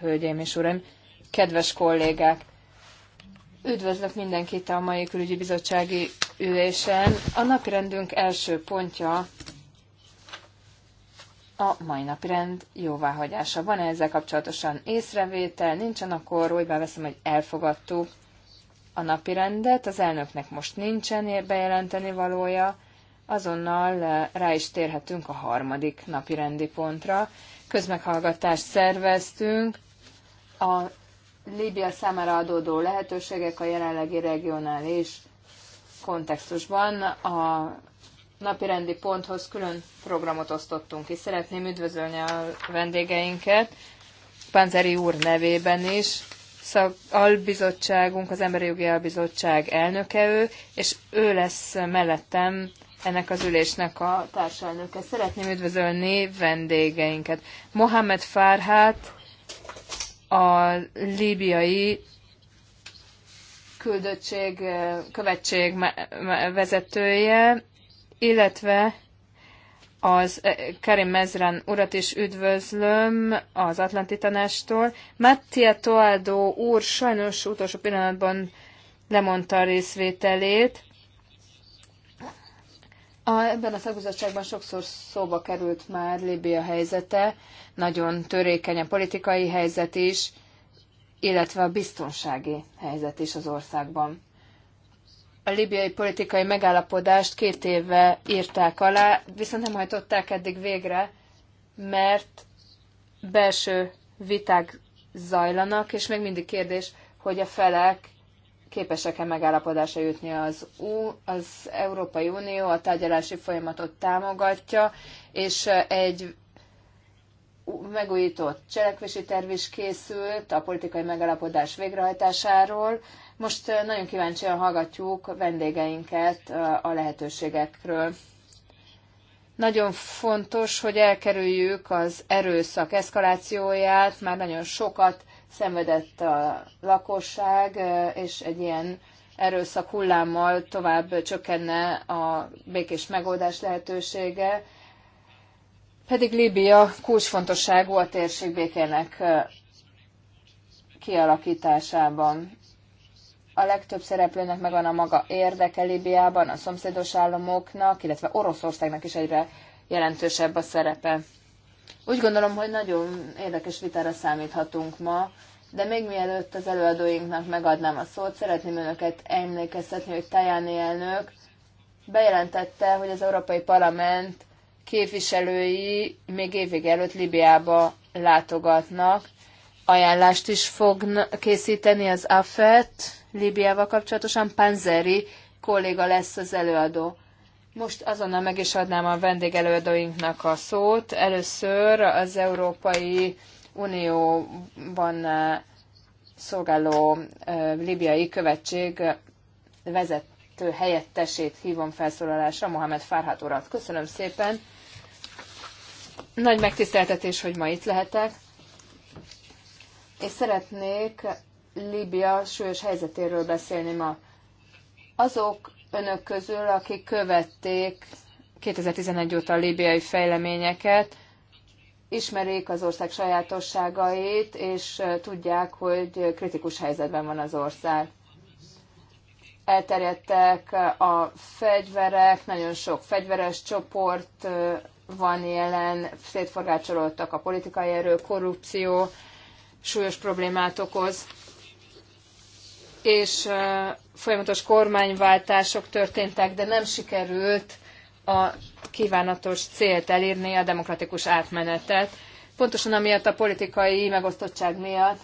Hölgyeim és uraim, kedves kollégák! Üdvözlök mindenkit a mai külügyi bizottsági ülésen. A napirendünk első pontja a mai napirend jóváhagyása. Van-e ezzel kapcsolatosan észrevétel? Nincsen, akkor úgy veszem, hogy elfogadtuk a napirendet. Az elnöknek most nincsen bejelenteni valója. Azonnal eh, rá is térhetünk a harmadik napirendi pontra közmeghallgatást szerveztünk a Líbia számára adódó lehetőségek a jelenlegi regionális kontextusban. A napirendi ponthoz külön programot osztottunk ki. Szeretném üdvözölni a vendégeinket, Panzeri úr nevében is. Szak albizottságunk, az Emberi Jogi Albizottság elnöke ő, és ő lesz mellettem ennek az ülésnek a társelnöke. Szeretném üdvözölni vendégeinket. Mohamed Farhat, a líbiai küldöttség, eh, követség vezetője, illetve az eh, Karim Mezran urat is üdvözlöm az Atlanti Tanástól. Mattia Toaldo úr sajnos utolsó pillanatban lemondta a részvételét, a, ebben a szakbizottságban sokszor szóba került már Libia helyzete, nagyon törékeny a politikai helyzet is, illetve a biztonsági helyzet is az országban. A libiai politikai megállapodást két éve írták alá, viszont nem hajtották eddig végre, mert belső viták zajlanak, és még mindig kérdés, hogy a felek képesek-e megállapodásra jutni az U, az Európai Unió a tárgyalási folyamatot támogatja, és egy megújított cselekvési terv is készült a politikai megállapodás végrehajtásáról. Most nagyon kíváncsian hallgatjuk vendégeinket a lehetőségekről. Nagyon fontos, hogy elkerüljük az erőszak eszkalációját, már nagyon sokat szenvedett a lakosság, és egy ilyen erőszak hullámmal tovább csökkenne a békés megoldás lehetősége, pedig Líbia kulcsfontosságú a térség békének kialakításában. A legtöbb szereplőnek megvan a maga érdeke Líbiában, a szomszédos államoknak, illetve Oroszországnak is egyre jelentősebb a szerepe. Úgy gondolom, hogy nagyon érdekes vitára számíthatunk ma, de még mielőtt az előadóinknak megadnám a szót, szeretném önöket emlékeztetni, hogy Tajani elnök bejelentette, hogy az Európai Parlament képviselői még évig előtt Libiába látogatnak. Ajánlást is fog készíteni az AFET Libiával kapcsolatosan. Panzeri kolléga lesz az előadó. Most azonnal meg is adnám a vendégelőadóinknak a szót. Először az Európai Unióban eh, szolgáló eh, libiai követség vezető helyettesét hívom felszólalásra, Mohamed Farhat urat. Köszönöm szépen. Nagy megtiszteltetés, hogy ma itt lehetek. És szeretnék Líbia súlyos helyzetéről beszélni ma. Azok önök közül, akik követték 2011 óta a líbiai fejleményeket, ismerik az ország sajátosságait, és tudják, hogy kritikus helyzetben van az ország. Elterjedtek a fegyverek, nagyon sok fegyveres csoport van jelen, szétforgácsolódtak a politikai erő, korrupció, súlyos problémát okoz és folyamatos kormányváltások történtek, de nem sikerült a kívánatos célt elérni, a demokratikus átmenetet. Pontosan amiatt a politikai megosztottság miatt,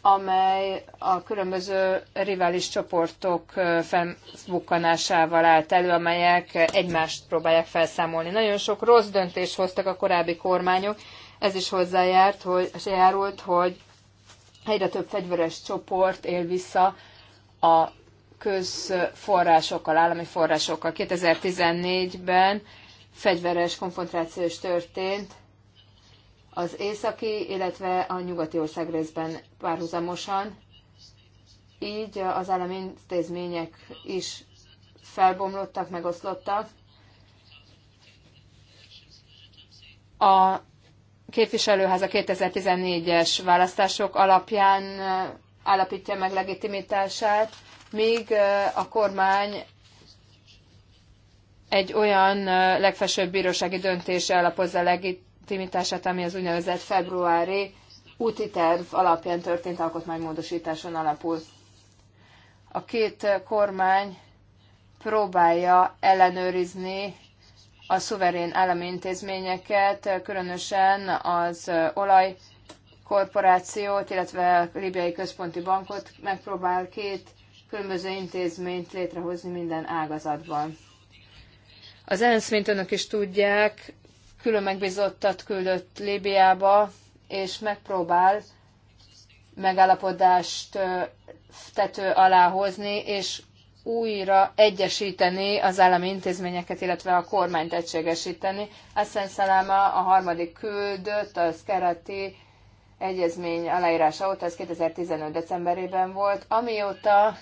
amely a különböző rivális csoportok felbukkanásával állt elő, amelyek egymást próbálják felszámolni. Nagyon sok rossz döntést hoztak a korábbi kormányok, ez is hozzájárt, hogy, járult, hogy egyre több fegyveres csoport él vissza a közforrásokkal, állami forrásokkal. 2014-ben fegyveres konfrontáció is történt az északi, illetve a nyugati ország részben párhuzamosan. Így az állami intézmények is felbomlottak, megoszlottak. A a 2014-es választások alapján eh, állapítja meg legitimitását, míg eh, a kormány egy olyan eh, legfelsőbb bírósági döntése alapozza legitimitását, ami az úgynevezett februári úti terv alapján történt alkotmánymódosításon alapul. A két kormány próbálja ellenőrizni a szuverén állami intézményeket, különösen az olajkorporációt, illetve a Libiai Központi Bankot megpróbál két különböző intézményt létrehozni minden ágazatban. Az ENSZ, mint önök is tudják, külön megbizottat küldött Líbiába, és megpróbál megállapodást tető alá hozni, és újra egyesíteni az állami intézményeket, illetve a kormányt egységesíteni. Hassan Salama a harmadik küldött, az kereti egyezmény aláírása óta, ez 2015. decemberében volt, amióta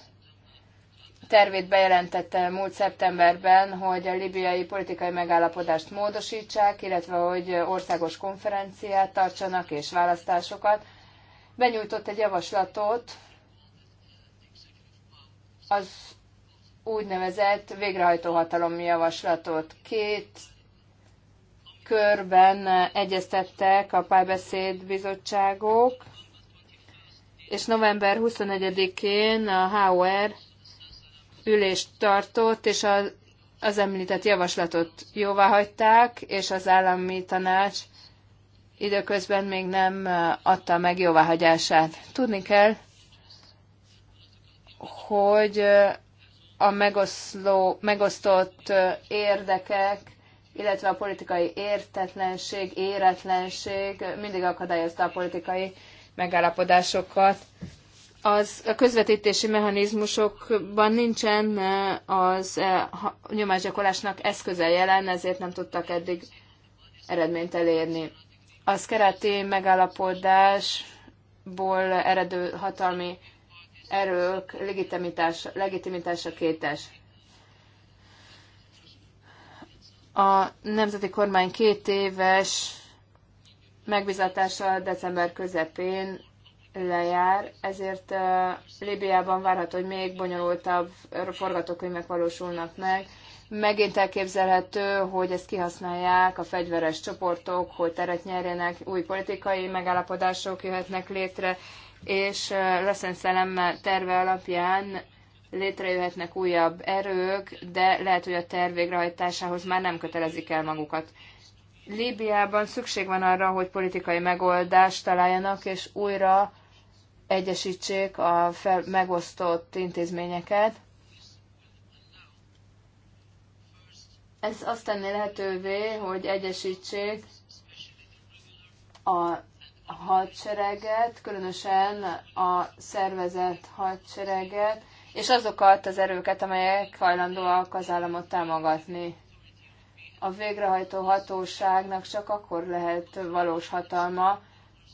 tervét bejelentette múlt szeptemberben, hogy a libiai politikai megállapodást módosítsák, illetve hogy országos konferenciát tartsanak és választásokat. Benyújtott egy javaslatot az úgynevezett végrehajtó hatalom javaslatot. Két körben egyeztettek a párbeszéd bizottságok, és november 24-én a HOR ülést tartott, és a, az említett javaslatot jóvá hagyták, és az állami tanács időközben még nem adta meg jóváhagyását. Tudni kell, hogy a megoszló, megosztott érdekek, illetve a politikai értetlenség, éretlenség mindig akadályozta a politikai megállapodásokat. Az a közvetítési mechanizmusokban nincsen az nyomásgyakorlásnak eszköze jelen, ezért nem tudtak eddig eredményt elérni. A szkeráti megállapodásból eredő hatalmi erők legitimitás, legitimitása kétes. A nemzeti kormány két éves megbizatása december közepén lejár, ezért Líbiában várható, hogy még bonyolultabb forgatókönyvek valósulnak meg. Megint elképzelhető, hogy ezt kihasználják a fegyveres csoportok, hogy teret nyerjenek, új politikai megállapodások jöhetnek létre, és Lassan Szellem terve alapján létrejöhetnek újabb erők, de lehet, hogy a terv végrehajtásához már nem kötelezik el magukat. Líbiában szükség van arra, hogy politikai megoldást találjanak, és újra egyesítsék a fel, megosztott intézményeket. Ez azt tenné lehetővé, hogy egyesítsék a hadsereget, különösen a szervezett hadsereget, és azokat az erőket, amelyek hajlandóak az államot támogatni. A végrehajtó hatóságnak csak akkor lehet valós hatalma,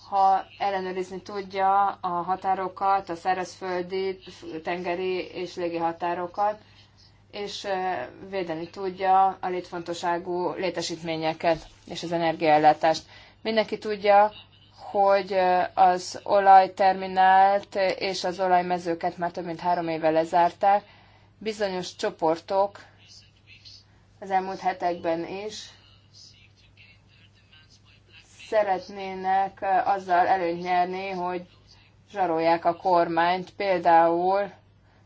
ha ellenőrizni tudja a határokat, a szárazföldi, tengeri és légi határokat, és védeni tudja a létfontosságú létesítményeket és az energiaellátást. Mindenki tudja, hogy az olajterminált és az olajmezőket már több mint három éve lezárták. Bizonyos csoportok az elmúlt hetekben is szeretnének azzal előnyt nyerni, hogy zsarolják a kormányt. Például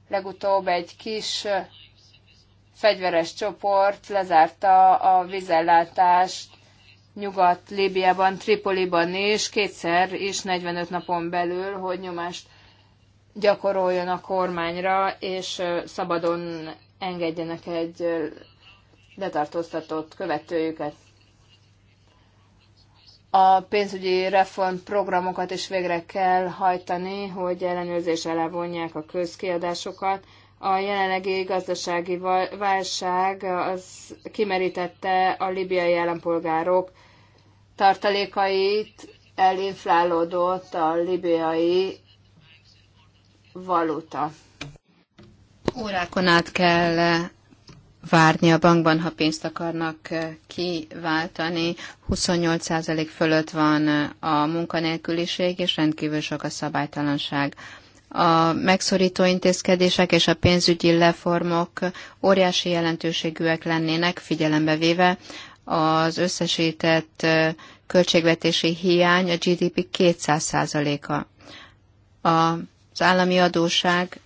legutóbb egy kis fegyveres csoport lezárta a vízellátást Nyugat-Líbiában, Tripoliban is kétszer is 45 napon belül, hogy nyomást gyakoroljon a kormányra, és szabadon engedjenek egy letartóztatott követőjüket. A pénzügyi reformprogramokat is végre kell hajtani, hogy ellenőrzés alá vonják a közkiadásokat. A jelenlegi gazdasági válság az kimerítette a libiai állampolgárok tartalékait elinflálódott a libiai valuta. Órákon át kell várni a bankban, ha pénzt akarnak eh, kiváltani. 28% fölött van eh, a munkanélküliség, és rendkívül sok a szabálytalanság. A megszorító intézkedések és a pénzügyi leformok óriási jelentőségűek lennének, figyelembe véve az összesített költségvetési hiány a GDP 200%-a. Az állami adóság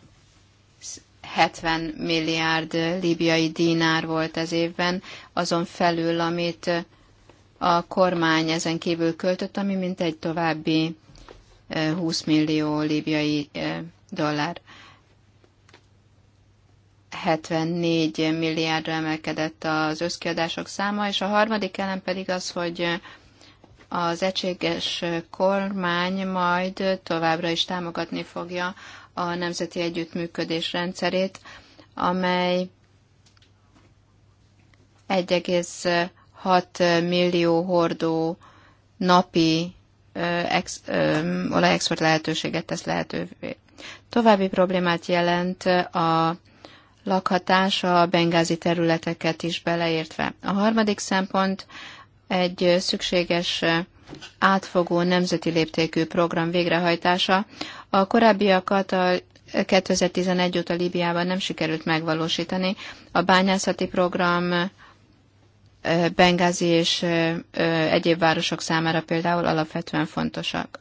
70 milliárd líbiai dinár volt ez évben, azon felül, amit a kormány ezen kívül költött, ami mint egy további 20 millió líbiai dollár. 74 milliárdra emelkedett az összkiadások száma, és a harmadik elem pedig az, hogy az egységes kormány majd továbbra is támogatni fogja a nemzeti együttműködés rendszerét, amely 1,6 millió hordó napi ex, olajexport lehetőséget tesz lehetővé. További problémát jelent a lakhatás a bengázi területeket is beleértve. A harmadik szempont egy szükséges átfogó nemzeti léptékű program végrehajtása. A korábbiakat a 2011 óta Líbiában nem sikerült megvalósítani. A bányászati program Bengázi és egyéb városok számára például alapvetően fontosak.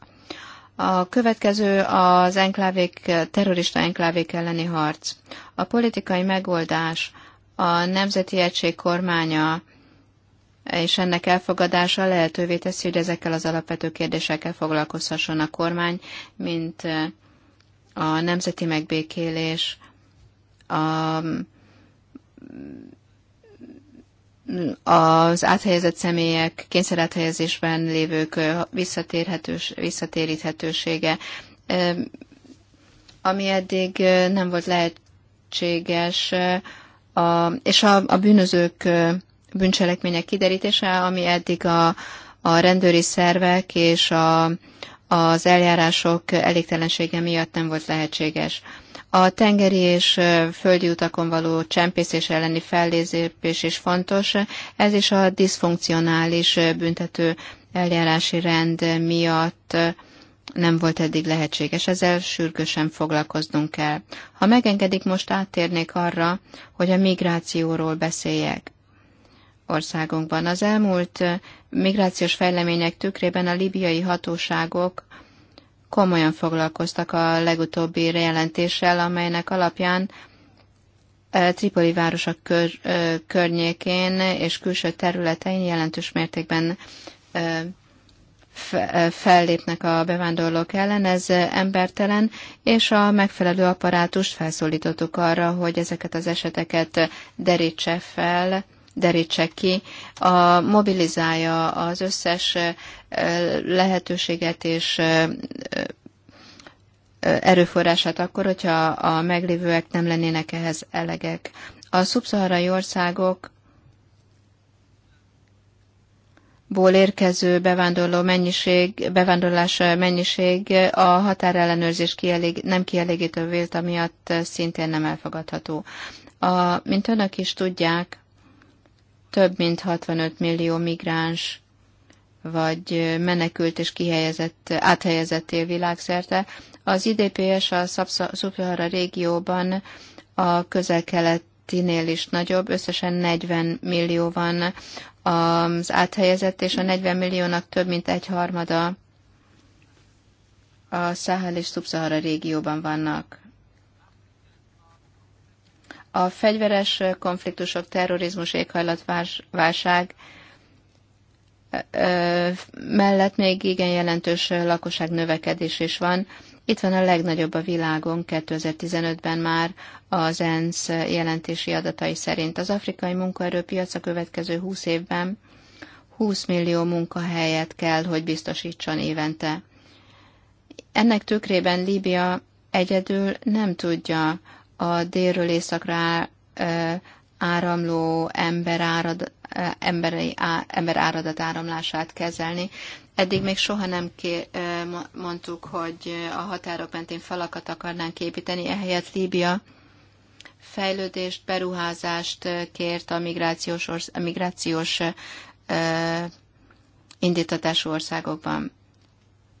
A következő az enklávék, terrorista enklávék elleni harc. A politikai megoldás, a Nemzeti Egység kormánya és ennek elfogadása lehetővé teszi, hogy ezekkel az alapvető kérdésekkel foglalkozhasson a kormány, mint eh, a nemzeti megbékélés, a az áthelyezett személyek kényszeráthelyezésben lévők visszatérhetős, visszatéríthetősége, ami eddig nem volt lehetséges, a, és a, a bűnözők bűncselekmények kiderítése, ami eddig a, a rendőri szervek és a, az eljárások elégtelensége miatt nem volt lehetséges. A tengeri és földi utakon való csempészés elleni fellézépés is fontos. Ez is a diszfunkcionális büntető eljárási rend miatt nem volt eddig lehetséges, ezzel sürgősen foglalkoznunk kell. Ha megengedik, most áttérnék arra, hogy a migrációról beszéljek. Országunkban az elmúlt migrációs fejlemények tükrében a libiai hatóságok komolyan foglalkoztak a legutóbbi jelentéssel, amelynek alapján eh, Tripoli városa kör, eh, környékén és külső területein jelentős mértékben eh, fellépnek a bevándorlók ellen, ez embertelen, és a megfelelő apparátust felszólítottuk arra, hogy ezeket az eseteket derítse fel, derítse ki, a, mobilizálja az összes lehetőséget és erőforrását akkor, hogyha a meglévőek nem lennének ehhez elegek. A szubszaharai országok ból érkező bevándorló mennyiség, bevándorlás mennyiség a határellenőrzés kielég, nem kielégítő vélt, amiatt szintén nem elfogadható. A, mint önök is tudják, több mint 65 millió migráns vagy menekült és kihelyezett, áthelyezettél világszerte. Az IDPS a Szubszahara régióban a közel-keletinél is nagyobb, összesen 40 millió van az áthelyezett, és a 40 milliónak több mint egy harmada a Száhel és Szubszahara régióban vannak. A fegyveres konfliktusok, terrorizmus, éghajlatválság mellett még igen jelentős lakosság növekedés is van. Itt van a legnagyobb a világon 2015-ben már az ENSZ jelentési adatai szerint. Az afrikai munkaerőpiac a következő 20 évben 20 millió munkahelyet kell, hogy biztosítson évente. Ennek tükrében Líbia egyedül nem tudja a délről északra áramló ember árad, emberi, á, ember áradat áramlását kezelni. Eddig még soha nem ké, mondtuk, hogy a határok mentén falakat akarnánk építeni, ehelyett Líbia fejlődést, beruházást kért a migrációs, a migrációs ö, indítatású országokban.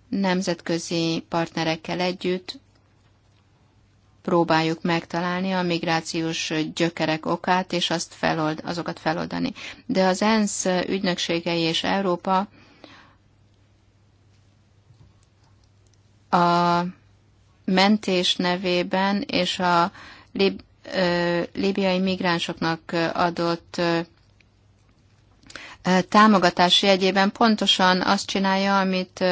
Nemzetközi partnerekkel együtt próbáljuk megtalálni a migrációs gyökerek okát, és azt felold, azokat feloldani. De az ENSZ ügynökségei és Európa a mentés nevében és a lib, ö, libiai migránsoknak adott ö, támogatás jegyében pontosan azt csinálja, amit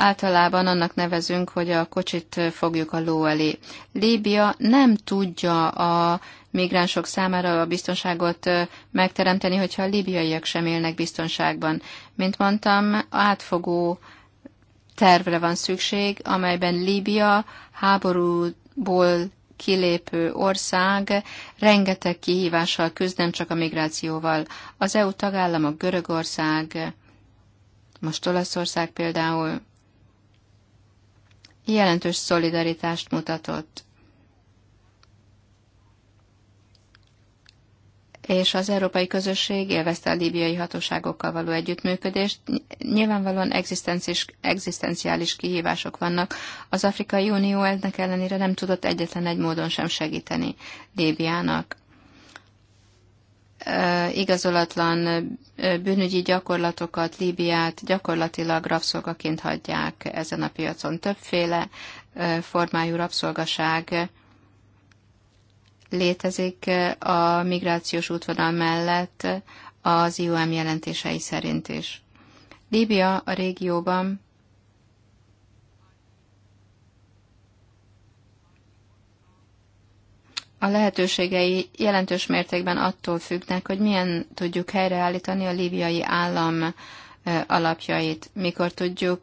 általában annak nevezünk, hogy a kocsit fogjuk a ló elé. Líbia nem tudja a migránsok számára a biztonságot megteremteni, hogyha a líbiaiak sem élnek biztonságban. Mint mondtam, átfogó tervre van szükség, amelyben Líbia háborúból kilépő ország rengeteg kihívással küzd, nem csak a migrációval. Az EU tagállamok Görögország, most Olaszország például jelentős szolidaritást mutatott. és az európai közösség élvezte a líbiai hatóságokkal való együttműködést. Nyilvánvalóan egzisztenciális kihívások vannak. Az Afrikai Unió ennek ellenére nem tudott egyetlen egy módon sem segíteni Líbiának igazolatlan bűnügyi gyakorlatokat, Líbiát gyakorlatilag rabszolgaként hagyják ezen a piacon. Többféle formájú rabszolgaság létezik a migrációs útvonal mellett az IOM jelentései szerint is. Líbia a régióban a lehetőségei jelentős mértékben attól függnek, hogy milyen tudjuk helyreállítani a líbiai állam alapjait, mikor tudjuk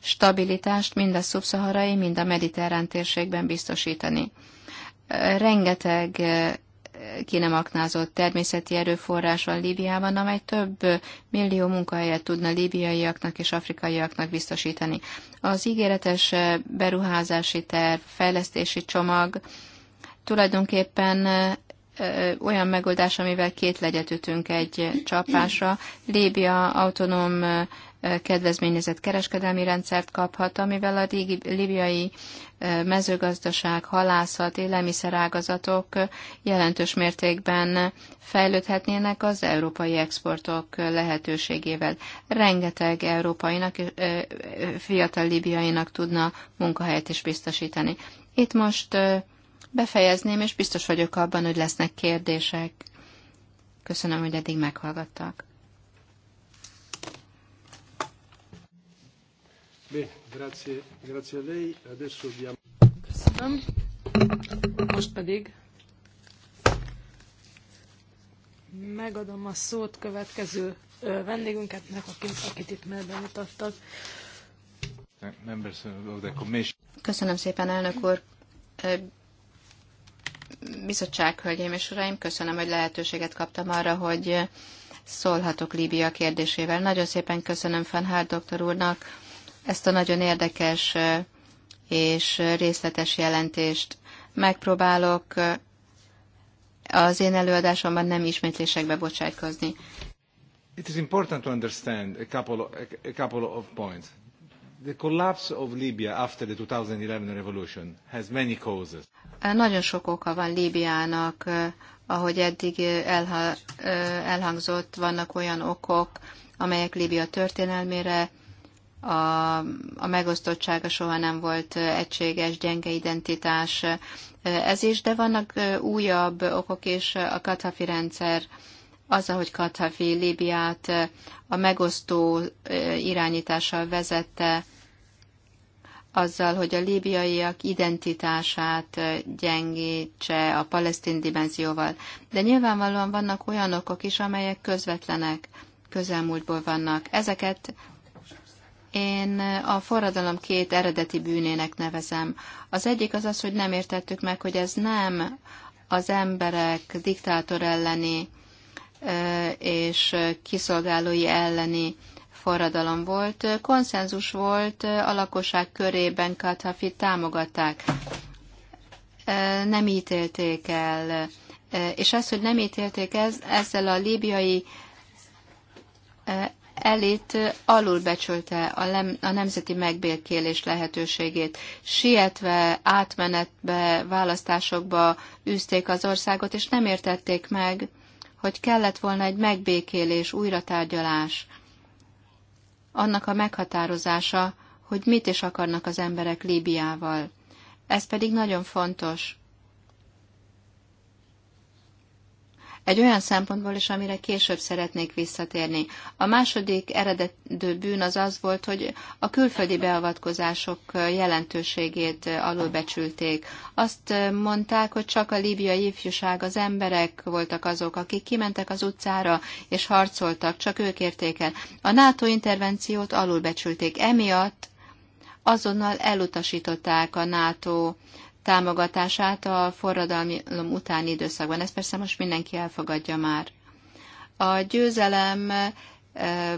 stabilitást mind a szubszaharai, mind a mediterrán térségben biztosítani. Rengeteg ki nem aknázott természeti erőforrás van Líbiában, amely több millió munkahelyet tudna líbiaiaknak és afrikaiaknak biztosítani. Az ígéretes beruházási terv, fejlesztési csomag, tulajdonképpen olyan megoldás, amivel két legyet ütünk egy csapásra. Líbia autonóm kedvezményezett kereskedelmi rendszert kaphat, amivel a régi libiai mezőgazdaság, halászat, élelmiszerágazatok jelentős mértékben fejlődhetnének az európai exportok lehetőségével. Rengeteg európainak, fiatal libiainak tudna munkahelyet is biztosítani. Itt most Befejezném, és biztos vagyok abban, hogy lesznek kérdések. Köszönöm, hogy eddig meghallgattak. Köszönöm. Most pedig megadom a szót következő vendégünketnek, akit, akit itt már bemutattak. Köszönöm szépen, elnök úr, bizottság, hölgyeim és uraim, köszönöm, hogy lehetőséget kaptam arra, hogy szólhatok Líbia kérdésével. Nagyon szépen köszönöm Fenhár doktor úrnak ezt a nagyon érdekes és részletes jelentést. Megpróbálok az én előadásomban nem ismétlésekbe bocsájtkozni. It is important to understand a couple, of, a couple of points. The collapse of Libya after the 2011 revolution has many causes. Nagyon sok oka van Líbiának, eh, ahogy eddig eh, elha, eh, elhangzott, vannak olyan okok, amelyek Líbia történelmére, a, a megosztottsága soha nem volt egységes, gyenge identitás, ez is, de vannak újabb okok is, a Kathafi rendszer, az, ahogy Kathafi Líbiát a megosztó irányítással vezette, azzal, hogy a líbiaiak identitását gyengítse a palesztin dimenzióval. De nyilvánvalóan vannak olyan okok is, amelyek közvetlenek, közelmúltból vannak. Ezeket én a forradalom két eredeti bűnének nevezem. Az egyik az az, hogy nem értettük meg, hogy ez nem az emberek diktátor elleni és kiszolgálói elleni forradalom volt, konszenzus volt, a lakosság körében Kathafi támogatták, nem ítélték el. És az, hogy nem ítélték ez, ezzel a líbiai elit alulbecsülte a, lem, a nemzeti megbékélés lehetőségét. Sietve, átmenetbe, választásokba üzték az országot, és nem értették meg, hogy kellett volna egy megbékélés, újratárgyalás annak a meghatározása, hogy mit is akarnak az emberek Líbiával. Ez pedig nagyon fontos, Egy olyan szempontból is, amire később szeretnék visszatérni. A második eredetű bűn az az volt, hogy a külföldi beavatkozások jelentőségét alulbecsülték. Azt mondták, hogy csak a líbiai ifjúság, az emberek voltak azok, akik kimentek az utcára és harcoltak, csak ők érték el. A NATO intervenciót alulbecsülték. Emiatt azonnal elutasították a NATO támogatását a forradalom utáni időszakban. Ezt persze most mindenki elfogadja már. A győzelem eh,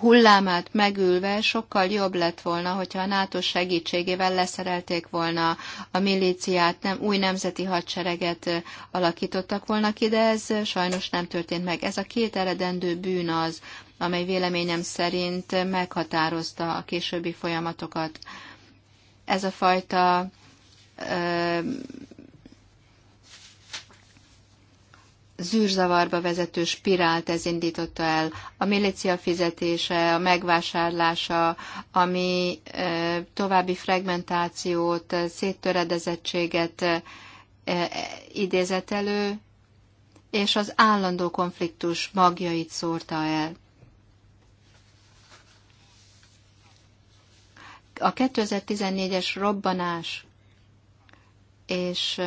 hullámát megülve sokkal jobb lett volna, hogyha a NATO segítségével leszerelték volna a milíciát, nem, új nemzeti hadsereget eh, alakítottak volna ki, de ez sajnos nem történt meg. Ez a két eredendő bűn az, amely véleményem szerint meghatározta a későbbi folyamatokat. Ez a fajta zűrzavarba vezető spirált ez indította el. A milícia fizetése, a megvásárlása, ami további fragmentációt, széttöredezettséget e, idézett elő, és az állandó konfliktus magjait szórta el. A 2014-es robbanás és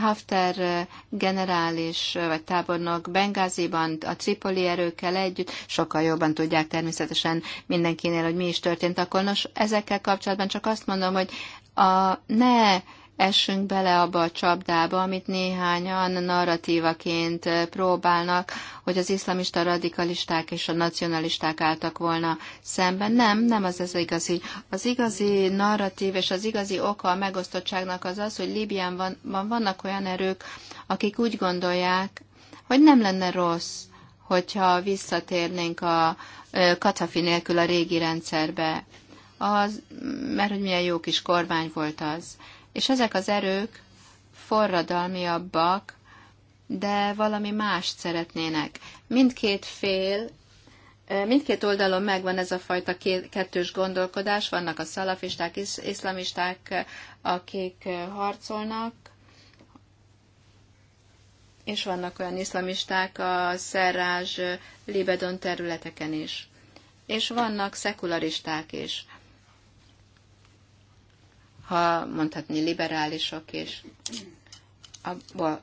hafter generális vagy tábornok Bengáziban a Tripoli erőkkel együtt sokkal jobban tudják természetesen mindenkinél, hogy mi is történt akkor. Nos, ezekkel kapcsolatban csak azt mondom, hogy a, ne essünk bele abba a csapdába, amit néhányan narratívaként próbálnak, hogy az iszlamista radikalisták és a nacionalisták álltak volna szemben. Nem, nem az az igazi. Az igazi narratív és az igazi oka a megosztottságnak az az, hogy van, van, vannak olyan erők, akik úgy gondolják, hogy nem lenne rossz, hogyha visszatérnénk a Katafi nélkül a régi rendszerbe. Az, mert hogy milyen jó kis kormány volt az. És ezek az erők forradalmiabbak, de valami mást szeretnének. Mindkét fél, mindkét oldalon megvan ez a fajta kettős gondolkodás, vannak a szalafisták, iszlamisták, akik harcolnak, és vannak olyan iszlamisták a Szerrázs, Libedon területeken is. És vannak szekularisták is, ha mondhatni liberálisok és abba,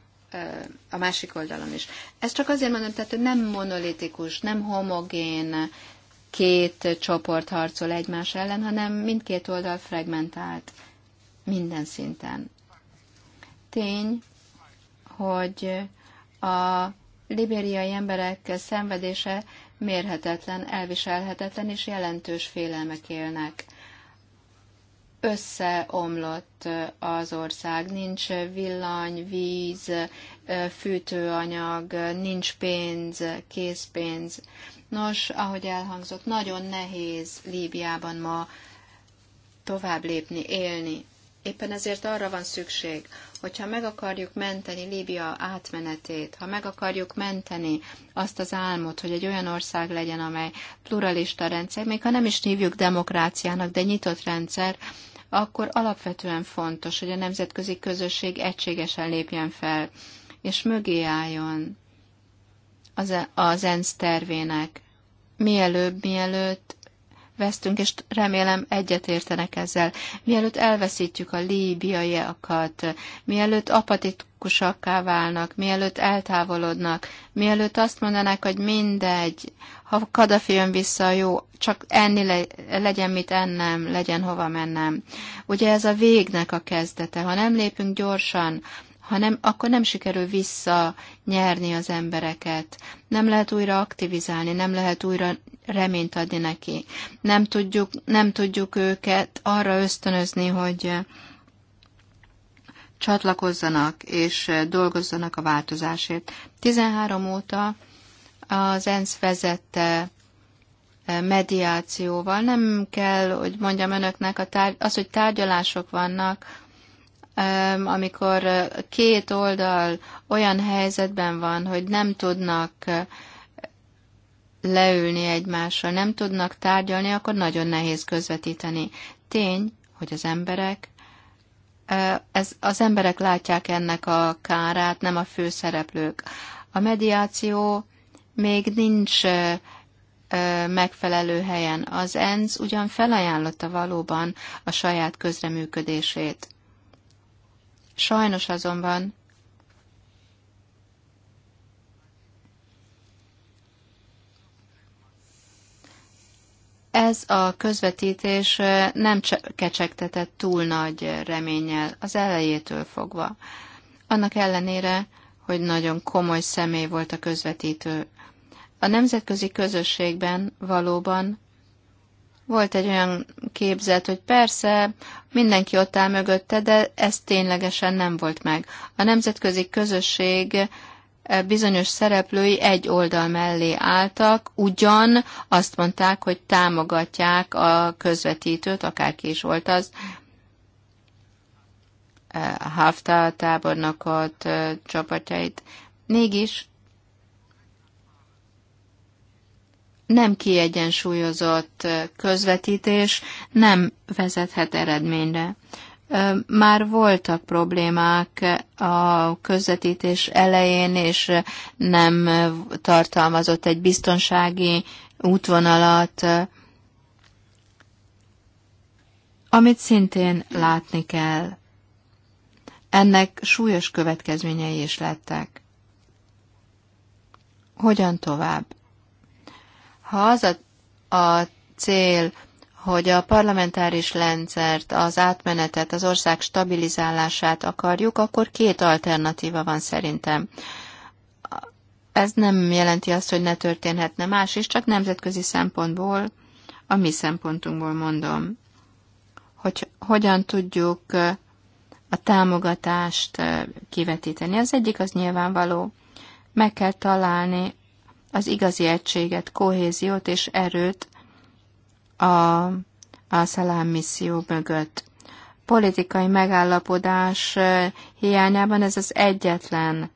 a másik oldalon is. Ez csak azért mondom, tehát hogy nem monolitikus, nem homogén két csoport harcol egymás ellen, hanem mindkét oldal fragmentált minden szinten. Tény, hogy a libériai emberek szenvedése mérhetetlen, elviselhetetlen és jelentős félelmek élnek összeomlott az ország. Nincs villany, víz, fűtőanyag, nincs pénz, készpénz. Nos, ahogy elhangzott, nagyon nehéz Líbiában ma tovább lépni, élni. Éppen ezért arra van szükség, hogyha meg akarjuk menteni Líbia átmenetét, ha meg akarjuk menteni azt az álmot, hogy egy olyan ország legyen, amely pluralista rendszer, még ha nem is hívjuk demokráciának, de nyitott rendszer, akkor alapvetően fontos, hogy a nemzetközi közösség egységesen lépjen fel, és mögé álljon az, e- az ENSZ tervének. Mielőbb, mielőtt vesztünk, és remélem egyetértenek ezzel. Mielőtt elveszítjük a líbiaiakat, mielőtt apatikusakká válnak, mielőtt eltávolodnak, mielőtt azt mondanák, hogy mindegy, ha Kadafi jön vissza, jó, csak enni le, legyen mit ennem, legyen hova mennem. Ugye ez a végnek a kezdete. Ha nem lépünk gyorsan, ha nem, akkor nem sikerül visszanyerni az embereket. Nem lehet újra aktivizálni, nem lehet újra reményt adni neki. Nem tudjuk, nem tudjuk őket arra ösztönözni, hogy csatlakozzanak és dolgozzanak a változásért. 13 óta az ENSZ vezette mediációval. Nem kell, hogy mondjam önöknek, a tárgy, az, hogy tárgyalások vannak, amikor két oldal olyan helyzetben van, hogy nem tudnak leülni egymással, nem tudnak tárgyalni, akkor nagyon nehéz közvetíteni. Tény, hogy az emberek ez, az emberek látják ennek a kárát, nem a főszereplők. A mediáció még nincs megfelelő helyen. Az ENSZ ugyan felajánlotta valóban a saját közreműködését. Sajnos azonban Ez a közvetítés nem kecsegtetett túl nagy reménnyel az elejétől fogva. Annak ellenére, hogy nagyon komoly személy volt a közvetítő. A nemzetközi közösségben valóban volt egy olyan képzet, hogy persze mindenki ott áll mögötte, de ez ténylegesen nem volt meg. A nemzetközi közösség E, bizonyos szereplői egy oldal mellé álltak, ugyan azt mondták, hogy támogatják a közvetítőt, akárki is volt az, Hafta e, tábornokot, e, csapatjait. Mégis nem kiegyensúlyozott közvetítés nem vezethet eredményre már voltak problémák a közvetítés elején, és nem tartalmazott egy biztonsági útvonalat, amit szintén látni kell. Ennek súlyos következményei is lettek. Hogyan tovább? Ha az a, a cél, hogy a parlamentáris rendszert, az átmenetet, az ország stabilizálását akarjuk, akkor két alternatíva van szerintem. Ez nem jelenti azt, hogy ne történhetne más is, csak nemzetközi szempontból, a mi szempontunkból mondom, hogy hogyan tudjuk a támogatást kivetíteni. Az egyik az nyilvánvaló, meg kell találni az igazi egységet, kohéziót és erőt, a, a Szalám misszió mögött. Politikai megállapodás hiányában ez az egyetlen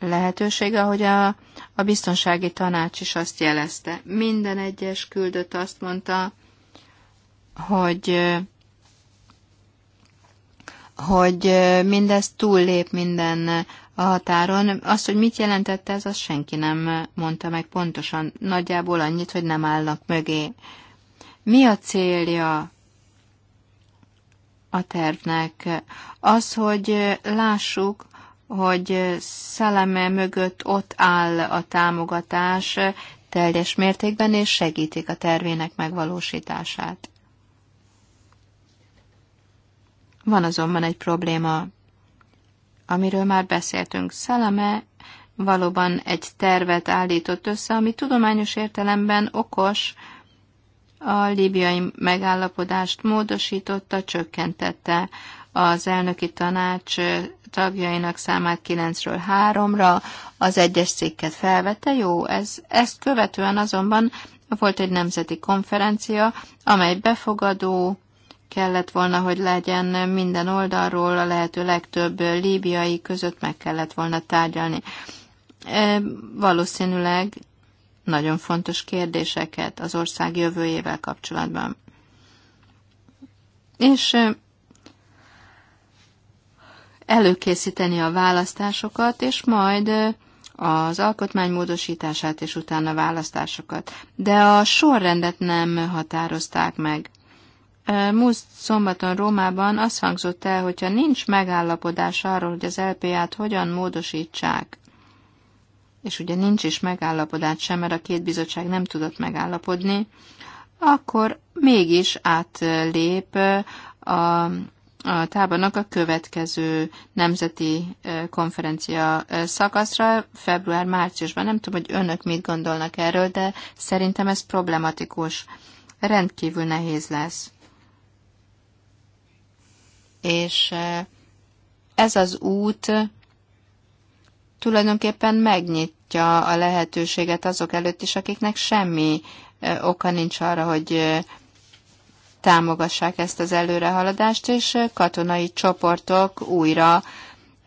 lehetősége, ahogy a, a biztonsági tanács is azt jelezte. Minden egyes küldött azt mondta, hogy hogy mindez túllép minden a határon. Azt, hogy mit jelentette ez, azt senki nem mondta meg pontosan. Nagyjából annyit, hogy nem állnak mögé. Mi a célja a tervnek? Az, hogy lássuk, hogy szelleme mögött ott áll a támogatás teljes mértékben, és segítik a tervének megvalósítását. Van azonban egy probléma, amiről már beszéltünk. Szeleme valóban egy tervet állított össze, ami tudományos értelemben okos, a líbiai megállapodást módosította, csökkentette az elnöki tanács tagjainak számát 9-ről 3-ra, az egyes cikket felvette, jó, ez, ezt követően azonban volt egy nemzeti konferencia, amely befogadó kellett volna, hogy legyen minden oldalról, a lehető legtöbb líbiai között meg kellett volna tárgyalni. Valószínűleg nagyon fontos kérdéseket az ország jövőjével kapcsolatban. És előkészíteni a választásokat, és majd az alkotmány módosítását, és utána választásokat. De a sorrendet nem határozták meg. Múlt szombaton Rómában azt hangzott el, hogyha nincs megállapodás arról, hogy az LPA-t hogyan módosítsák, és ugye nincs is megállapodás sem, mert a két bizottság nem tudott megállapodni, akkor mégis átlép a, a tábornok a következő nemzeti konferencia szakaszra, február-márciusban. Nem tudom, hogy önök mit gondolnak erről, de szerintem ez problematikus. Rendkívül nehéz lesz. És ez az út tulajdonképpen megnyitja a lehetőséget azok előtt is, akiknek semmi oka nincs arra, hogy támogassák ezt az előrehaladást, és katonai csoportok újra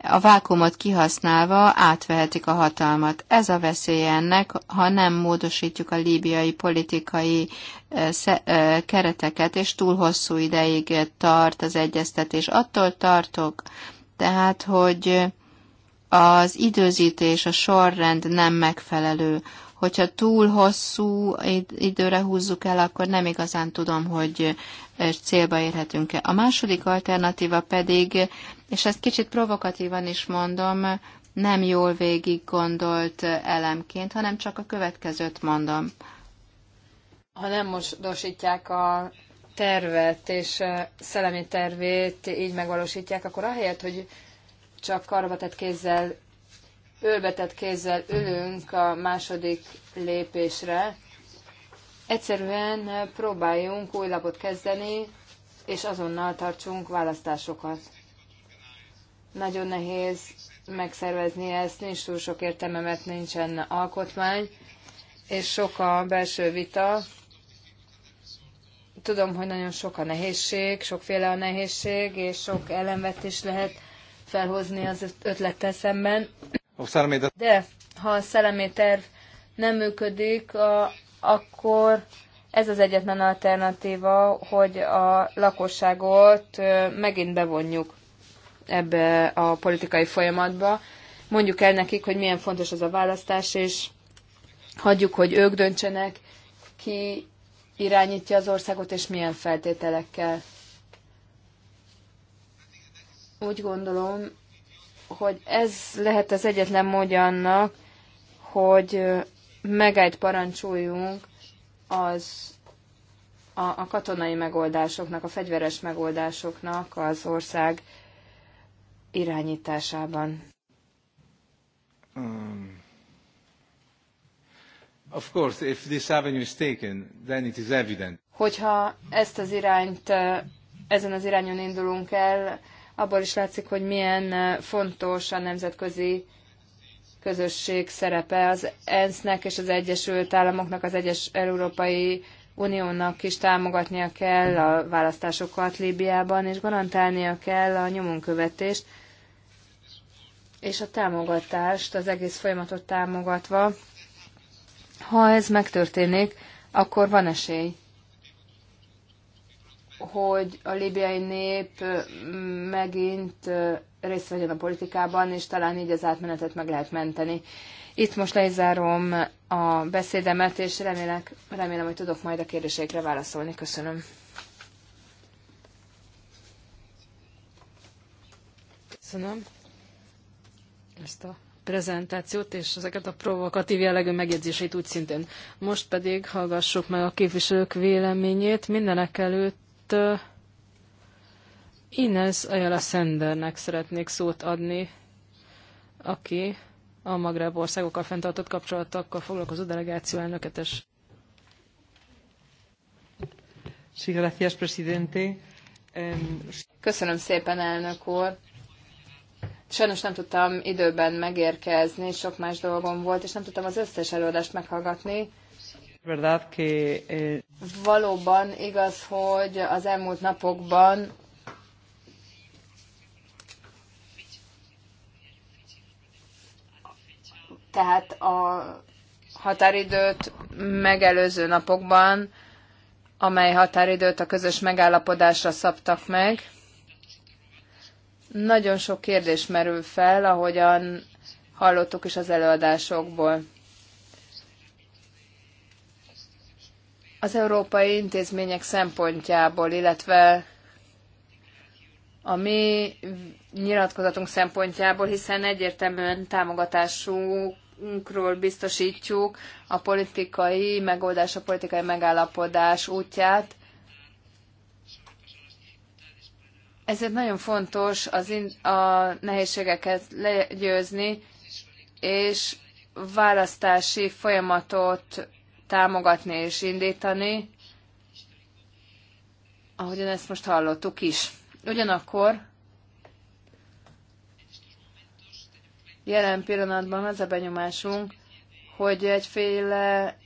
a vákumot kihasználva átvehetik a hatalmat. Ez a veszélye ennek, ha nem módosítjuk a líbiai politikai kereteket, és túl hosszú ideig tart az egyeztetés. Attól tartok, tehát, hogy az időzítés, a sorrend nem megfelelő. Hogyha túl hosszú időre húzzuk el, akkor nem igazán tudom, hogy célba érhetünk-e. A második alternatíva pedig, és ezt kicsit provokatívan is mondom, nem jól végig gondolt elemként, hanem csak a következőt mondom. Ha nem mosdosítják a tervet és szellemi tervét, így megvalósítják, akkor ahelyett, hogy csak karvatett kézzel, ölbetett kézzel ülünk a második lépésre. Egyszerűen próbáljunk új lapot kezdeni, és azonnal tartsunk választásokat. Nagyon nehéz megszervezni ezt, nincs túl sok értelme, mert nincsen alkotmány, és sok a belső vita. Tudom, hogy nagyon sok a nehézség, sokféle a nehézség, és sok ellenvetés lehet felhozni az ötlettel szemben. De ha a szellemi terv nem működik, a, akkor ez az egyetlen alternatíva, hogy a lakosságot megint bevonjuk ebbe a politikai folyamatba. Mondjuk el nekik, hogy milyen fontos az a választás, és hagyjuk, hogy ők döntsenek, ki irányítja az országot, és milyen feltételekkel úgy gondolom, hogy ez lehet az egyetlen módja annak, hogy megállt parancsoljunk az a, a katonai megoldásoknak, a fegyveres megoldásoknak az ország irányításában. Um, of course, if this avenue is taken, then it is evident. Hogyha ezt az irányt, ezen az irányon indulunk el, abból is látszik, hogy milyen eh, fontos a nemzetközi közösség szerepe az ENSZ-nek és az Egyesült Államoknak, az egyes Európai Uniónak is támogatnia kell a választásokat Líbiában, és garantálnia kell a nyomonkövetést és a támogatást, az egész folyamatot támogatva. Ha ez megtörténik, akkor van esély hogy a libiai nép megint részt vegyen a politikában, és talán így az átmenetet meg lehet menteni. Itt most lezárom a beszédemet, és remélek, remélem, hogy tudok majd a kérdéseikre válaszolni. Köszönöm. Köszönöm ezt a prezentációt, és ezeket a provokatív jellegű megjegyzéseit úgy szintén. Most pedig hallgassuk meg a képviselők véleményét. Mindenek előtt Inez Ines Ayala Sendernek szeretnék szót adni, aki a Magreb országokkal fenntartott kapcsolatokkal foglalkozó delegáció elnöketes. Köszönöm szépen, elnök úr. Sajnos nem tudtam időben megérkezni, sok más dolgom volt, és nem tudtam az összes előadást meghallgatni, Verdad que, eh... Valóban igaz, hogy az elmúlt napokban tehát a határidőt megelőző napokban, amely határidőt a közös megállapodásra szabtak meg, nagyon sok kérdés merül fel, ahogyan hallottuk is az előadásokból. az európai intézmények szempontjából, illetve a mi nyilatkozatunk szempontjából, hiszen egyértelműen támogatásunkról biztosítjuk a politikai megoldás, a politikai megállapodás útját. Ezért nagyon fontos az in- a nehézségeket legyőzni, és választási folyamatot támogatni és indítani, ahogyan ezt most hallottuk is. Ugyanakkor jelen pillanatban az a benyomásunk, hogy egyféle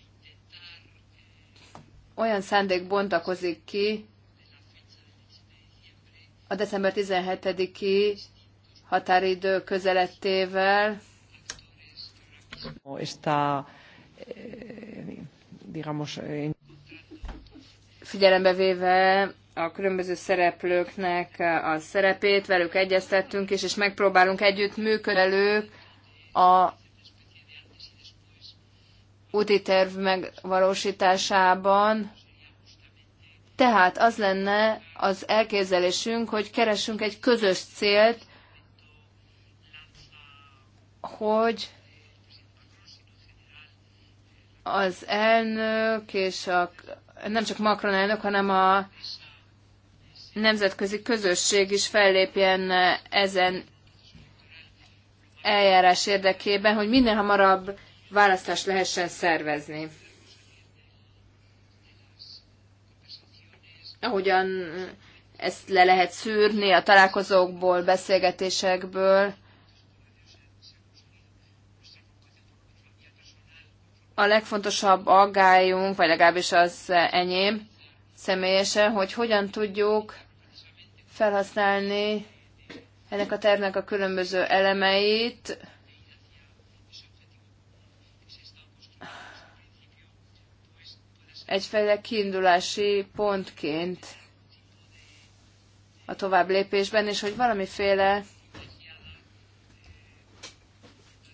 olyan szándék bontakozik ki a december 17-i határidő közelettével, esta digamos, eh, figyelembe véve a különböző szereplőknek a szerepét, velük egyeztettünk is, és megpróbálunk együtt működelők a úti terv megvalósításában. Tehát az lenne az elképzelésünk, hogy keressünk egy közös célt, hogy az elnök és a, nem csak Macron elnök, hanem a nemzetközi közösség is fellépjen ezen eljárás érdekében, hogy minél hamarabb választást lehessen szervezni. Ahogyan ezt le lehet szűrni a találkozókból, beszélgetésekből, a legfontosabb aggályunk, vagy legalábbis az enyém személyesen, hogy hogyan tudjuk felhasználni ennek a tervnek a különböző elemeit, egyféle kiindulási pontként a tovább lépésben, és hogy valamiféle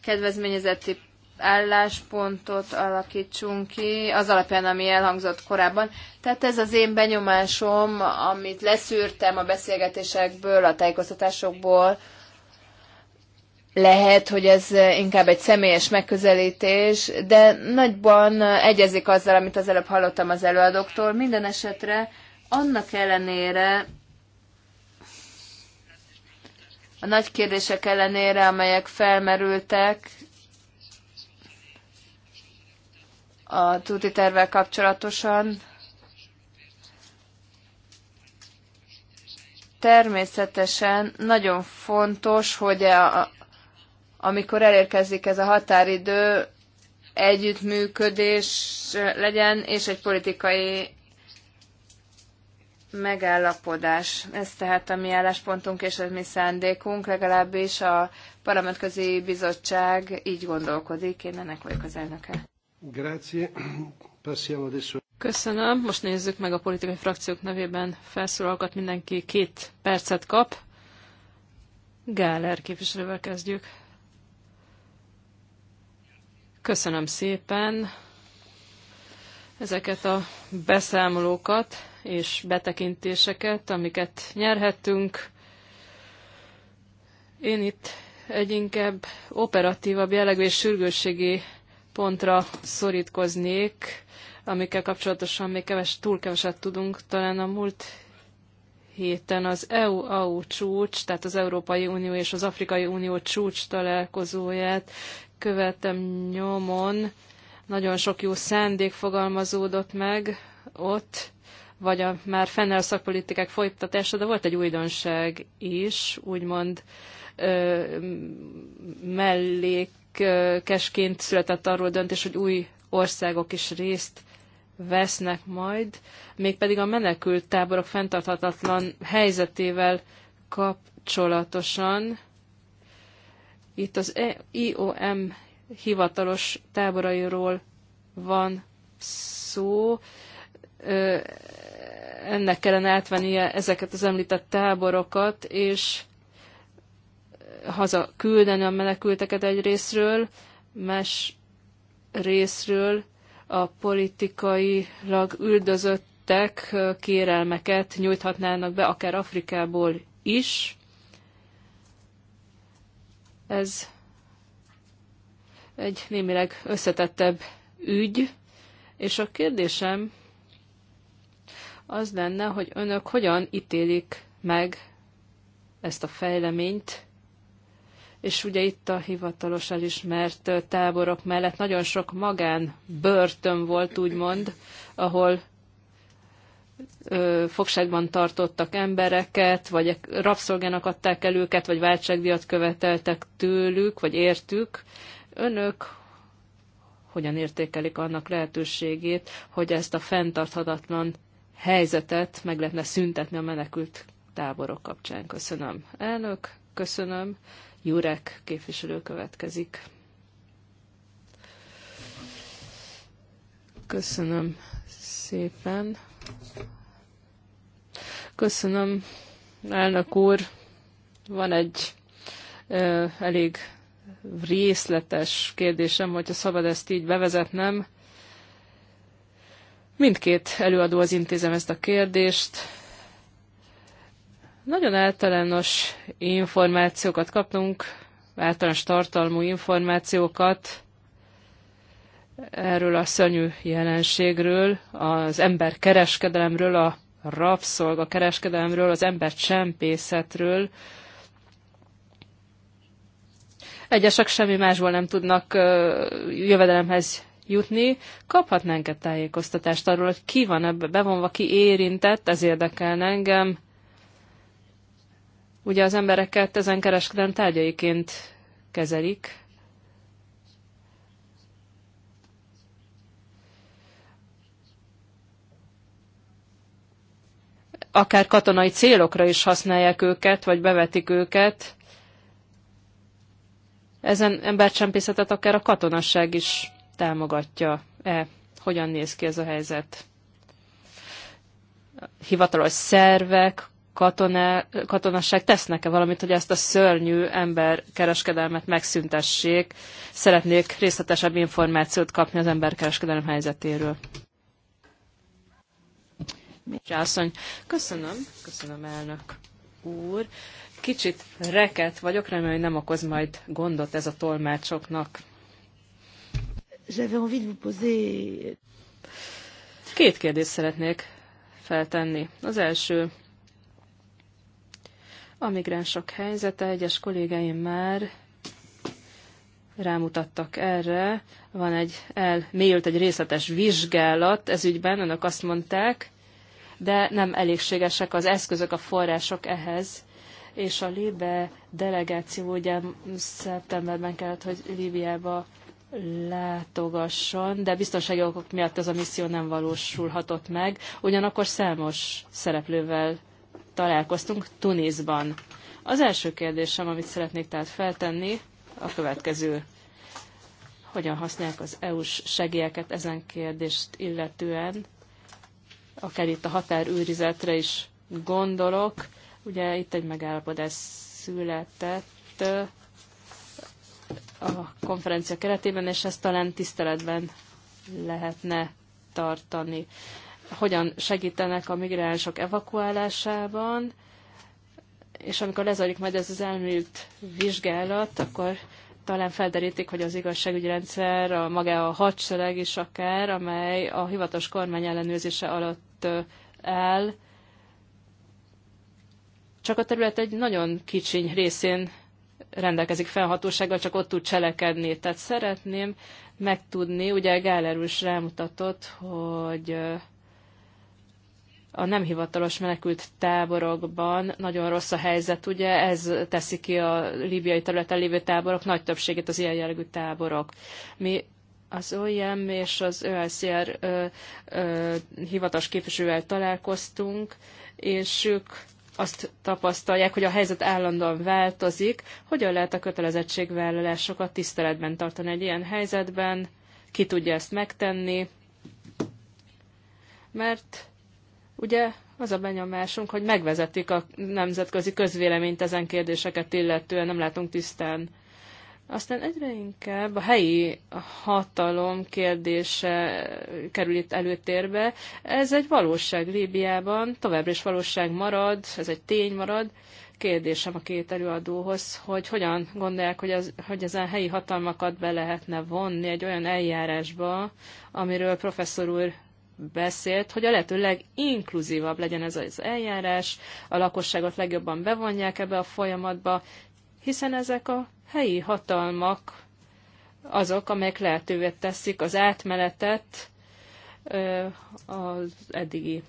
kedvezményezeti álláspontot alakítsunk ki, az alapján, ami elhangzott korábban. Tehát ez az én benyomásom, amit leszűrtem a beszélgetésekből, a tájékoztatásokból. Lehet, hogy ez inkább egy személyes megközelítés, de nagyban egyezik azzal, amit az előbb hallottam az előadóktól. Minden esetre annak ellenére, a nagy kérdések ellenére, amelyek felmerültek, a tuti tervvel kapcsolatosan. Természetesen nagyon fontos, hogy a, amikor elérkezik ez a határidő, együttműködés legyen, és egy politikai megállapodás. Ez tehát a mi álláspontunk és a mi szándékunk, legalábbis a Parlamentközi Bizottság így gondolkodik, én ennek vagyok az elnöke. Köszönöm. Most nézzük meg a politikai frakciók nevében felszólalókat. Mindenki két percet kap. Gáler képviselővel kezdjük. Köszönöm szépen ezeket a beszámolókat és betekintéseket, amiket nyerhettünk. Én itt egy inkább operatívabb jellegű és sürgősségi pontra szorítkoznék, amikkel kapcsolatosan még keves, túl keveset tudunk. Talán a múlt héten az EU-AU csúcs, tehát az Európai Unió és az Afrikai Unió csúcs találkozóját követem nyomon. Nagyon sok jó szándék fogalmazódott meg ott, vagy a már fennel szakpolitikák folytatása, de volt egy újdonság is, úgymond ö, mellék érdekesként született arról döntés, hogy új országok is részt vesznek majd, mégpedig a menekült táborok fenntarthatatlan helyzetével kapcsolatosan. Itt az IOM hivatalos táborairól van szó. Ennek kellene átvennie ezeket az említett táborokat, és haza küldeni a menekülteket egy részről, más részről a politikailag üldözöttek kérelmeket nyújthatnának be akár Afrikából is. Ez egy némileg összetettebb ügy, és a kérdésem az lenne, hogy önök hogyan ítélik meg ezt a fejleményt, és ugye itt a hivatalos elismert táborok mellett nagyon sok magán börtön volt, úgymond, ahol fogságban tartottak embereket, vagy rabszolgának adták el őket, vagy váltságdiat követeltek tőlük, vagy értük. Önök hogyan értékelik annak lehetőségét, hogy ezt a fenntarthatatlan helyzetet meg lehetne szüntetni a menekült táborok kapcsán. Köszönöm. Elnök, köszönöm. Jurek képviselő következik. Köszönöm szépen. Köszönöm, elnök úr. Van egy ö, elég részletes kérdésem, hogyha szabad ezt így bevezetnem. Mindkét az intézem ezt a kérdést nagyon általános információkat kaptunk, általános tartalmú információkat erről a szörnyű jelenségről, az ember kereskedelemről, a rabszolga kereskedelemről, az ember csempészetről. Egyesek semmi másból nem tudnak jövedelemhez jutni. Kaphatnánk-e tájékoztatást arról, hogy ki van ebbe bevonva, ki érintett, ez érdekelne engem. Ugye az embereket ezen kereskedelem tárgyaiként kezelik. Akár katonai célokra is használják őket, vagy bevetik őket. Ezen embercsempészetet akár a katonasság is támogatja-e? Hogyan néz ki ez a helyzet? Hivatalos szervek, katona, katonasság tesznek-e valamit, hogy ezt a szörnyű emberkereskedelmet megszüntessék. Szeretnék részletesebb információt kapni az emberkereskedelem helyzetéről. Jászony, köszönöm, köszönöm elnök úr. Kicsit reket vagyok, remélem, hogy nem okoz majd gondot ez a tolmácsoknak. Két kérdést szeretnék feltenni. Az első, a migránsok helyzete, egyes kollégáim már rámutattak erre. Van egy elmélyült, egy részletes vizsgálat ez ügyben, önök azt mondták, de nem elégségesek az eszközök, a források ehhez. És a Libe delegáció ugye szeptemberben kellett, hogy Líbiába látogasson, de biztonsági okok miatt ez a misszió nem valósulhatott meg. Ugyanakkor számos szereplővel találkoztunk Tunisban. Az első kérdésem, amit szeretnék tehát feltenni, a következő. Hogyan használják az EU-s segélyeket ezen kérdést illetően? Akár itt a határőrizetre is gondolok. Ugye itt egy megállapodás született a konferencia keretében, és ezt talán tiszteletben lehetne tartani hogyan segítenek a migránsok evakuálásában, és amikor lezajlik majd ez az elmúlt vizsgálat, akkor talán felderítik, hogy az igazságügyi rendszer, a maga a hadsereg is akár, amely a hivatos kormány ellenőrzése alatt áll, csak a terület egy nagyon kicsiny részén rendelkezik felhatósággal, csak ott tud cselekedni. Tehát szeretném megtudni, ugye Gáler úr is rámutatott, hogy a nem hivatalos menekült táborokban nagyon rossz a helyzet, ugye ez teszi ki a líbiai területen lévő táborok nagy többségét az ilyen jellegű táborok. Mi az OIM és az ÖSZR hivatalos képviselővel találkoztunk, és ők azt tapasztalják, hogy a helyzet állandóan változik. Hogyan lehet a kötelezettségvállalásokat tiszteletben tartani egy ilyen helyzetben? Ki tudja ezt megtenni? Mert Ugye az a benyomásunk, hogy megvezetik a nemzetközi közvéleményt ezen kérdéseket illetően, nem látunk tisztán. Aztán egyre inkább a helyi hatalom kérdése kerül itt előtérbe. Ez egy valóság Líbiában, továbbra is valóság marad, ez egy tény marad. Kérdésem a két előadóhoz, hogy hogyan gondolják, hogy, az, hogy ezen helyi hatalmakat be lehetne vonni egy olyan eljárásba, amiről professzor úr beszélt, hogy a lehető leginkluzívabb legyen ez az eljárás, a lakosságot legjobban bevonják ebbe a folyamatba, hiszen ezek a helyi hatalmak azok, amelyek lehetővé teszik az átmenetet az eddigi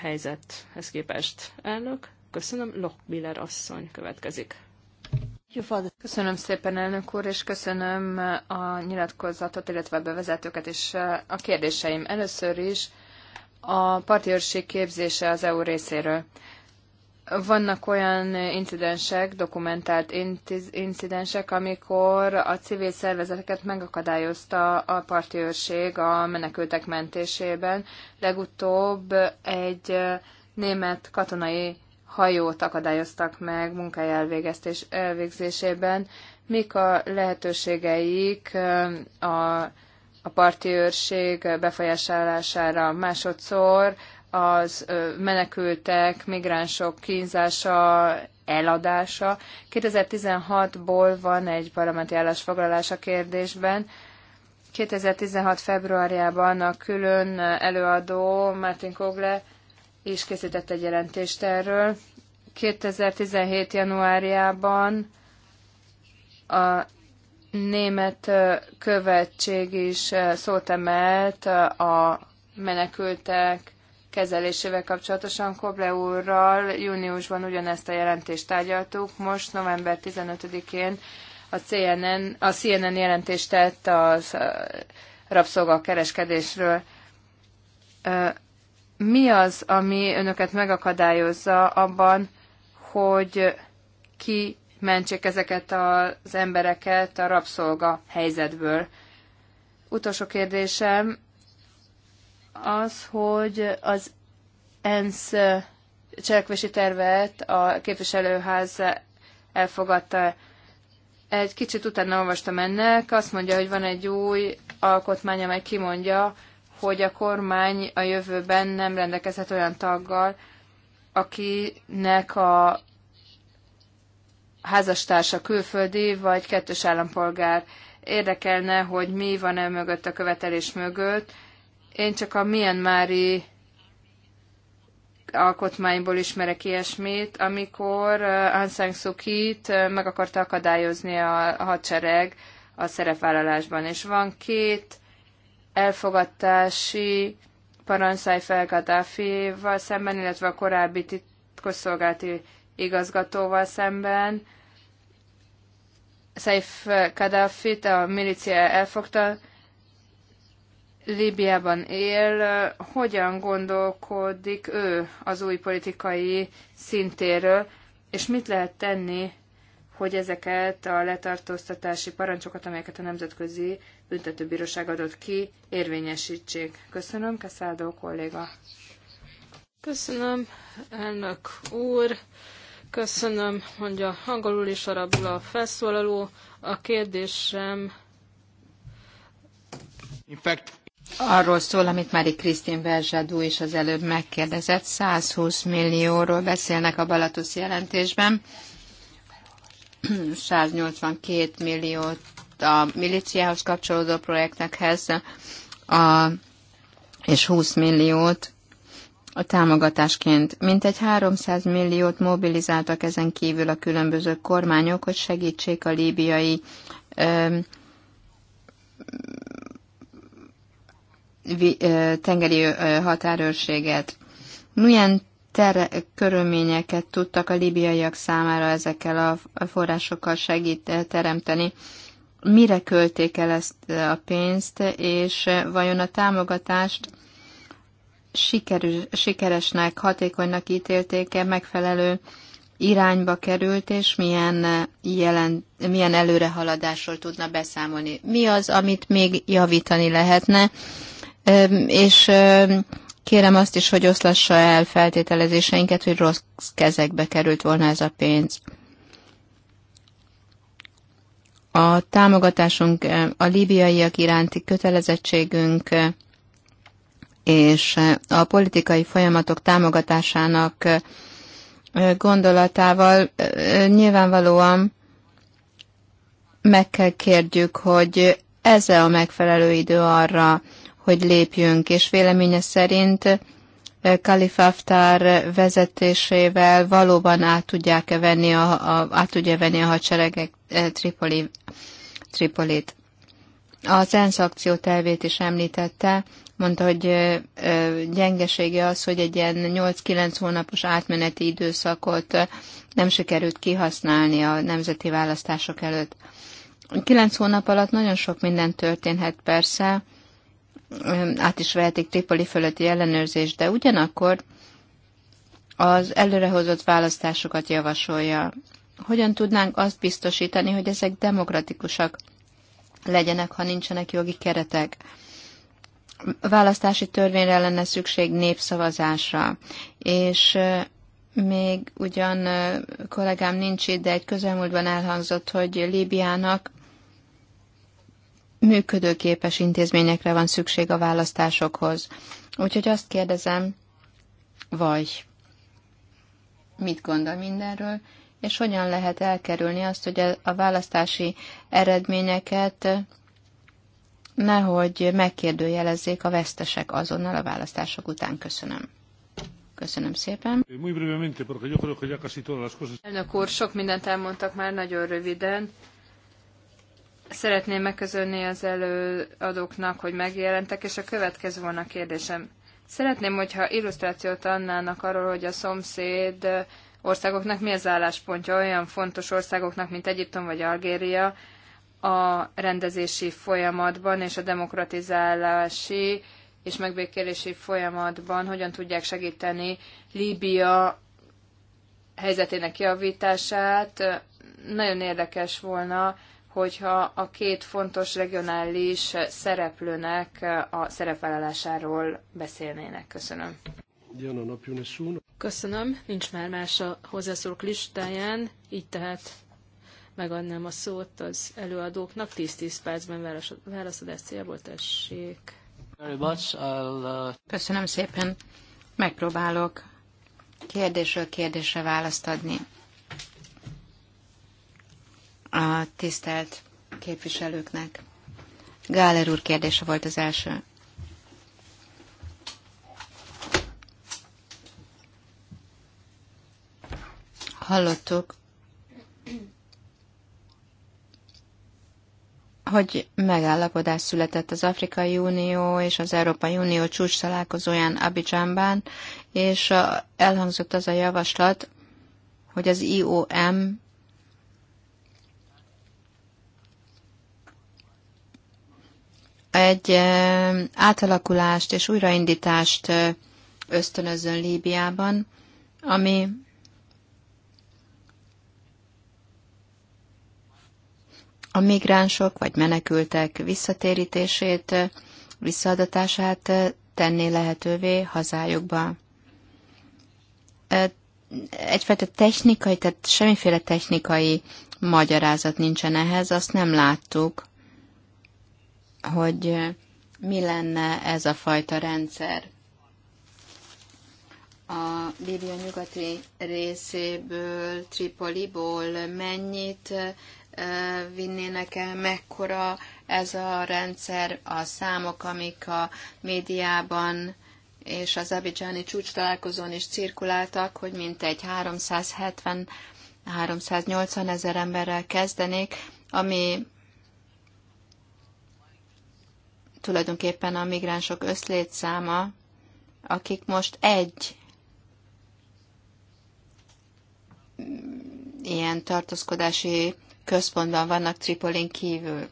helyzethez képest. Elnök, köszönöm, Lockmiller asszony következik. Köszönöm szépen, elnök úr, és köszönöm a nyilatkozatot, illetve a bevezetőket és a kérdéseim. Először is a őrség képzése az EU részéről. Vannak olyan incidensek, dokumentált incidensek, amikor a civil szervezeteket megakadályozta a parti őrség a menekültek mentésében. Legutóbb egy német katonai hajót akadályoztak meg munkája elvégeztés, elvégzésében. Mik a lehetőségeik a, a parti őrség befolyásolására másodszor, az menekültek, migránsok kínzása, eladása. 2016-ból van egy parlamenti állásfoglalás a kérdésben. 2016. februárjában a külön előadó Martin Kogle is készített egy jelentést erről. 2017. januárjában a német követség is szót emelt a menekültek kezelésével kapcsolatosan Koble úrral júniusban ugyanezt a jelentést tárgyaltuk, most november 15-én a CNN, a CNN jelentést tett a rabszolgakereskedésről mi az, ami önöket megakadályozza abban, hogy ki mentsék ezeket az embereket a rabszolga helyzetből? Utolsó kérdésem az, hogy az ENSZ cselekvési tervet a képviselőház elfogadta. Egy kicsit utána olvastam ennek, azt mondja, hogy van egy új alkotmány, amely kimondja, hogy a kormány a jövőben nem rendelkezhet olyan taggal, akinek a házastársa külföldi vagy kettős állampolgár. Érdekelne, hogy mi van e mögött a követelés mögött. Én csak a Myanmari alkotmányból ismerek ilyesmit, amikor uh, Aung San Suu Kyi-t uh, meg akarta akadályozni a hadsereg a szerepvállalásban. És van két elfogadtási parancsai fel Gaddafi-val szemben, illetve a korábbi titkosszolgálati igazgatóval szemben. Saif Gaddafit a milícia elfogta, Líbiában él, hogyan gondolkodik ő az új politikai szintéről, és mit lehet tenni, hogy ezeket a letartóztatási parancsokat, amelyeket a nemzetközi büntetőbíróság adott ki, érvényesítsék. Köszönöm, Keszádó kolléga. Köszönöm, elnök úr. Köszönöm, mondja angolul és arabul a felszólaló. A kérdésem... In fact, Arról szól, amit Mari Krisztin Verzsadú is az előbb megkérdezett, 120 millióról beszélnek a Balatusz jelentésben, 182 milliót a milíciához kapcsolódó projektekhez, a, és 20 milliót a támogatásként. Mintegy 300 milliót mobilizáltak ezen kívül a különböző kormányok, hogy segítsék a líbiai ö, vi, ö, tengeri ö, határőrséget. Milyen ter- körülményeket tudtak a líbiaiak számára ezekkel a forrásokkal segít teremteni, mire költék el ezt eh, a pénzt, és eh, vajon a támogatást sikerül, sikeresnek, hatékonynak ítélték-e, megfelelő irányba került, és milyen, eh, jelen, milyen előrehaladásról tudna beszámolni. Mi az, amit még javítani lehetne, ehm, és ehm, kérem azt is, hogy oszlassa el feltételezéseinket, hogy rossz kezekbe került volna ez a pénz. A támogatásunk, eh, a líbiaiak iránti kötelezettségünk eh, és eh, a politikai folyamatok támogatásának gondolatával nyilvánvalóan meg kell kérdjük, hogy ez a megfelelő idő arra, hogy lépjünk, és véleménye szerint Kalifáftár vezetésével valóban át tudják-e venni a, a, át tudja venni a hadseregek eh, Tripoli, Tripolit. Az ENSZ akció tervét is említette, mondta, hogy eh, eh, gyengesége az, hogy egy ilyen 8-9 hónapos átmeneti időszakot nem sikerült kihasználni a nemzeti választások előtt. 9 hónap alatt nagyon sok minden történhet persze, át is vehetik Tripoli fölötti ellenőrzést, de ugyanakkor az előrehozott választásokat javasolja. Hogyan tudnánk azt biztosítani, hogy ezek demokratikusak legyenek, ha nincsenek jogi keretek? Választási törvényre lenne szükség népszavazásra, és még ugyan kollégám nincs itt, de egy közelmúltban elhangzott, hogy Líbiának működőképes intézményekre van szükség a választásokhoz. Úgyhogy azt kérdezem, vagy mit gondol mindenről, és hogyan lehet elkerülni azt, hogy a választási eredményeket nehogy megkérdőjelezzék a vesztesek azonnal a választások után. Köszönöm. Köszönöm szépen. Elnök úr, sok mindent elmondtak már nagyon röviden. Szeretném megköszönni az előadóknak, hogy megjelentek, és a következő volna a kérdésem. Szeretném, hogyha illusztrációt adnának arról, hogy a szomszéd országoknak mi az álláspontja olyan fontos országoknak, mint Egyiptom vagy Algéria a rendezési folyamatban és a demokratizálási és megbékélési folyamatban hogyan tudják segíteni Líbia helyzetének javítását. Nagyon érdekes volna hogyha a két fontos regionális szereplőnek a szerepvállalásáról beszélnének. Köszönöm. Köszönöm, nincs már más a hozzászólók listáján, így tehát megadnám a szót az előadóknak. 10-10 percben válaszadás célból tessék. Uh, Köszönöm szépen. Megpróbálok kérdésről kérdésre választ adni a tisztelt képviselőknek. Gáler úr kérdése volt az első. Hallottuk, hogy megállapodás született az Afrikai Unió és az Európai Unió csúcs találkozóján Abidjanban, és elhangzott az a javaslat, hogy az IOM egy átalakulást és újraindítást ösztönözön Líbiában, ami a migránsok vagy menekültek visszatérítését, visszaadatását tenné lehetővé hazájukba. Egyfajta technikai, tehát semmiféle technikai magyarázat nincsen ehhez, azt nem láttuk hogy mi lenne ez a fajta rendszer. A Líbia nyugati részéből, Tripoliból mennyit vinnének el, mekkora ez a rendszer, a számok, amik a médiában és az abidzsáni csúcs találkozón is cirkuláltak, hogy mintegy 370-380 ezer emberrel kezdenék, ami tulajdonképpen a migránsok összlétszáma, akik most egy ilyen tartózkodási központban vannak Tripolin kívül.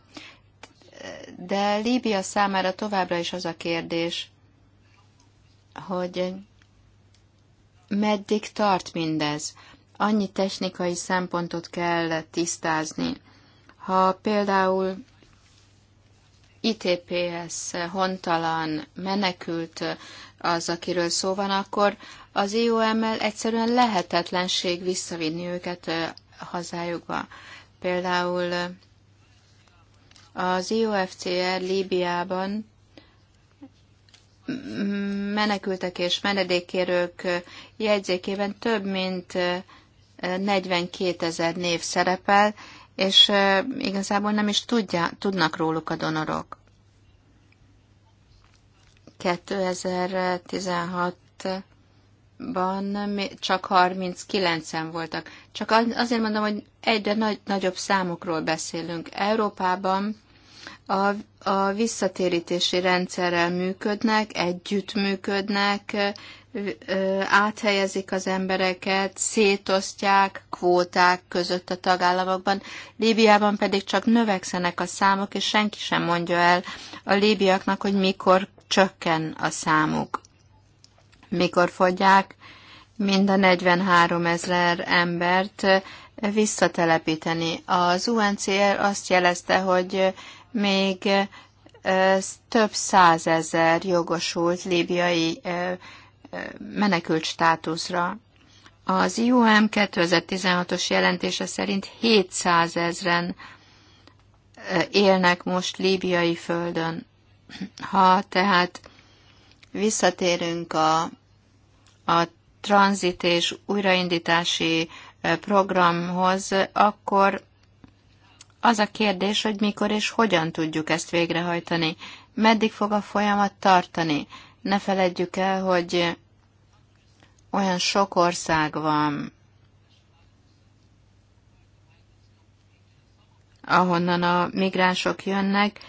De Líbia számára továbbra is az a kérdés, hogy meddig tart mindez. Annyi technikai szempontot kell tisztázni. Ha például ITPS hontalan menekült az, akiről szó van, akkor az IOM-mel egyszerűen lehetetlenség visszavinni őket hazájukba. Például az IOFCR Líbiában menekültek és menedékkérők jegyzékében több mint 42 ezer név szerepel, és igazából nem is tudja, tudnak róluk a donorok. 2016-ban csak 39-en voltak. Csak azért mondom, hogy egyre nagy, nagyobb számokról beszélünk. Európában a, a visszatérítési rendszerrel működnek, együttműködnek, áthelyezik az embereket, szétosztják kvóták között a tagállamokban. Líbiában pedig csak növekszenek a számok, és senki sem mondja el a líbiaknak, hogy mikor csökken a számuk. Mikor fogják mind a 43 ezer embert visszatelepíteni. Az UNCR azt jelezte, hogy még több százezer jogosult líbiai menekült státuszra. Az IOM 2016-os jelentése szerint 700 ezeren élnek most líbiai földön. Ha tehát visszatérünk a, a tranzit és újraindítási programhoz, akkor az a kérdés, hogy mikor és hogyan tudjuk ezt végrehajtani, meddig fog a folyamat tartani. Ne feledjük el, hogy olyan sok ország van, ahonnan a migránsok jönnek,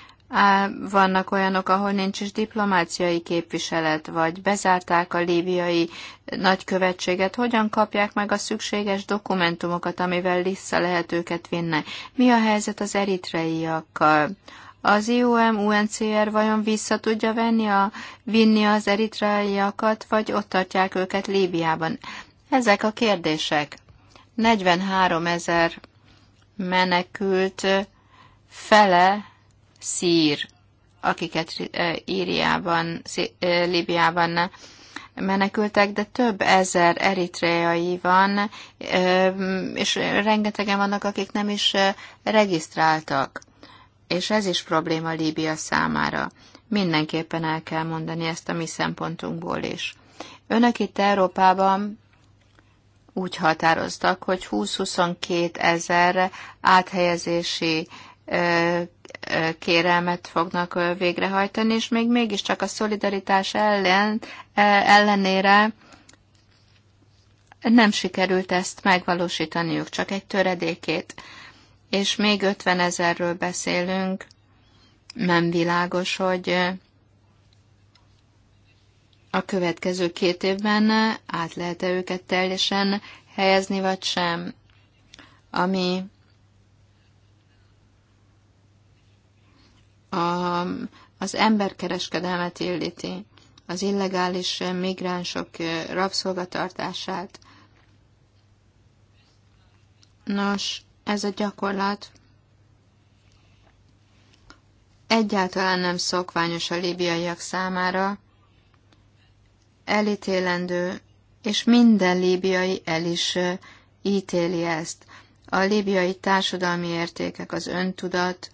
vannak olyanok, ahol nincs is diplomáciai képviselet, vagy bezárták a líbiai nagykövetséget. Hogyan kapják meg a szükséges dokumentumokat, amivel vissza lehet őket vinni? Mi a helyzet az eritreiakkal? Az IOM, UNCR vajon vissza tudja venni a, vinni az eritreiakat, vagy ott tartják őket Líbiában? Ezek a kérdések. 43 ezer menekült fele szír, akiket eh, Íriában, eh, Líbiában menekültek, de több ezer eritreai van, eh, és rengetegen vannak, akik nem is regisztráltak. És ez is probléma Líbia számára. Mindenképpen el kell mondani ezt a mi szempontunkból is. Önök itt Európában úgy határoztak, hogy 20-22 ezer áthelyezési kérelmet fognak végrehajtani, és még mégiscsak a szolidaritás ellen, ellenére nem sikerült ezt megvalósítaniuk, csak egy töredékét. És még 50 ezerről beszélünk, nem világos, hogy a következő két évben át lehet-e őket teljesen helyezni, vagy sem. Ami a, az emberkereskedelmet illeti, az illegális migránsok rabszolgatartását. Nos, ez a gyakorlat egyáltalán nem szokványos a líbiaiak számára, elítélendő, és minden líbiai el is ítéli ezt. A líbiai társadalmi értékek, az öntudat,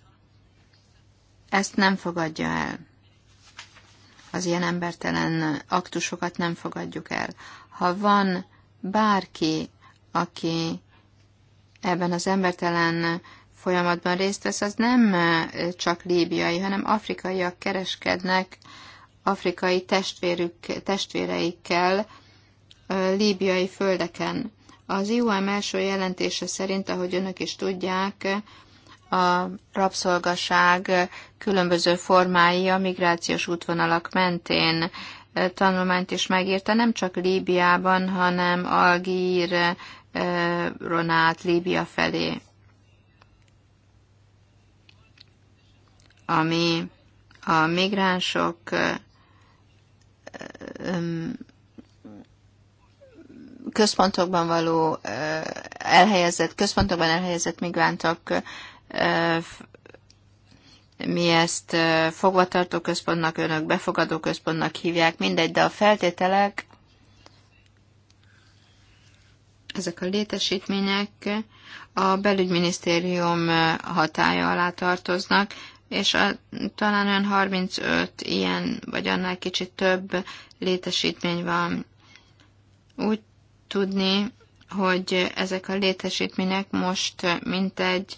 ezt nem fogadja el. Az ilyen embertelen aktusokat nem fogadjuk el. Ha van bárki, aki ebben az embertelen folyamatban részt vesz, az nem csak líbiai, hanem afrikaiak kereskednek afrikai testvérük, testvéreikkel líbiai földeken. Az IOM első jelentése szerint, ahogy önök is tudják, a rabszolgaság különböző formái a migrációs útvonalak mentén tanulmányt is megírta, nem csak Líbiában, hanem Algír Ronát Líbia felé. Ami a migránsok központokban való elhelyezett, központokban elhelyezett migrántok mi ezt fogvatartó központnak, önök befogadó központnak hívják, mindegy, de a feltételek, ezek a létesítmények a belügyminisztérium hatája alá tartoznak, és a, talán olyan 35 ilyen, vagy annál kicsit több létesítmény van. Úgy tudni, hogy ezek a létesítmények most mintegy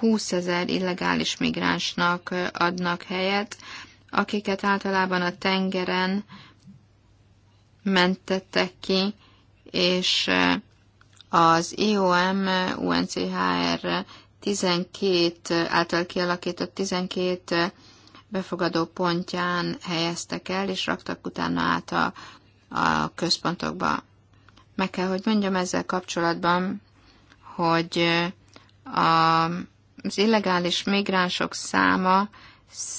20 ezer illegális migránsnak adnak helyet, akiket általában a tengeren mentettek ki, és az IOM UNCHR 12 által kialakított 12 befogadó pontján helyeztek el, és raktak utána át a, a központokba. Meg kell, hogy mondjam ezzel kapcsolatban, hogy a az illegális migránsok száma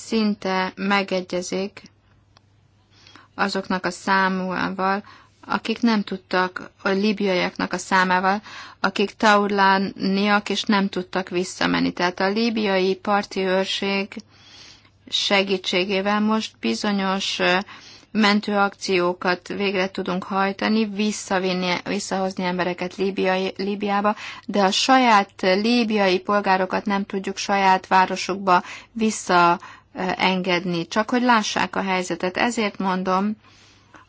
szinte megegyezik azoknak a számával, akik nem tudtak, a líbiaiaknak a számával, akik taurlániak és nem tudtak visszamenni. Tehát a líbiai parti őrség segítségével most bizonyos mentőakciókat végre tudunk hajtani, visszavinni, visszahozni embereket Líbiai, Líbiába, de a saját líbiai polgárokat nem tudjuk saját városukba visszaengedni, csak hogy lássák a helyzetet. Ezért mondom,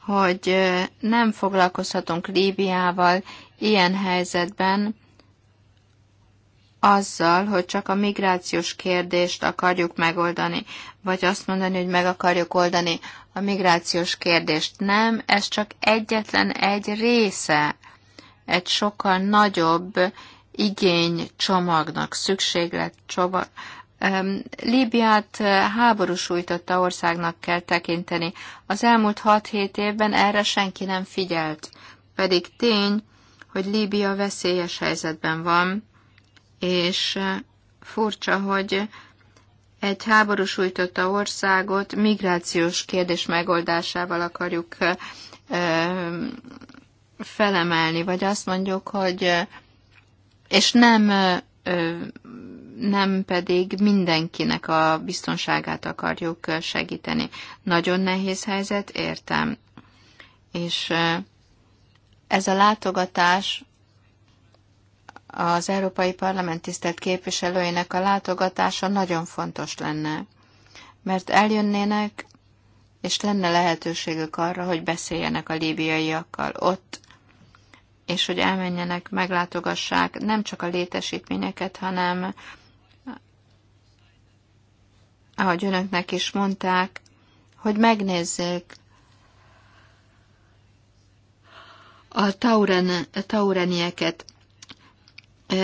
hogy nem foglalkozhatunk Líbiával ilyen helyzetben, azzal, hogy csak a migrációs kérdést akarjuk megoldani, vagy azt mondani, hogy meg akarjuk oldani a migrációs kérdést. Nem, ez csak egyetlen egy része egy sokkal nagyobb igénycsomagnak, szükségletcsomag. Líbiát háborús sújtotta országnak kell tekinteni. Az elmúlt 6-7 évben erre senki nem figyelt. Pedig tény, hogy Líbia veszélyes helyzetben van, és eh, furcsa, hogy egy háború sújtotta országot migrációs kérdés megoldásával akarjuk eh, eh, felemelni, vagy azt mondjuk, hogy és nem, nem pedig mindenkinek a biztonságát akarjuk segíteni. Nagyon nehéz helyzet, értem. És ez a látogatás az Európai Parlament tisztelt képviselőinek a látogatása nagyon fontos lenne, mert eljönnének, és lenne lehetőségük arra, hogy beszéljenek a líbiaiakkal ott, és hogy elmenjenek, meglátogassák nem csak a létesítményeket, hanem, ahogy önöknek is mondták, hogy megnézzék a tauren, taurenieket,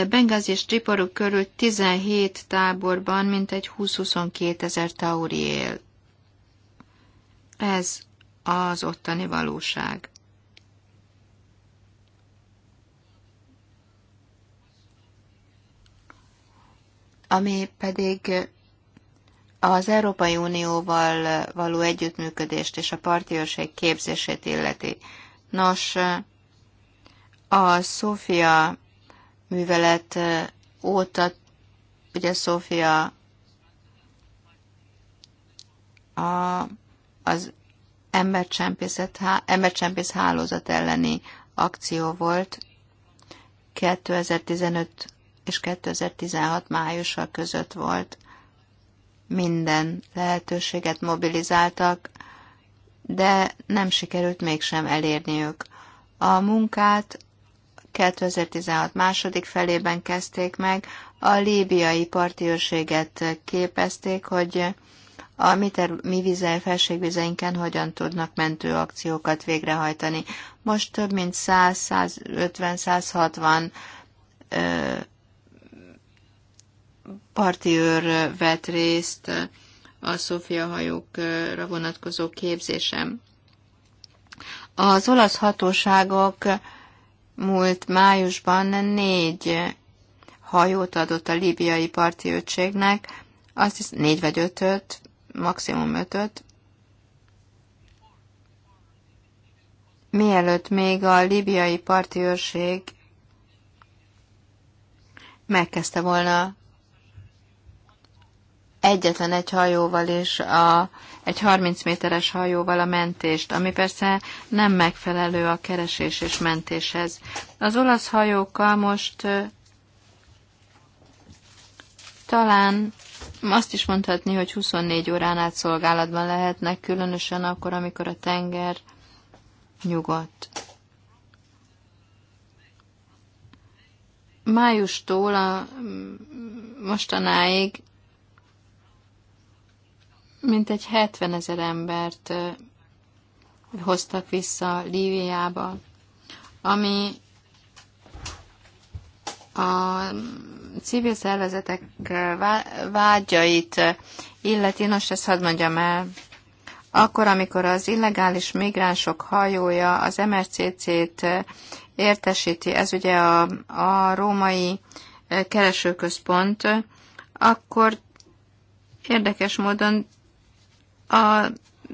Bengázi és Triporuk körül 17 táborban mintegy 20-22 ezer tauri él. Ez az ottani valóság. Ami pedig az Európai Unióval való együttműködést és a partiőrség képzését illeti. Nos, a Szófia művelet óta, ugye Szófia a, az embercsempészet, embercsempész hálózat elleni akció volt 2015 és 2016 májusa között volt. Minden lehetőséget mobilizáltak, de nem sikerült mégsem elérniük. A munkát 2016 második felében kezdték meg, a líbiai parti őrséget képezték, hogy a mi, ter- mi vize, felségvizeinken hogyan tudnak mentőakciókat végrehajtani. Most több mint 100-150-160 parti őr vett részt a Szofia hajókra vonatkozó képzésem. Az olasz hatóságok múlt májusban négy hajót adott a libiai parti ötségnek, azt hiszem négy vagy ötöt, maximum ötöt, mielőtt még a libiai parti őrség megkezdte volna egyetlen egy hajóval és a, egy 30 méteres hajóval a mentést, ami persze nem megfelelő a keresés és mentéshez. Az olasz hajókkal most talán azt is mondhatni, hogy 24 órán át szolgálatban lehetnek, különösen akkor, amikor a tenger nyugodt. Májustól a mostanáig mintegy 70 ezer embert hoztak vissza Líviába, ami a civil szervezetek vágyait illeti, nos, ezt hadd mondjam el, akkor, amikor az illegális migránsok hajója az MRCC-t értesíti, ez ugye a, a római keresőközpont, akkor érdekes módon a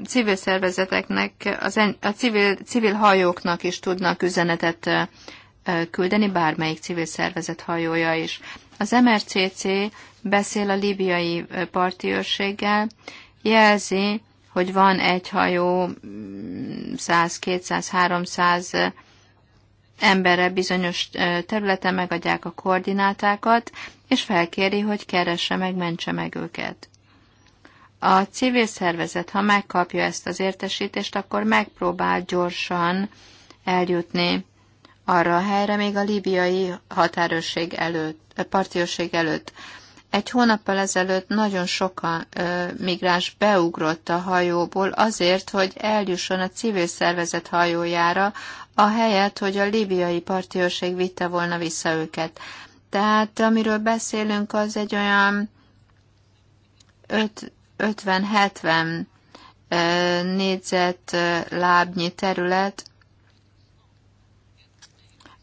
civil szervezeteknek, az, a civil, civil hajóknak is tudnak üzenetet küldeni, bármelyik civil szervezet hajója is. Az MRCC beszél a libiai parti őrséggel, jelzi, hogy van egy hajó 100, 200, 300 emberre bizonyos területen megadják a koordinátákat, és felkéri, hogy keresse meg, mentse meg őket a civil szervezet, ha megkapja ezt az értesítést, akkor megpróbál gyorsan eljutni arra a helyre, még a líbiai határőrség előtt, partiőrség előtt. Egy hónappal ezelőtt nagyon sokan ö, migráns beugrott a hajóból azért, hogy eljusson a civil szervezet hajójára, a helyet, hogy a libiai partiőrség vitte volna vissza őket. Tehát amiről beszélünk, az egy olyan 50-70 négyzet lábnyi terület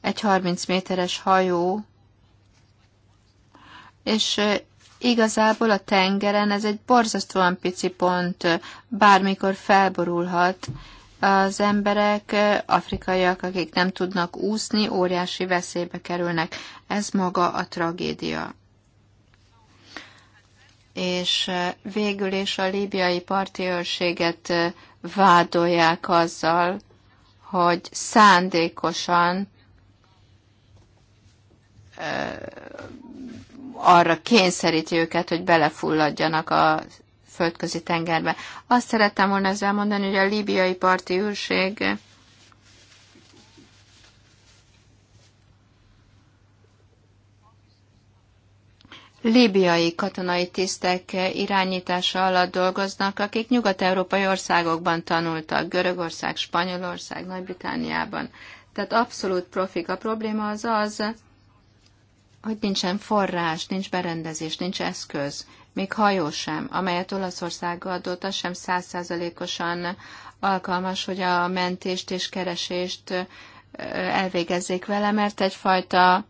egy 30 méteres hajó, és igazából a tengeren ez egy borzasztóan pici pont, bármikor felborulhat. Az emberek, afrikaiak, akik nem tudnak úszni, óriási veszélybe kerülnek. Ez maga a tragédia és végül is a líbiai parti őrséget vádolják azzal, hogy szándékosan arra kényszeríti őket, hogy belefulladjanak a földközi tengerbe. Azt szerettem volna ezzel mondani, hogy a líbiai parti őrség líbiai katonai tisztek irányítása alatt dolgoznak, akik nyugat-európai országokban tanultak, Görögország, Spanyolország, Nagy-Britániában. Tehát abszolút profik. A probléma az az, hogy nincsen forrás, nincs berendezés, nincs eszköz, még hajó sem, amelyet Olaszország adott, az sem százszázalékosan alkalmas, hogy a mentést és keresést elvégezzék vele, mert egyfajta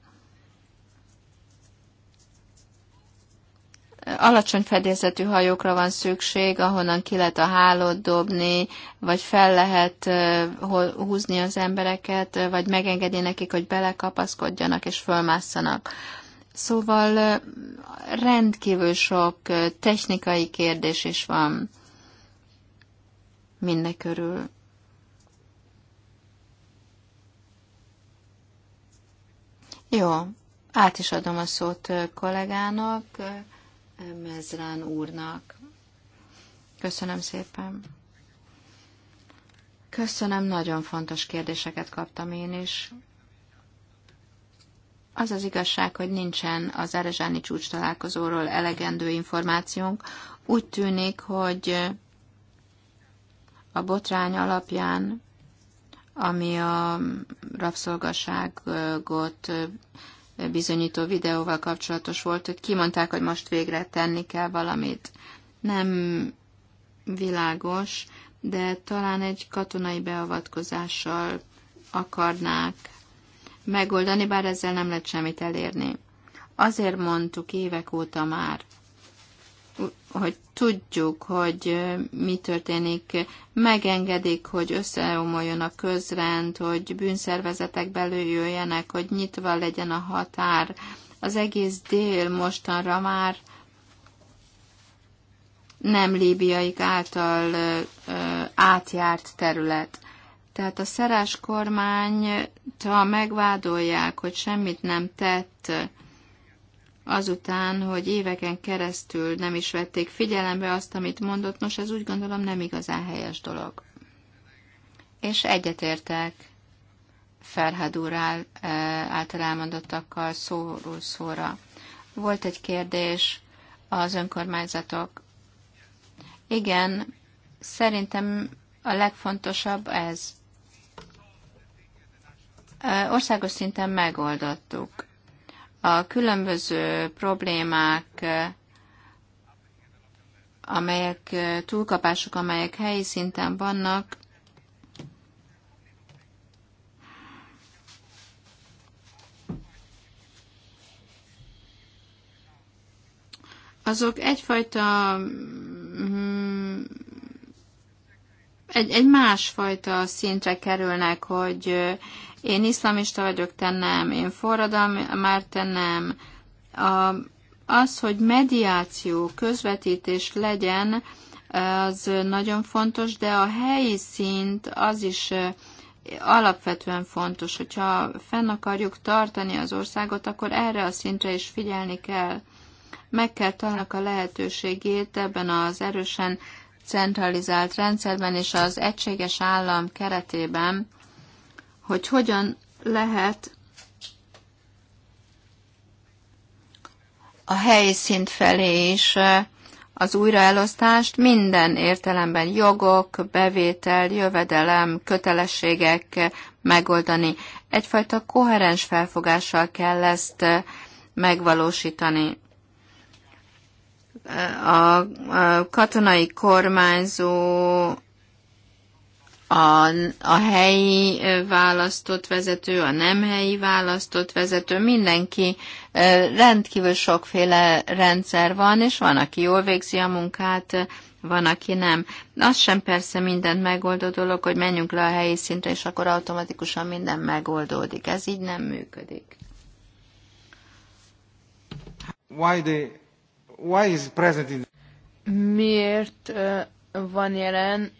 alacsony fedélzetű hajókra van szükség, ahonnan ki lehet a hálót dobni, vagy fel lehet húzni az embereket, vagy megengedi nekik, hogy belekapaszkodjanak és fölmásszanak. Szóval rendkívül sok technikai kérdés is van mindenkörül. Jó, át is adom a szót kollégának. Mezrán úrnak. Köszönöm szépen. Köszönöm, nagyon fontos kérdéseket kaptam én is. Az az igazság, hogy nincsen az Erezsáni csúcs találkozóról elegendő információnk. Úgy tűnik, hogy a botrány alapján, ami a rabszolgaságot bizonyító videóval kapcsolatos volt, hogy kimondták, hogy most végre tenni kell valamit. Nem világos, de talán egy katonai beavatkozással akarnák megoldani, bár ezzel nem lehet semmit elérni. Azért mondtuk évek óta már, hogy tudjuk, hogy mi történik, megengedik, hogy összeomoljon a közrend, hogy bűnszervezetek belőjöjjenek, hogy nyitva legyen a határ. Az egész dél mostanra már nem líbiaik által átjárt terület. Tehát a szerás kormány ha megvádolják, hogy semmit nem tett, azután, hogy éveken keresztül nem is vették figyelembe azt, amit mondott, nos, ez úgy gondolom nem igazán helyes dolog. És egyetértek Ferhad úr e, által elmondottakkal szóról szóra. Volt egy kérdés az önkormányzatok. Igen, szerintem a legfontosabb ez. E, országos szinten megoldottuk a különböző problémák, amelyek túlkapások, amelyek helyi szinten vannak, azok egyfajta mm, egy, egy másfajta szintre kerülnek, hogy én iszlamista vagyok, te nem. Én forradalmi, már te nem. A, az, hogy mediáció, közvetítés legyen, az nagyon fontos, de a helyi szint az is alapvetően fontos, hogyha fenn akarjuk tartani az országot, akkor erre a szintre is figyelni kell. Meg kell találnunk a lehetőségét ebben az erősen centralizált rendszerben és az egységes állam keretében hogy hogyan lehet a helyszínt felé is az újraelosztást minden értelemben jogok, bevétel, jövedelem, kötelességek megoldani. Egyfajta koherens felfogással kell ezt megvalósítani. A katonai kormányzó a, a helyi választott vezető, a nem helyi választott vezető, mindenki rendkívül sokféle rendszer van, és van, aki jól végzi a munkát, van, aki nem. Az sem persze mindent megoldó dolog, hogy menjünk le a helyi szintre, és akkor automatikusan minden megoldódik. Ez így nem működik. Why the, why is present in... Miért van jelen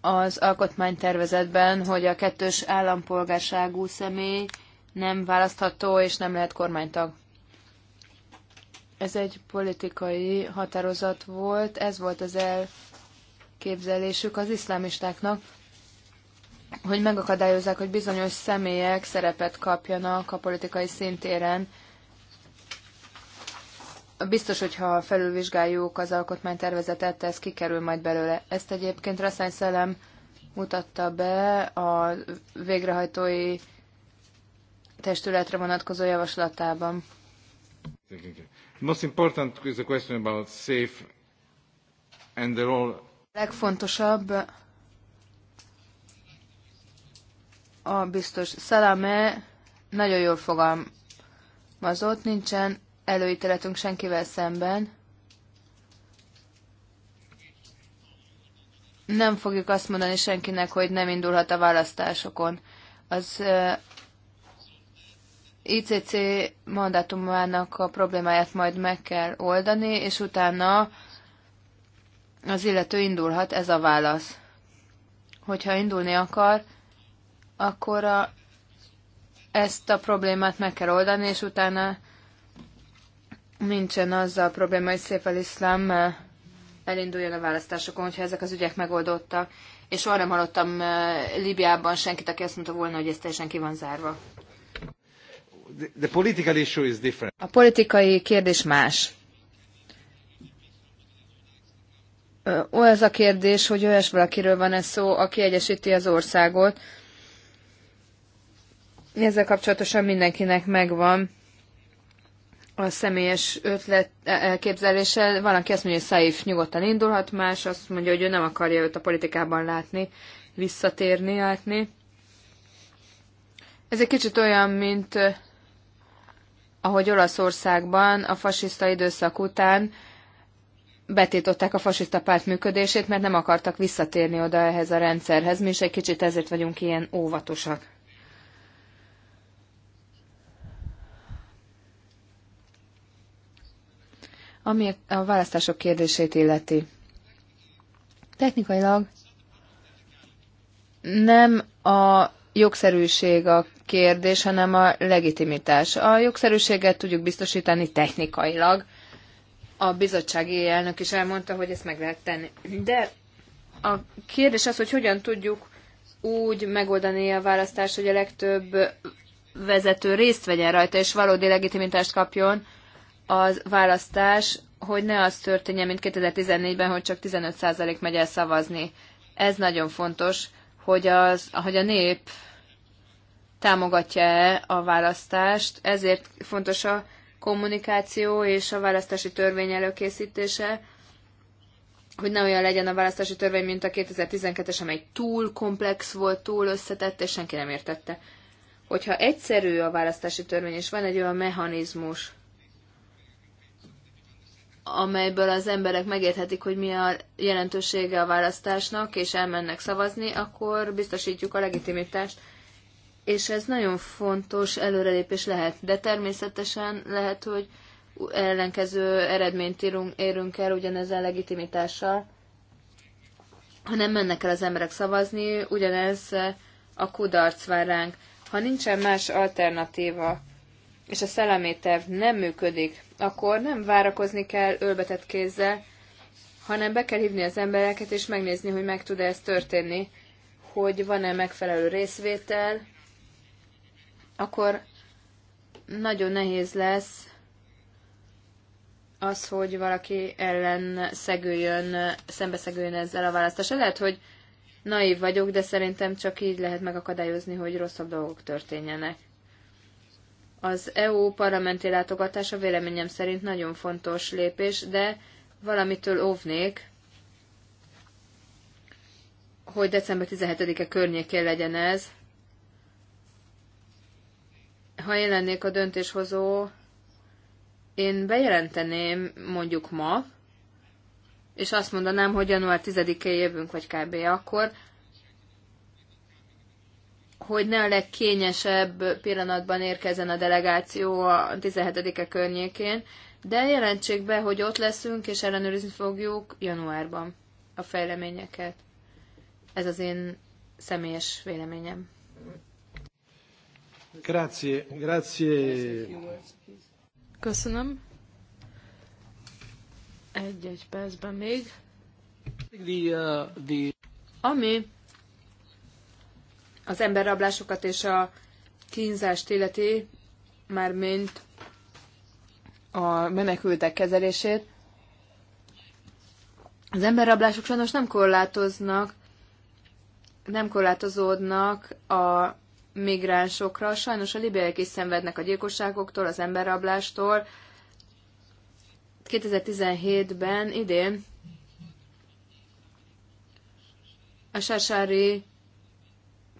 az alkotmánytervezetben, hogy a kettős állampolgárságú személy nem választható és nem lehet kormánytag. Ez egy politikai határozat volt, ez volt az elképzelésük az iszlámistáknak, hogy megakadályozzák, hogy bizonyos személyek szerepet kapjanak a politikai szintéren Biztos, hogy ha felülvizsgáljuk az alkotmánytervezetet, ez kikerül majd belőle. Ezt egyébként Rasszány Szellem mutatta be a végrehajtói testületre vonatkozó javaslatában. Most important is the question about safe and the role. Legfontosabb a biztos Szalame nagyon jól fogalmazott, nincsen előítéletünk senkivel szemben. Nem fogjuk azt mondani senkinek, hogy nem indulhat a választásokon. Az ICC mandátumának a problémáját majd meg kell oldani, és utána az illető indulhat, ez a válasz. Hogyha indulni akar, akkor a, ezt a problémát meg kell oldani, és utána nincsen azzal probléma, hogy szép iszlám eh, elinduljon a választásokon, hogyha ezek az ügyek megoldottak. És soha nem hallottam eh, Libiában senkit, aki azt mondta volna, hogy ez teljesen ki van zárva. The political issue is different. A politikai kérdés más. Az a kérdés, hogy olyas valakiről van ez szó, aki egyesíti az országot. Ezzel kapcsolatosan mindenkinek megvan a személyes ötlet e, elképzeléssel. Van, aki azt mondja, hogy Saif nyugodtan indulhat, más azt mondja, hogy ő nem akarja őt a politikában látni, visszatérni, látni. Ez egy kicsit olyan, mint ahogy Olaszországban a fasiszta időszak után betiltották a fasiszta párt működését, mert nem akartak visszatérni oda ehhez a rendszerhez. Mi is egy kicsit ezért vagyunk ilyen óvatosak. ami a választások kérdését illeti. Technikailag nem a jogszerűség a kérdés, hanem a legitimitás. A jogszerűséget tudjuk biztosítani technikailag. A bizottsági elnök is elmondta, hogy ezt meg lehet tenni. De a kérdés az, hogy hogyan tudjuk úgy megoldani a választást, hogy a legtöbb vezető részt vegyen rajta, és valódi legitimitást kapjon, az választás, hogy ne az történjen, mint 2014-ben, hogy csak 15% megy el szavazni. Ez nagyon fontos, hogy, az, hogy a nép támogatja-e a választást, ezért fontos a kommunikáció és a választási törvény előkészítése, hogy ne olyan legyen a választási törvény, mint a 2012-es, amely túl komplex volt, túl összetett, és senki nem értette. Hogyha egyszerű a választási törvény, és van egy olyan mechanizmus, amelyből az emberek megérthetik, hogy mi a jelentősége a választásnak, és elmennek szavazni, akkor biztosítjuk a legitimitást. És ez nagyon fontos előrelépés lehet. De természetesen lehet, hogy ellenkező eredményt írunk, érünk el ugyanezen legitimitással, ha nem mennek el az emberek szavazni, ugyanez a kudarc vár ránk. Ha nincsen más alternatíva, és a szellemi terv nem működik, akkor nem várakozni kell ölbetett kézzel, hanem be kell hívni az embereket, és megnézni, hogy meg tud-e ez történni, hogy van-e megfelelő részvétel, akkor nagyon nehéz lesz az, hogy valaki ellen szegüljön, szembeszegüljön ezzel a választással. Lehet, hogy naív vagyok, de szerintem csak így lehet megakadályozni, hogy rosszabb dolgok történjenek. Az EU parlamenti látogatása véleményem szerint nagyon fontos lépés, de valamitől óvnék, hogy december 17-e környékén legyen ez. Ha én lennék a döntéshozó, én bejelenteném mondjuk ma, és azt mondanám, hogy január 10-én jövünk, vagy kb. akkor, hogy ne a legkényesebb pillanatban érkezzen a delegáció a 17-e környékén, de jelentsék be, hogy ott leszünk, és ellenőrizni fogjuk januárban a fejleményeket. Ez az én személyes véleményem. Grazie, grazie. Köszönöm. Egy-egy percben még. Uh, Ami az emberrablásokat és a kínzást illeti, mint a menekültek kezelését. Az emberrablások sajnos nem korlátoznak, nem korlátozódnak a migránsokra. Sajnos a libiaiak is szenvednek a gyilkosságoktól, az emberrablástól. 2017-ben idén a Sásári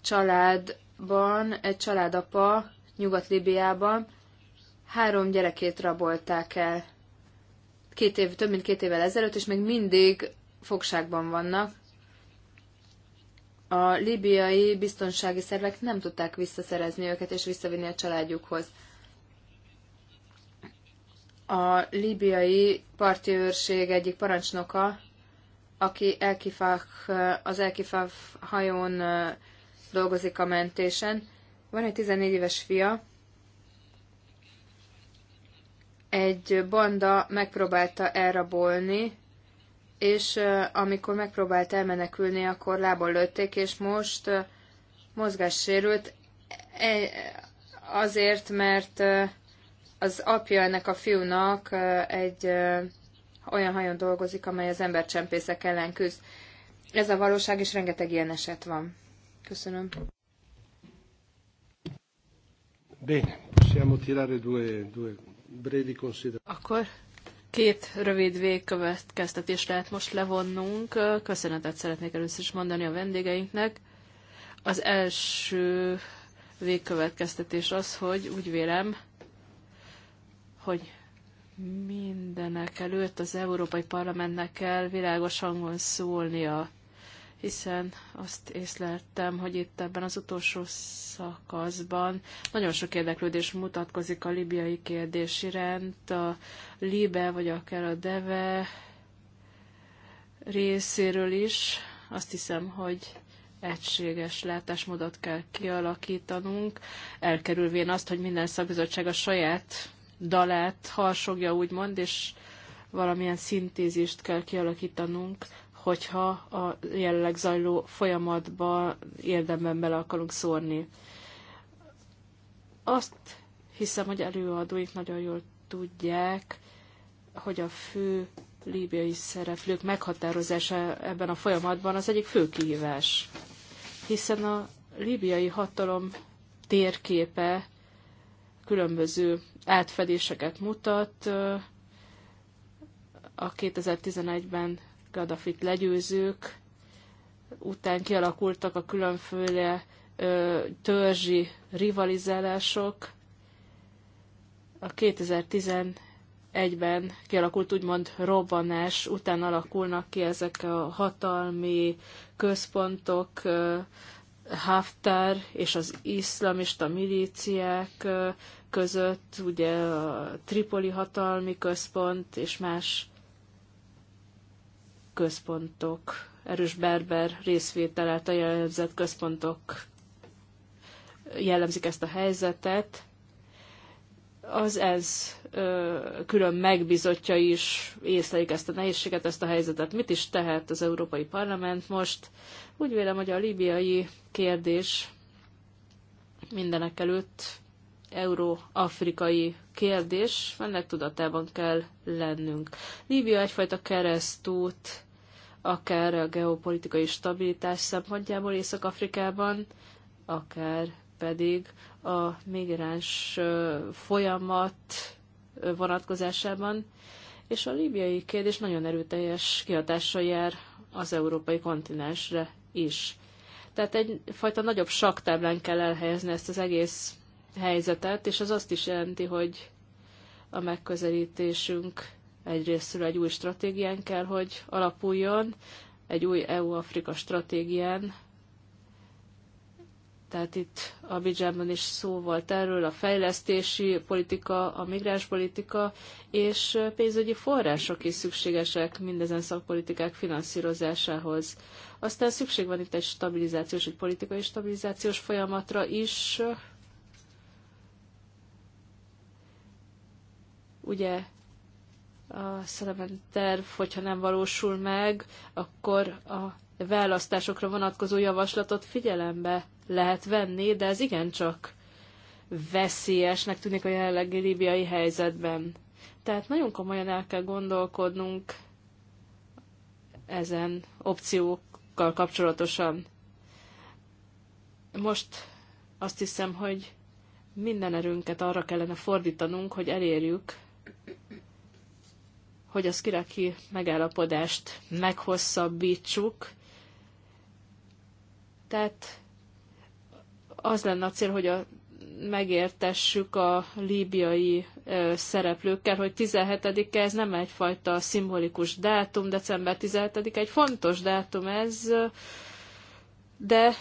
családban egy családapa Nyugat-Libiában három gyerekét rabolták el. Két év, több mint két évvel ezelőtt, és még mindig fogságban vannak. A libiai biztonsági szervek nem tudták visszaszerezni őket és visszavinni a családjukhoz. A libiai parti őrség egyik parancsnoka, aki Elkifah, az Elkifah hajón dolgozik a mentésen. Van egy 14 éves fia, egy banda megpróbálta elrabolni, és amikor megpróbált elmenekülni, akkor lábon lőtték, és most mozgássérült e, azért, mert az apja ennek a fiúnak egy olyan hajón dolgozik, amely az embercsempészek ellen küzd. Ez a valóság, és rengeteg ilyen eset van. Köszönöm. Bene, possiamo tirare due, due brevi considerazioni. Akkor két rövid végkövetkeztetést lehet most levonnunk. Köszönetet szeretnék először is mondani a vendégeinknek. Az első végkövetkeztetés az, hogy úgy vélem, hogy mindenek előtt az Európai Parlamentnek kell világos hangon szólnia hiszen azt észleltem, hogy itt ebben az utolsó szakaszban nagyon sok érdeklődés mutatkozik a libiai kérdés iránt, a Libe vagy akár a Deve részéről is. Azt hiszem, hogy egységes látásmódot kell kialakítanunk, elkerülvén azt, hogy minden szakbizottság a saját dalát harsogja, úgymond, és valamilyen szintézist kell kialakítanunk hogyha a jelenleg zajló folyamatba érdemben bele akarunk szórni. Azt hiszem, hogy előadóik nagyon jól tudják, hogy a fő líbiai szereplők meghatározása ebben a folyamatban az egyik fő kihívás. Hiszen a líbiai hatalom térképe különböző átfedéseket mutat. A 2011-ben Gaddafit legyőzők után kialakultak a különféle ö, törzsi rivalizálások. A 2011-ben kialakult úgymond robbanás után alakulnak ki ezek a hatalmi központok, ö, Haftar és az iszlamista milíciák között, ugye a Tripoli hatalmi központ és más központok, erős berber részvétel a jellemzett központok jellemzik ezt a helyzetet. Az ez külön megbizotja is észlelik ezt a nehézséget, ezt a helyzetet. Mit is tehet az Európai Parlament most? Úgy vélem, hogy a libiai kérdés mindenek előtt euró-afrikai kérdés, ennek tudatában kell lennünk. Líbia egyfajta keresztút akár a geopolitikai stabilitás szempontjából Észak-Afrikában, akár pedig a migráns folyamat vonatkozásában, és a líbiai kérdés nagyon erőteljes kihatással jár az európai kontinensre is. Tehát egyfajta nagyobb saktáblán kell elhelyezni ezt az egész helyzetet, és az azt is jelenti, hogy a megközelítésünk Egyrésztről egy új stratégián kell, hogy alapuljon, egy új EU-Afrika stratégián. Tehát itt Abidjánban is szó volt erről, a fejlesztési politika, a migránspolitika és pénzügyi források is szükségesek mindezen szakpolitikák finanszírozásához. Aztán szükség van itt egy stabilizációs, egy politikai stabilizációs folyamatra is. Ugye a Szelemen terv, hogyha nem valósul meg, akkor a választásokra vonatkozó javaslatot figyelembe lehet venni, de ez igencsak veszélyesnek tűnik a jelenlegi líbiai helyzetben. Tehát nagyon komolyan el kell gondolkodnunk ezen opciókkal kapcsolatosan. Most azt hiszem, hogy minden erőnket arra kellene fordítanunk, hogy elérjük hogy az kiraki megállapodást meghosszabbítsuk. Tehát az lenne a cél, hogy a, megértessük a líbiai ö, szereplőkkel, hogy 17-e ez nem egyfajta szimbolikus dátum, december 17-e egy fontos dátum ez, de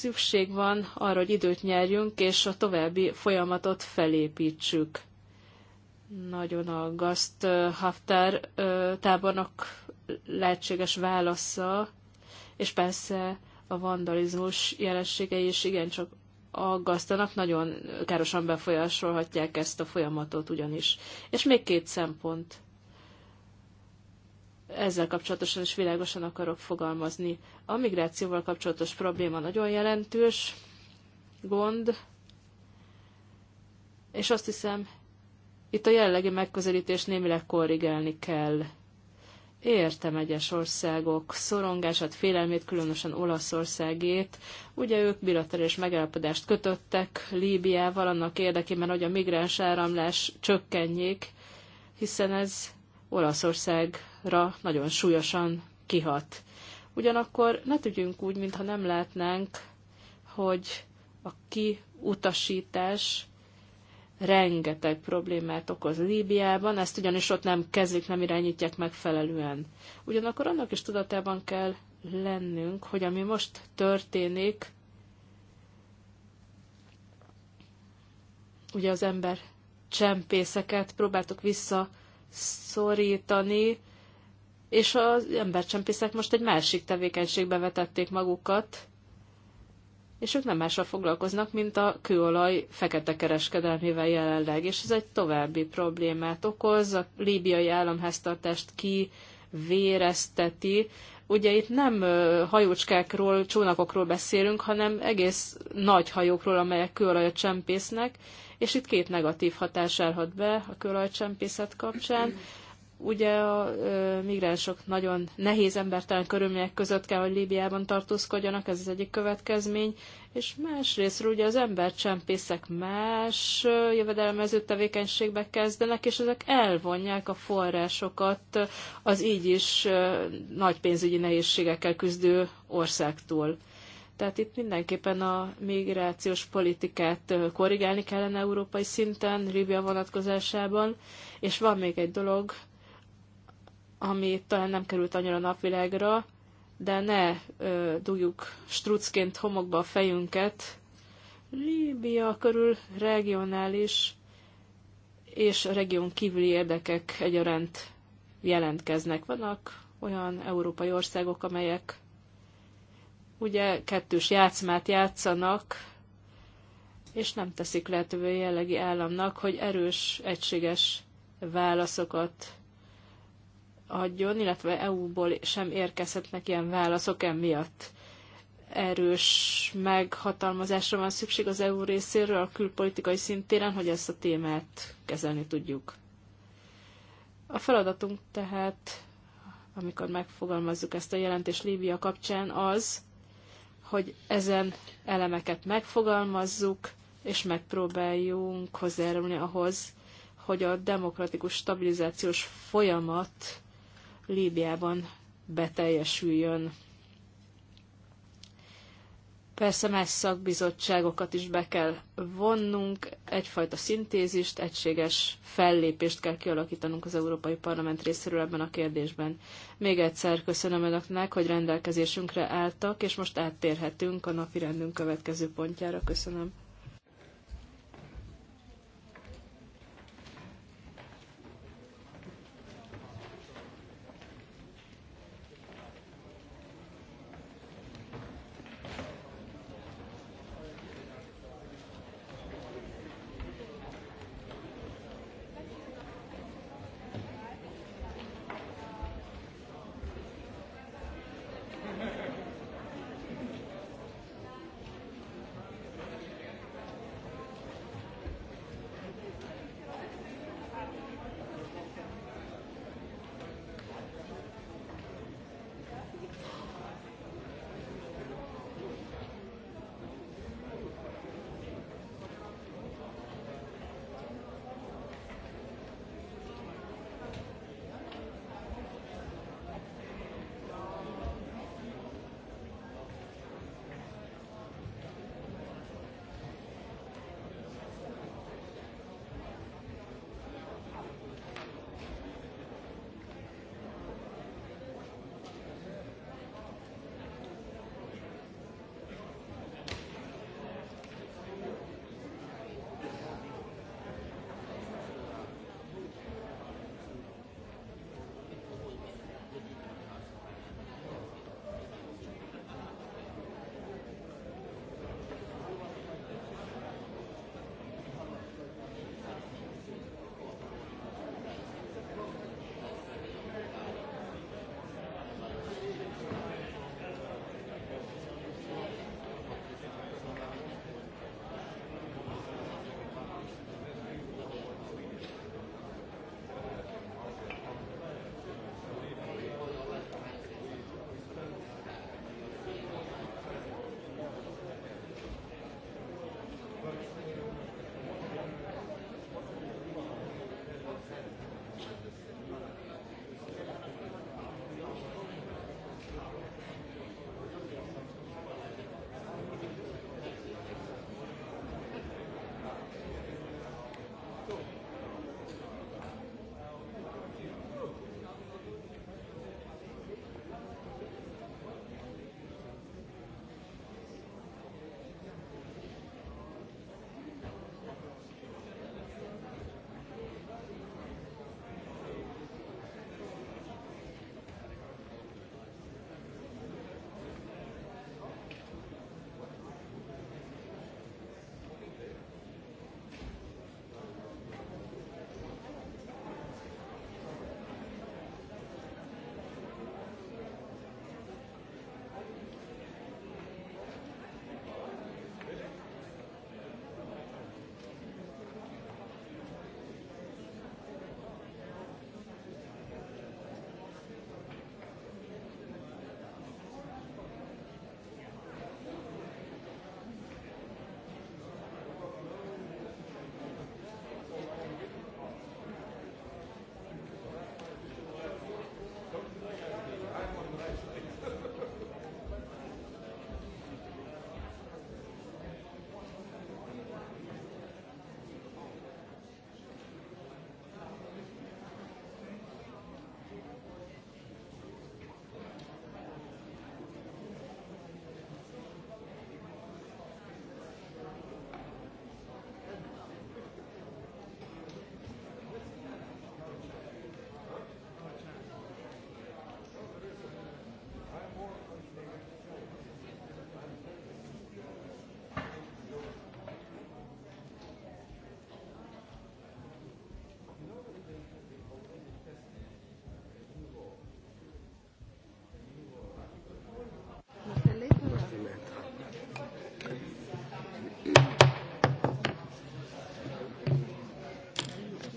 szükség van arra, hogy időt nyerjünk, és a további folyamatot felépítsük. Nagyon aggaszt Haftar tábornok lehetséges válasza, és persze a vandalizmus jelenségei is igencsak aggasztanak, nagyon károsan befolyásolhatják ezt a folyamatot ugyanis. És még két szempont. Ezzel kapcsolatosan is világosan akarok fogalmazni. A migrációval kapcsolatos probléma nagyon jelentős gond, és azt hiszem, itt a jellegi megközelítés némileg korrigálni kell. Értem egyes országok szorongását, félelmét, különösen Olaszországét. Ugye ők bilaterális megállapodást kötöttek Líbiával annak érdekében, hogy a migráns áramlás csökkenjék, hiszen ez Olaszországra nagyon súlyosan kihat. Ugyanakkor ne tudjunk úgy, mintha nem látnánk, hogy a kiutasítás rengeteg problémát okoz Líbiában, ezt ugyanis ott nem kezdik, nem irányítják megfelelően. Ugyanakkor annak is tudatában kell lennünk, hogy ami most történik, ugye az ember csempészeket próbáltuk visszaszorítani, és az embercsempészek most egy másik tevékenységbe vetették magukat, és ők nem mással foglalkoznak, mint a kőolaj fekete kereskedelmével jelenleg, és ez egy további problémát okoz, a líbiai államháztartást kivérezteti. Ugye itt nem hajócskákról, csónakokról beszélünk, hanem egész nagy hajókról, amelyek kőolajat csempésznek, és itt két negatív hatás állhat be a kőolajcsempészet kapcsán. Ugye a migránsok nagyon nehéz embertelen körülmények között kell, hogy Líbiában tartózkodjanak, ez az egyik következmény, és másrésztről ugye az embercsempészek más jövedelmező tevékenységbe kezdenek, és ezek elvonják a forrásokat az így is nagy pénzügyi nehézségekkel küzdő országtól. Tehát itt mindenképpen a migrációs politikát korrigálni kellene európai szinten, Líbia vonatkozásában. És van még egy dolog, ami talán eh, nem került annyira napvilágra, de ne ö, dugjuk strucként homokba a fejünket. Líbia körül regionális és region kívüli érdekek egyaránt jelentkeznek. Vannak olyan európai országok, amelyek ugye kettős játszmát játszanak, és nem teszik lehetővé jellegi államnak, hogy erős, egységes válaszokat adjon, illetve EU-ból sem érkezhetnek ilyen válaszok emiatt. Erős meghatalmazásra van szükség az EU részéről a külpolitikai szintéren, hogy ezt a témát kezelni tudjuk. A feladatunk tehát, amikor megfogalmazzuk ezt a jelentést Líbia kapcsán, az, hogy ezen elemeket megfogalmazzuk, és megpróbáljunk hozzájárulni ahhoz, hogy a demokratikus stabilizációs folyamat Líbiában beteljesüljön. Persze más szakbizottságokat is be kell vonnunk, egyfajta szintézist, egységes fellépést kell kialakítanunk az Európai Parlament részéről ebben a kérdésben. Még egyszer köszönöm Önöknek, hogy rendelkezésünkre álltak, és most áttérhetünk a napi rendünk következő pontjára. Köszönöm.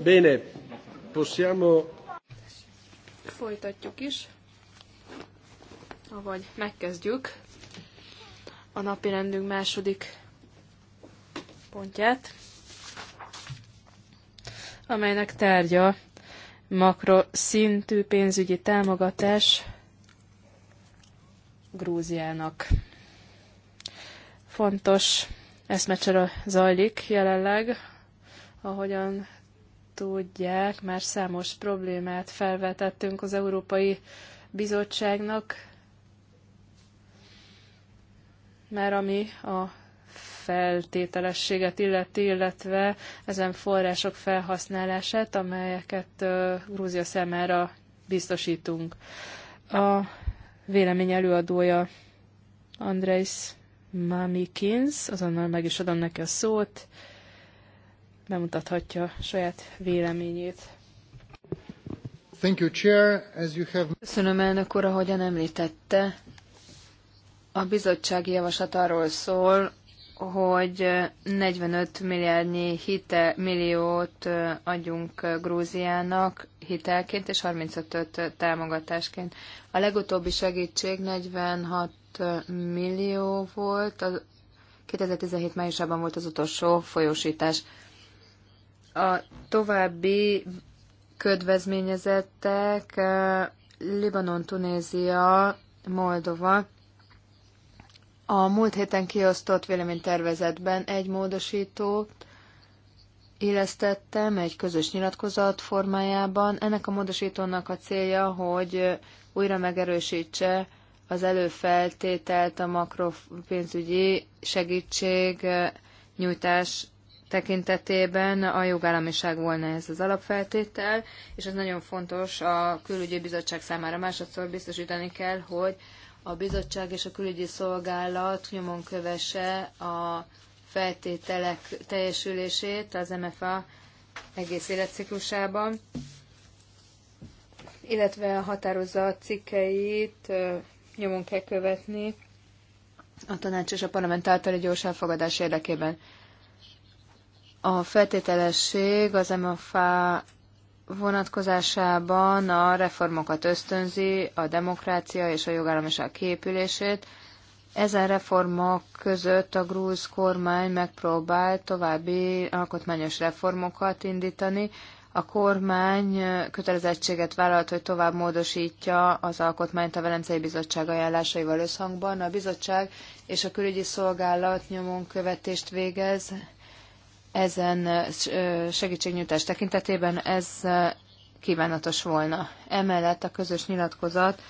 Bene, possiamo... Folytatjuk is, avagy megkezdjük a napi rendünk második pontját, amelynek tárgya makroszintű pénzügyi támogatás Grúziának. Fontos eszmecsere zajlik jelenleg, ahogyan tudják, már számos problémát felvetettünk az Európai Bizottságnak, már ami a feltételességet illeti, illetve ezen források felhasználását, amelyeket Grúzia számára biztosítunk. A vélemény előadója Andrész Mamikins, azonnal meg is adom neki a szót bemutathatja saját véleményét. Thank you, Chair. As you have... Köszönöm, elnök úr, ahogyan említette. A bizottsági javaslat arról szól, hogy 45 milliárdnyi hite, milliót adjunk Grúziának hitelként, és 35-öt támogatásként. A legutóbbi segítség 46 millió volt, 2017 májusában volt az utolsó folyósítás. A további ködvezményezettek Libanon, Tunézia, Moldova. A múlt héten kiosztott véleménytervezetben egy módosítót illesztettem egy közös nyilatkozat formájában. Ennek a módosítónak a célja, hogy újra megerősítse az előfeltételt a makropénzügyi segítség nyújtás tekintetében a jogállamiság volna ez az alapfeltétel, és ez nagyon fontos a külügyi bizottság számára. Másodszor biztosítani kell, hogy a bizottság és a külügyi szolgálat nyomon kövese a feltételek teljesülését az MFA egész életciklusában, illetve a határozat cikkeit nyomon kell követni a tanács és a parlament általi gyors elfogadás érdekében. A feltételesség az MFA vonatkozásában a reformokat ösztönzi, a demokrácia és a jogállamiság képülését. Ezen reformok között a grúz kormány megpróbál további alkotmányos reformokat indítani. A kormány kötelezettséget vállalt, hogy tovább módosítja az alkotmányt a Velencei Bizottság ajánlásaival összhangban. A bizottság és a külügyi szolgálat nyomon követést végez ezen segítségnyújtás tekintetében ez kívánatos volna. Emellett a közös nyilatkozat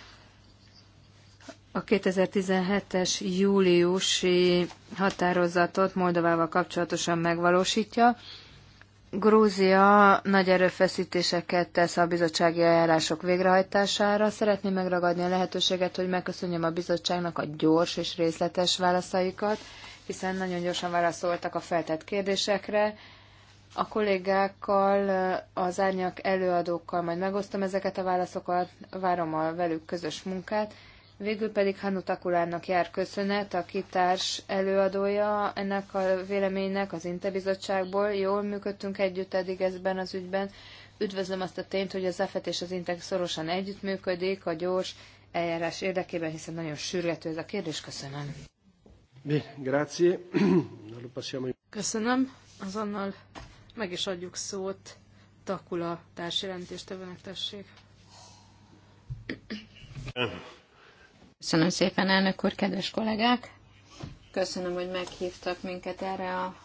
a 2017-es júliusi határozatot Moldovával kapcsolatosan megvalósítja. Grúzia nagy erőfeszítéseket tesz a bizottsági eljárások végrehajtására. Szeretném megragadni a lehetőséget, hogy megköszönjem a bizottságnak a gyors és részletes válaszaikat, hiszen nagyon gyorsan válaszoltak a feltett kérdésekre. A kollégákkal, az árnyak előadókkal majd megosztom ezeket a válaszokat, várom a velük közös munkát. Végül pedig Hanu Takulának jár köszönet, a kitárs előadója ennek a véleménynek az Interbizottságból. Jól működtünk együtt eddig ezben az ügyben. Üdvözlöm azt a tényt, hogy az EFET és az Intek szorosan együttműködik a gyors eljárás érdekében, hiszen nagyon sürgető ez a kérdés. Köszönöm. Köszönöm. Azonnal meg is adjuk szót Takula társjelentéstevőnek tessék. Köszönöm szépen, elnök úr, kedves kollégák! Köszönöm, hogy meghívtak minket erre a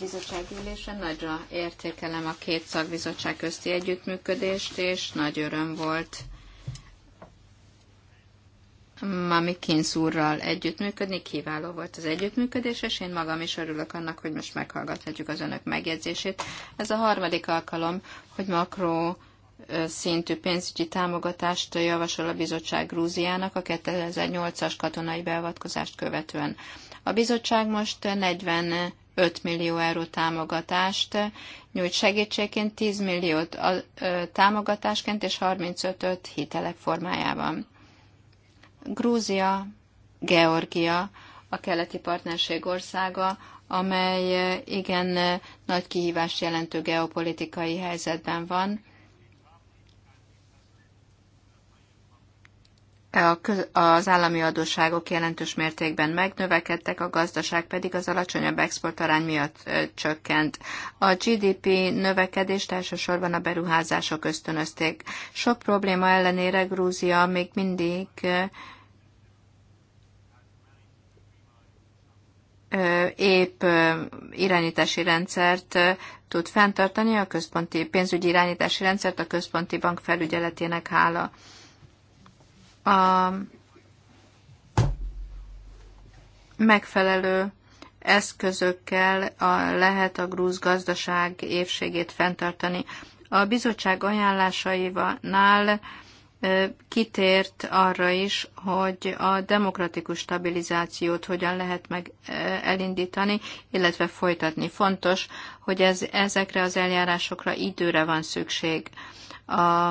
bizottságülésen. Nagyra értékelem a két szakbizottság közti együttműködést, és nagy öröm volt Mami Kinsz úrral együttműködni. Kiváló volt az együttműködés, és én magam is örülök annak, hogy most meghallgathatjuk az önök megjegyzését. Ez a harmadik alkalom, hogy makro szintű pénzügyi támogatást javasol a bizottság Grúziának a 2008-as katonai beavatkozást követően. A bizottság most 40 5 millió euró támogatást, nyújt segítségként 10 milliót a, ö, támogatásként és 35-öt hitelek formájában. Grúzia, Georgia, a keleti partnerség országa, amely igen nagy kihívást jelentő geopolitikai helyzetben van, E az állami adósságok jelentős mértékben megnövekedtek, a gazdaság pedig az alacsonyabb exportarány miatt csökkent. A GDP növekedést elsősorban a beruházások ösztönözték. Sok probléma ellenére Grúzia még mindig épp irányítási rendszert tud fenntartani, a központi pénzügyi irányítási rendszert a központi bank felügyeletének hála a megfelelő eszközökkel a, lehet a grúz gazdaság évségét fenntartani. A bizottság ajánlásaival kitért arra is, hogy a demokratikus stabilizációt hogyan lehet meg elindítani, illetve folytatni. Fontos, hogy ez, ezekre az eljárásokra időre van szükség. A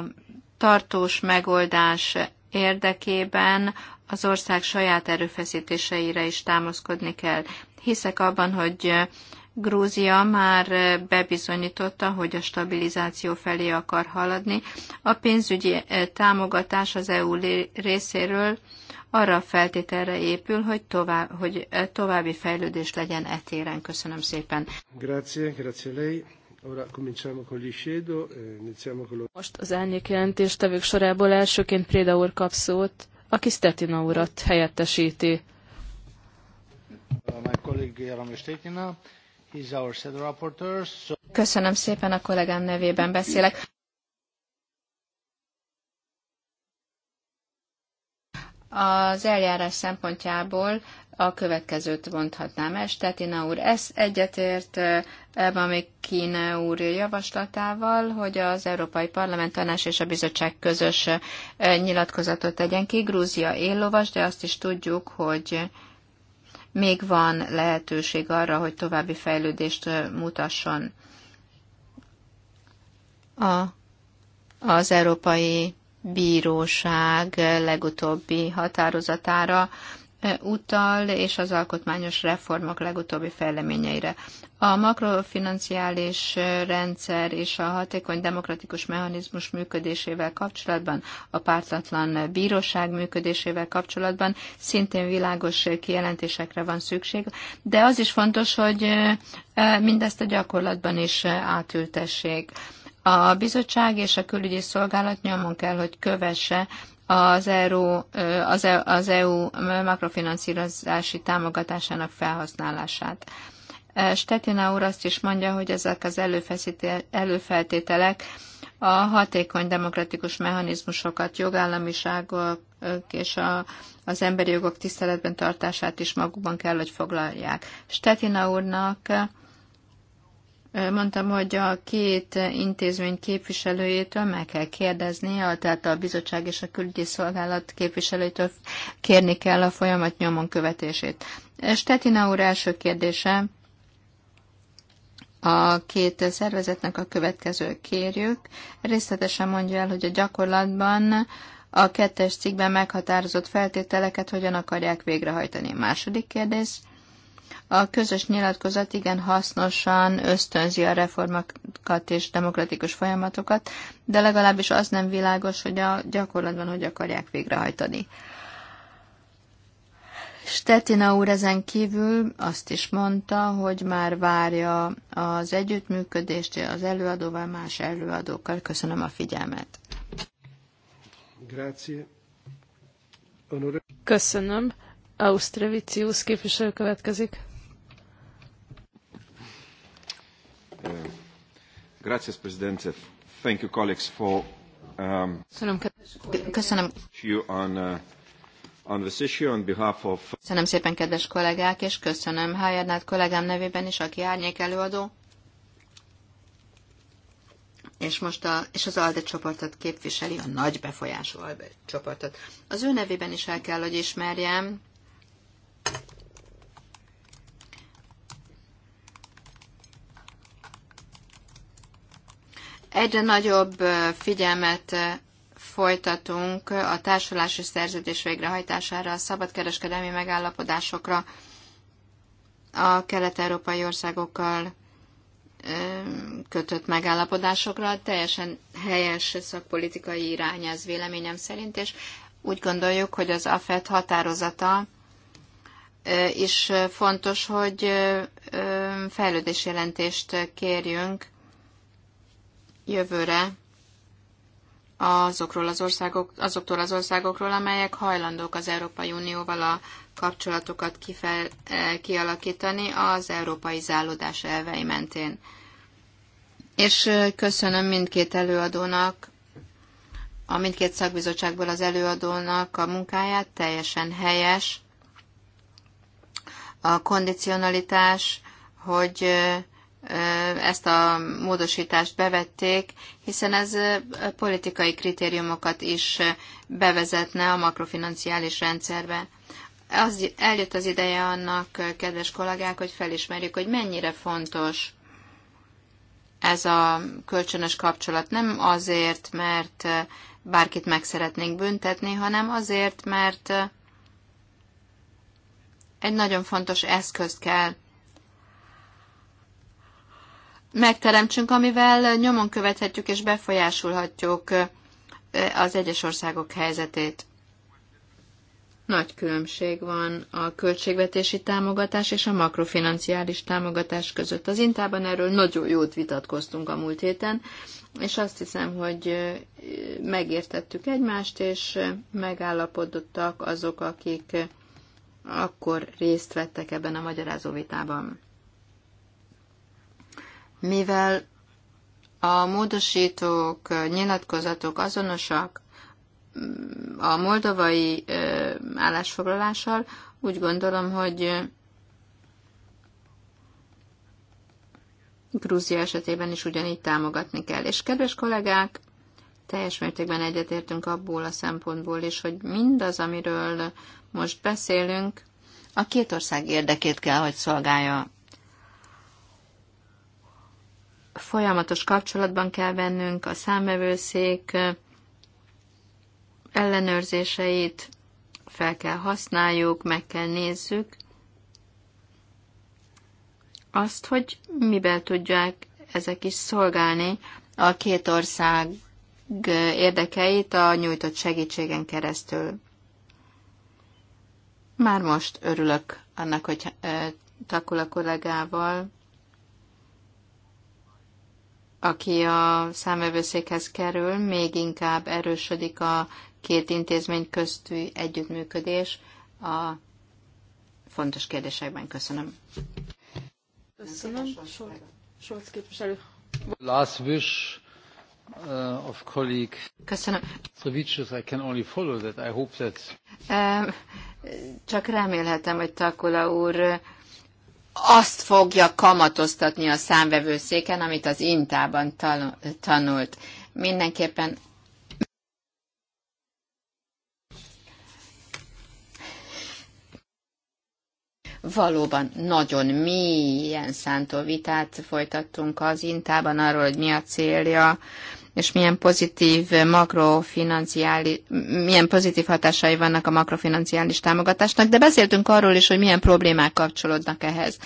tartós megoldás érdekében az ország saját erőfeszítéseire is támaszkodni kell. Hiszek abban, hogy Grúzia már bebizonyította, hogy a stabilizáció felé akar haladni. A pénzügyi eh, támogatás az EU részéről arra a feltételre épül, hogy, tovább, hogy eh, további fejlődés legyen etéren. Köszönöm szépen. Grazie, grazie lei. Eh, Most az árnyék jelentéstevők sorából elsőként Préda úr kap szót, aki Stetina urat helyettesíti. Uh, Köszönöm szépen, a kollégám nevében beszélek. Az eljárás szempontjából a következőt mondhatnám el. úr Ez egyetért Elbami Kína úr javaslatával, hogy az Európai Parlament tanás és a Bizottság közös nyilatkozatot tegyen ki. Grúzia éllovas, de azt is tudjuk, hogy még van lehetőség arra, hogy további fejlődést mutasson a, az Európai Bíróság legutóbbi határozatára utal, és az alkotmányos reformok legutóbbi fejleményeire. A makrofinanciális rendszer és a hatékony demokratikus mechanizmus működésével kapcsolatban, a pártatlan bíróság működésével kapcsolatban szintén világos kijelentésekre van szükség, de az is fontos, hogy mindezt a gyakorlatban is átültessék. A bizottság és a külügyi szolgálat nyomon kell, hogy kövesse az EU, az, EU, az EU makrofinanszírozási támogatásának felhasználását. Stetina úr azt is mondja, hogy ezek az előfeltételek a hatékony demokratikus mechanizmusokat, jogállamiságok és a, az emberi jogok tiszteletben tartását is magukban kell, hogy foglalják. Stetina úrnak Mondtam, hogy a két intézmény képviselőjétől meg kell kérdezni, tehát a bizottság és a külügyi szolgálat képviselőjétől kérni kell a folyamat nyomon követését. Stetina úr első kérdése a két szervezetnek a következő kérjük. Részletesen mondja el, hogy a gyakorlatban a kettes cikkben meghatározott feltételeket hogyan akarják végrehajtani. A második kérdés – a közös nyilatkozat igen hasznosan ösztönzi a reformokat és demokratikus folyamatokat, de legalábbis az nem világos, hogy a gyakorlatban hogy akarják végrehajtani. Stetina úr ezen kívül azt is mondta, hogy már várja az együttműködést az előadóval, más előadókkal. Köszönöm a figyelmet. Grazie. Köszönöm. Ausztrevicius képviselő következik. Eh, gracias, Presidente. Thank you, colleagues, for um, Köszönöm, Köszönöm. On, uh, on this issue on behalf of... Köszönöm szépen, kedves kollégák, és köszönöm Hájernát kollégám nevében is, aki árnyék előadó. És most a, és az ALDE csoportot képviseli, a nagy befolyású ALDE csoportot. Az ő nevében is el kell, hogy ismerjem, Egyre nagyobb figyelmet folytatunk a társulási szerződés végrehajtására, a szabadkereskedelmi megállapodásokra a kelet-európai országokkal kötött megállapodásokra. Teljesen helyes szakpolitikai irány ez véleményem szerint, és úgy gondoljuk, hogy az AFET határozata is fontos, hogy fejlődésjelentést kérjünk jövőre azokról az országok, azoktól az országokról, amelyek hajlandók az Európai Unióval a kapcsolatokat kifel, eh, kialakítani az európai zállódás elvei mentén. És eh, köszönöm mindkét előadónak, a mindkét szakbizottságból az előadónak a munkáját, teljesen helyes. A kondicionalitás, hogy eh, ezt a módosítást bevették, hiszen ez politikai kritériumokat is bevezetne a makrofinanciális rendszerbe. Az, eljött az ideje annak, kedves kollégák, hogy felismerjük, hogy mennyire fontos ez a kölcsönös kapcsolat. Nem azért, mert bárkit meg szeretnénk büntetni, hanem azért, mert egy nagyon fontos eszközt kell megteremtsünk, amivel nyomon követhetjük és befolyásolhatjuk az egyes országok helyzetét. Nagy különbség van a költségvetési támogatás és a makrofinanciális támogatás között. Az Intában erről nagyon jót vitatkoztunk a múlt héten, és azt hiszem, hogy megértettük egymást, és megállapodottak azok, akik akkor részt vettek ebben a magyarázó vitában. Mivel a módosítók, nyilatkozatok azonosak mm, a moldovai állásfoglalással, úgy gondolom, hogy Grúzia esetében is ugyanígy támogatni kell. És kedves kollégák, teljes mértékben egyetértünk abból a szempontból is, hogy mindaz, amiről most beszélünk, a két ország érdekét kell, hogy szolgálja folyamatos kapcsolatban kell vennünk a számvevőszék ellenőrzéseit, fel kell használjuk, meg kell nézzük azt, hogy miben tudják ezek is szolgálni a két ország érdekeit a nyújtott segítségen keresztül. Már most örülök annak, hogy Takula kollégával aki a számövőszékhez kerül, még inkább erősödik a két intézmény közti együttműködés a fontos kérdésekben. Köszönöm. Köszönöm. Solc képviselő. Last wish uh, of colleague. Köszönöm. Sovicius, I can only follow that. I hope that... Csak remélhetem, hogy Takula úr azt fogja kamatoztatni a számvevőszéken, amit az Intában tanult. Mindenképpen valóban nagyon mélyen szántó vitát folytattunk az Intában arról, hogy mi a célja és milyen pozitív makrofinanciális, milyen pozitív hatásai vannak a makrofinanciális támogatásnak, de beszéltünk arról is, hogy milyen problémák kapcsolódnak ehhez.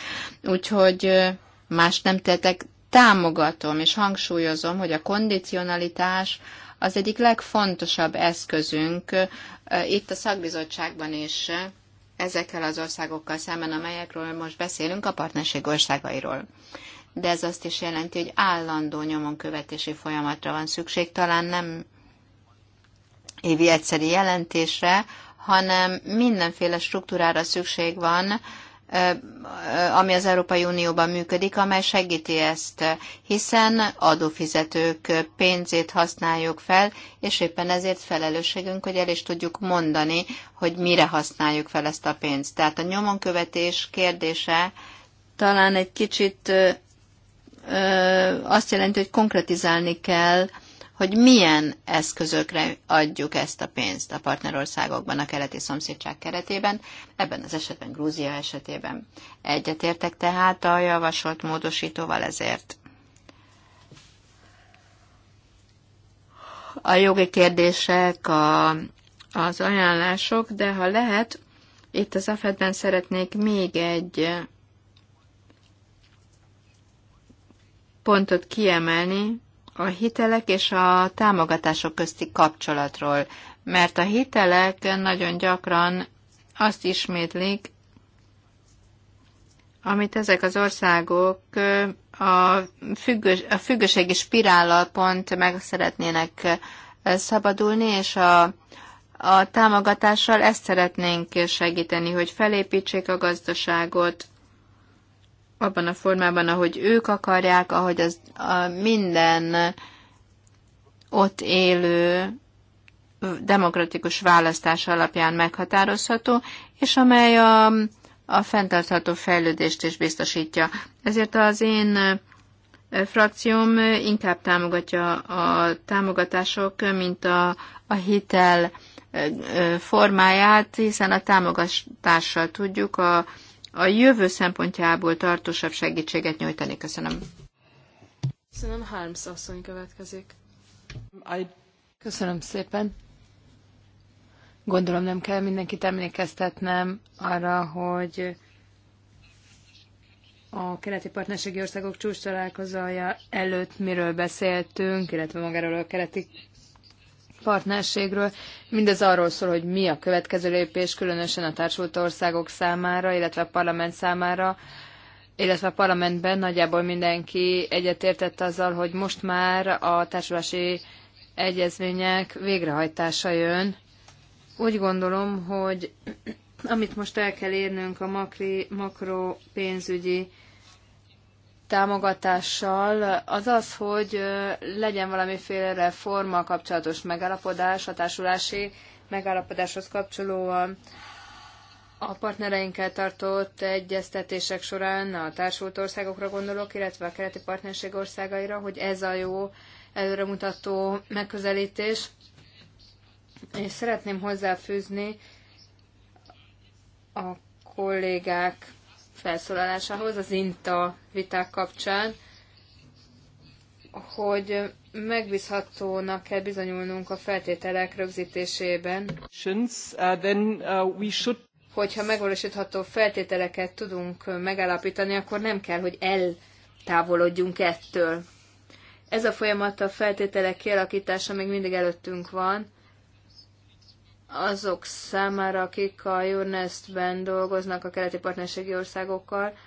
Úgyhogy más nem tettek, támogatom és hangsúlyozom, hogy a kondicionalitás az egyik legfontosabb eszközünk itt a szakbizottságban is ezekkel az országokkal szemben, amelyekről most beszélünk, a partnerség országairól de ez azt is jelenti, hogy állandó nyomon követési folyamatra van szükség, talán nem évi egyszeri jelentésre, hanem mindenféle struktúrára szükség van, ami az Európai Unióban működik, amely segíti ezt, hiszen adófizetők pénzét használjuk fel, és éppen ezért felelősségünk, hogy el is tudjuk mondani, hogy mire használjuk fel ezt a pénzt. Tehát a nyomonkövetés kérdése talán egy kicsit azt jelenti, hogy konkretizálni kell, hogy milyen eszközökre adjuk ezt a pénzt a partnerországokban, a keleti szomszédság keretében, ebben az esetben Grúzia esetében. Egyetértek tehát a javasolt módosítóval ezért. A jogi kérdések, a, az ajánlások, de ha lehet, itt az afed szeretnék még egy pontot kiemelni a hitelek és a támogatások közti kapcsolatról, mert a hitelek nagyon gyakran azt ismétlik, amit ezek az országok a, függös, a függőségi spirállal pont meg szeretnének szabadulni, és a, a támogatással ezt szeretnénk segíteni, hogy felépítsék a gazdaságot, abban a formában, ahogy ők akarják, ahogy az a minden ott élő demokratikus választás alapján meghatározható, és amely a, a fenntartható fejlődést is biztosítja. Ezért az én frakcióm inkább támogatja a támogatások, mint a, a hitel formáját, hiszen a támogatással tudjuk a, a jövő szempontjából tartósabb segítséget nyújtani. Köszönöm. Köszönöm, Harms asszony következik. I... Köszönöm szépen. Gondolom nem kell mindenkit emlékeztetnem arra, hogy a keleti partnerségi országok csúcs találkozója előtt miről beszéltünk, illetve magáról a keleti partnerségről. Mindez arról szól, hogy mi a következő lépés, különösen a társult országok számára, illetve a parlament számára, illetve a parlamentben nagyjából mindenki egyetértett azzal, hogy most már a társulási egyezmények végrehajtása jön. Úgy gondolom, hogy amit most el kell érnünk a makri, makro pénzügyi támogatással az az, hogy legyen valamiféle reforma kapcsolatos megállapodás, a társulási megállapodáshoz kapcsolóan. A partnereinkkel tartott egyeztetések során a társult országokra gondolok, illetve a keleti partnerség országaira, hogy ez a jó előremutató megközelítés. És szeretném hozzáfűzni a kollégák felszólalásához az INTA viták kapcsán, hogy megbízhatónak kell bizonyulnunk a feltételek rögzítésében. Uh, uh, hogyha megvalósítható feltételeket tudunk megállapítani, akkor nem kell, hogy eltávolodjunk ettől. Ez a folyamat a feltételek kialakítása még mindig előttünk van, azok számára, akik a UNESZ-ben dolgoznak a keleti partnerségi országokkal,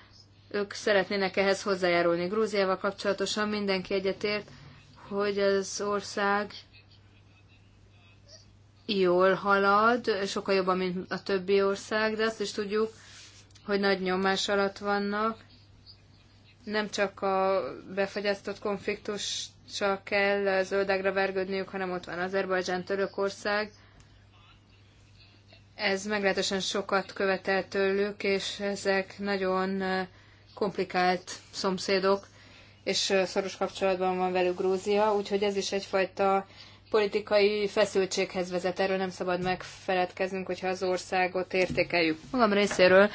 ők szeretnének ehhez hozzájárulni. Grúziával kapcsolatosan mindenki egyetért, hogy az ország jól halad, sokkal jobban, mint a többi ország, de azt is tudjuk, hogy nagy nyomás alatt vannak. Nem csak a befagyasztott konfliktus csak kell zöldágra vergődniük, hanem ott van Azerbajdzsán, Törökország, ez meglehetősen sokat követel tőlük, és ezek nagyon komplikált szomszédok, és szoros kapcsolatban van velük Grúzia, úgyhogy ez is egyfajta politikai feszültséghez vezet. Erről nem szabad megfeledkeznünk, hogyha az országot értékeljük. Magam részéről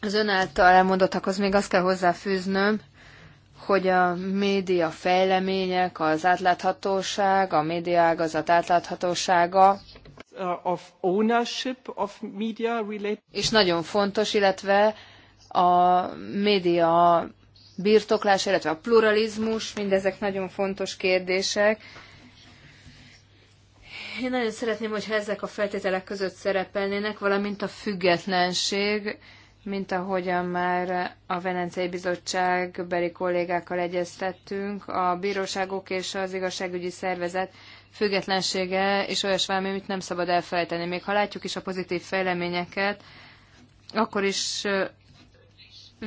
az ön által elmondottakhoz még azt kell hozzáfűznöm, hogy a média fejlemények, az átláthatóság, a média ágazat átláthatósága Uh, of ownership of media related. És nagyon fontos, illetve a média birtoklás, illetve a pluralizmus, mindezek nagyon fontos kérdések. Én nagyon szeretném, hogyha ezek a feltételek között szerepelnének, valamint a függetlenség, mint ahogyan már a Velencei Bizottság beli kollégákkal egyeztettünk, a bíróságok és az igazságügyi szervezet függetlensége és olyasvalami, amit nem szabad elfelejteni. Még ha látjuk is a pozitív fejleményeket, akkor is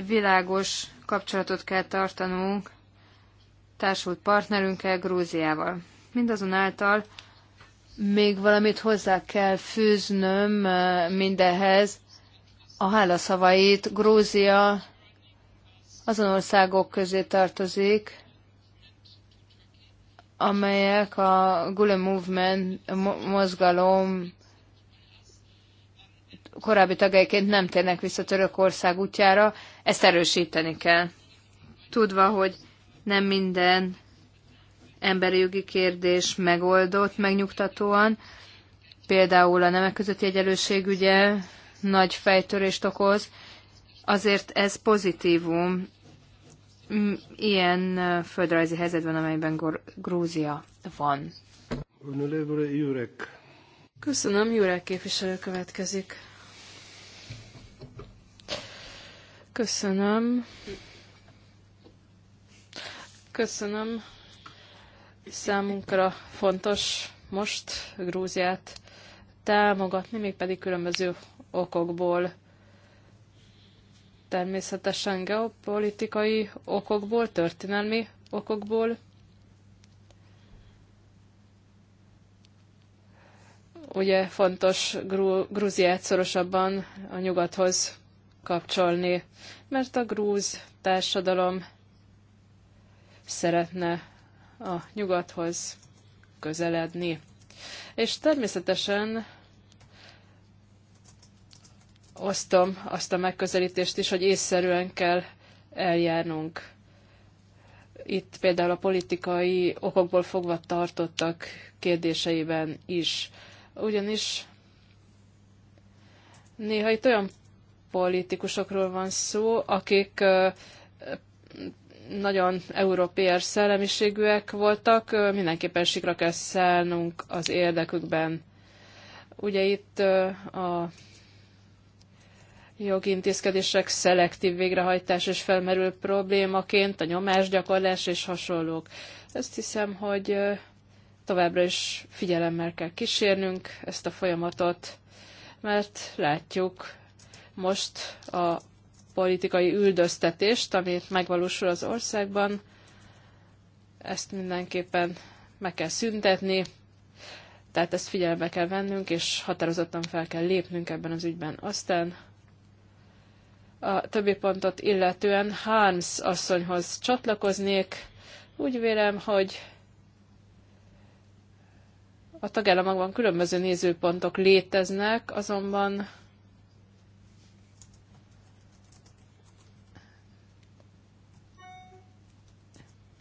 világos kapcsolatot kell tartanunk társult partnerünkkel, Grúziával. Mindazonáltal még valamit hozzá kell fűznöm mindehez, a hálaszavait. Grúzia azon országok közé tartozik, amelyek a Gule Movement mozgalom korábbi tagjaiként nem térnek vissza Törökország útjára, ezt erősíteni kell. Tudva, hogy nem minden emberi jogi kérdés megoldott megnyugtatóan, például a nemek közötti egyenlőség ugye nagy fejtörést okoz, azért ez pozitívum ilyen földrajzi van, amelyben Grúzia van. Jurek. Köszönöm, Jurek képviselő következik. Köszönöm. Köszönöm. Számunkra fontos most Grúziát támogatni, mégpedig különböző okokból természetesen geopolitikai okokból, történelmi okokból. Ugye fontos Grú Grúziát szorosabban a nyugathoz kapcsolni, mert a grúz társadalom szeretne a nyugathoz közeledni. És természetesen osztom azt a megközelítést is, hogy észszerűen kell eljárnunk. Itt például a politikai okokból fogva tartottak kérdéseiben is. Ugyanis néha itt olyan politikusokról van szó, akik nagyon európér szellemiségűek voltak, mindenképpen sikra kell szállnunk az érdekükben. Ugye itt a jogintézkedések szelektív végrehajtás és felmerül problémaként, a nyomásgyakorlás és hasonlók. Ezt hiszem, hogy továbbra is figyelemmel kell kísérnünk ezt a folyamatot, mert látjuk most a politikai üldöztetést, amit megvalósul az országban. Ezt mindenképpen meg kell szüntetni, tehát ezt figyelembe kell vennünk, és határozottan fel kell lépnünk ebben az ügyben. Aztán a többi pontot illetően Harms asszonyhoz csatlakoznék. Úgy vélem, hogy a tagállamokban különböző nézőpontok léteznek, azonban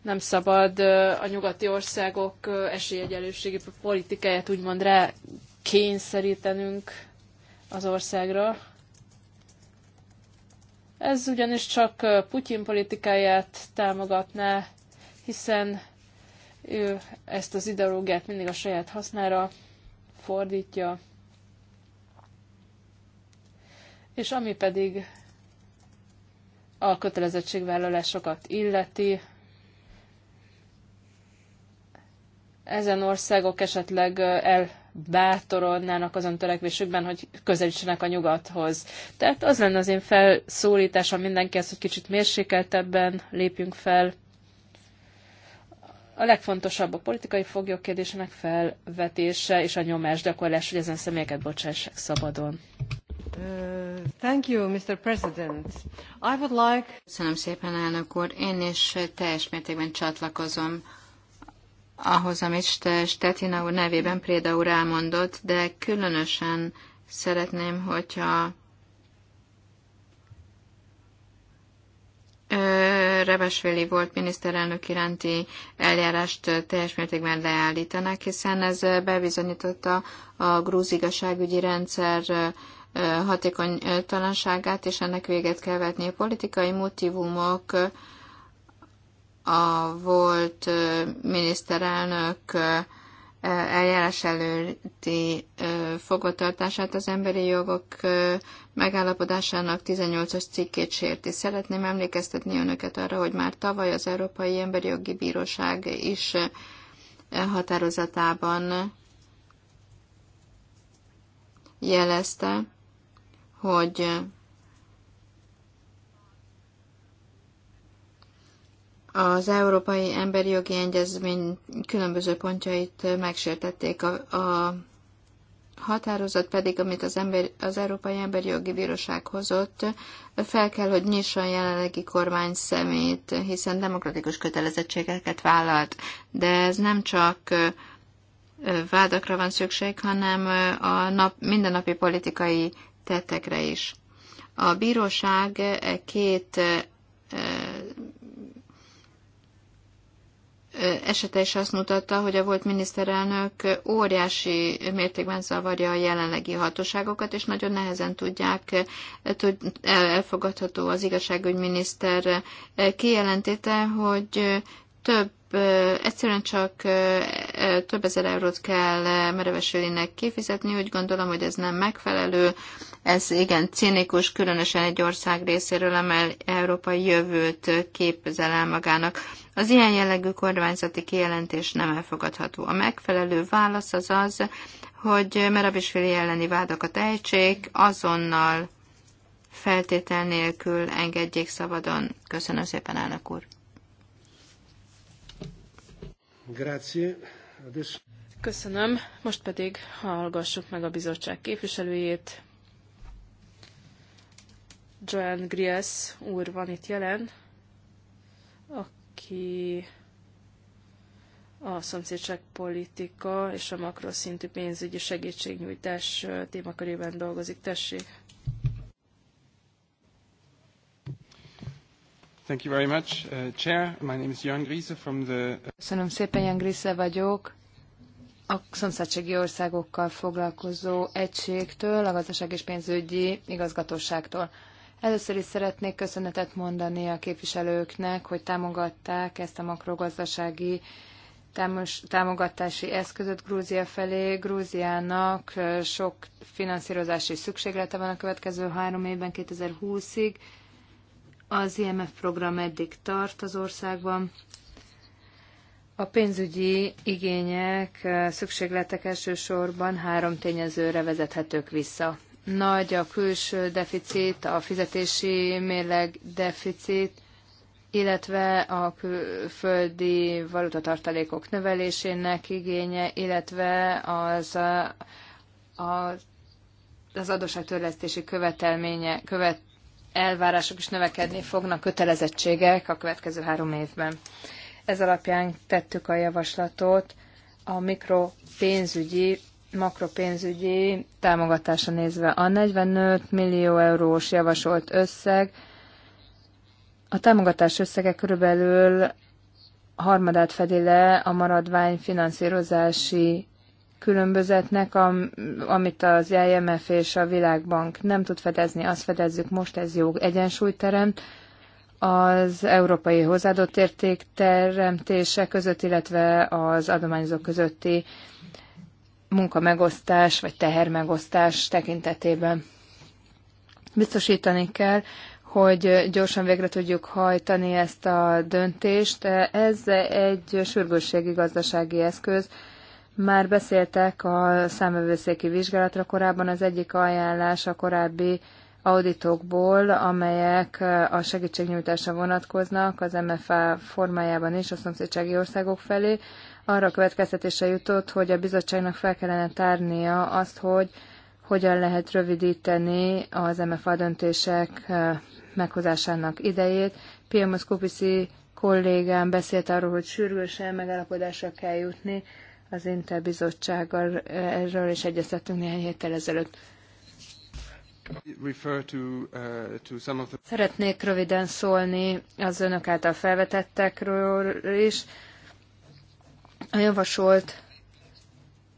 nem szabad a nyugati országok esélyegyelőségi politikáját úgymond rá kényszerítenünk az országra. Ez ugyanis csak Putyin politikáját támogatná, hiszen ő ezt az ideológiát mindig a saját hasznára fordítja. És ami pedig a kötelezettségvállalásokat illeti, ezen országok esetleg el bátorodnának azon törekvésükben, hogy közelítsenek a nyugathoz. Tehát az lenne az én felszólításom mindenkihez, hogy kicsit mérsékeltebben lépjünk fel. A legfontosabb a politikai foglyok kérdésének felvetése és a nyomás gyakorlás, hogy ezen személyeket bocsássák szabadon. Uh, thank you, Mr. President. I would like... Köszönöm szépen, elnök úr. Én is teljes mértékben csatlakozom ahhoz, amit Stetina úr nevében Préda úr elmondott, de különösen szeretném, hogyha revesvéli volt miniszterelnök iránti eljárást teljes mértékben leállítanak, hiszen ez bebizonyította a grúz igazságügyi rendszer hatékonytalanságát, és ennek véget kell vetni. A politikai motivumok a volt miniszterelnök eljárás előtti fogvatartását az emberi jogok megállapodásának 18-as cikkét sérti. Szeretném emlékeztetni önöket arra, hogy már tavaly az Európai Emberi Jogi Bíróság is határozatában jelezte, hogy az Európai Emberi Jogi Egyezmény különböző pontjait megsértették. A, a határozat pedig, amit az, ember, az Európai Emberi Jogi Bíróság hozott, fel kell, hogy nyissa a jelenlegi kormány szemét, hiszen demokratikus kötelezettségeket vállalt. De ez nem csak vádakra van szükség, hanem a nap, mindennapi politikai tettekre is. A bíróság e két esete is azt mutatta, hogy a volt miniszterelnök óriási mértékben zavarja a jelenlegi hatóságokat, és nagyon nehezen tudják, tud, elfogadható az igazságügyminiszter kijelentéte, hogy több, egyszerűen csak több ezer eurót kell merevesülének kifizetni, úgy gondolom, hogy ez nem megfelelő. Ez igen cinikus, különösen egy ország részéről, amely Európa jövőt képzel el magának. Az ilyen jellegű kormányzati kijelentés nem elfogadható. A megfelelő válasz az az, hogy Merabisvili elleni vádakat ejtsék, azonnal feltétel nélkül engedjék szabadon. Köszönöm szépen, elnök úr! Grazie. Adesso... Köszönöm. Most pedig hallgassuk meg a bizottság képviselőjét. Joan Gries úr van itt jelen, aki a politika és a makroszintű pénzügyi segítségnyújtás témakörében dolgozik. Tessék! Thank you very much, uh, Chair. My name is Jan Grise from the... Uh, Köszönöm szépen, Jan Grise vagyok. A szomszédsági országokkal foglalkozó egységtől, a gazdaság és pénzügyi igazgatóságtól. Először is szeretnék köszönetet mondani a képviselőknek, hogy támogatták ezt a makrogazdasági támogatási eszközöt Grúzia felé. Grúziának uh, sok finanszírozási szükséglete van a következő három évben 2020-ig, az IMF program eddig tart az országban. A pénzügyi igények, szükségletek elsősorban három tényezőre vezethetők vissza. Nagy a külső deficit, a fizetési mérleg deficit, illetve a földi valutatartalékok növelésének igénye, illetve az, a, az adósságtörlesztési követelménye, követ, elvárások is növekedni fognak, kötelezettségek a következő három évben. Ez alapján tettük a javaslatot a mikropénzügyi, makropénzügyi támogatásra nézve. A 45 millió eurós javasolt összeg, a támogatás összege körülbelül harmadát fedi le a maradvány finanszírozási különbözetnek, amit az IMF és a Világbank nem tud fedezni, azt fedezzük most, ez jó Egyensúlyterem, az európai hozzáadott érték teremtése között, illetve az adományozók közötti munkamegosztás vagy tehermegosztás tekintetében. Biztosítani kell, hogy gyorsan végre tudjuk hajtani ezt a döntést. Ez egy sürgősségi gazdasági eszköz, már beszéltek a számövőszéki vizsgálatra korábban, az egyik ajánlás a korábbi auditokból, amelyek a segítségnyújtásra vonatkoznak az MFA formájában is a szomszédsági országok felé. Arra következtetése jutott, hogy a bizottságnak fel kellene tárnia azt, hogy hogyan lehet rövidíteni az MFA döntések meghozásának idejét. Pia Moszkovici kollégám beszélt arról, hogy sürgősen megállapodásra kell jutni az bizottsággal eh, erről is egyeztettünk néhány héttel ezelőtt. Eh, Szeretnék röviden szólni az önök által felvetettekről is. A javasolt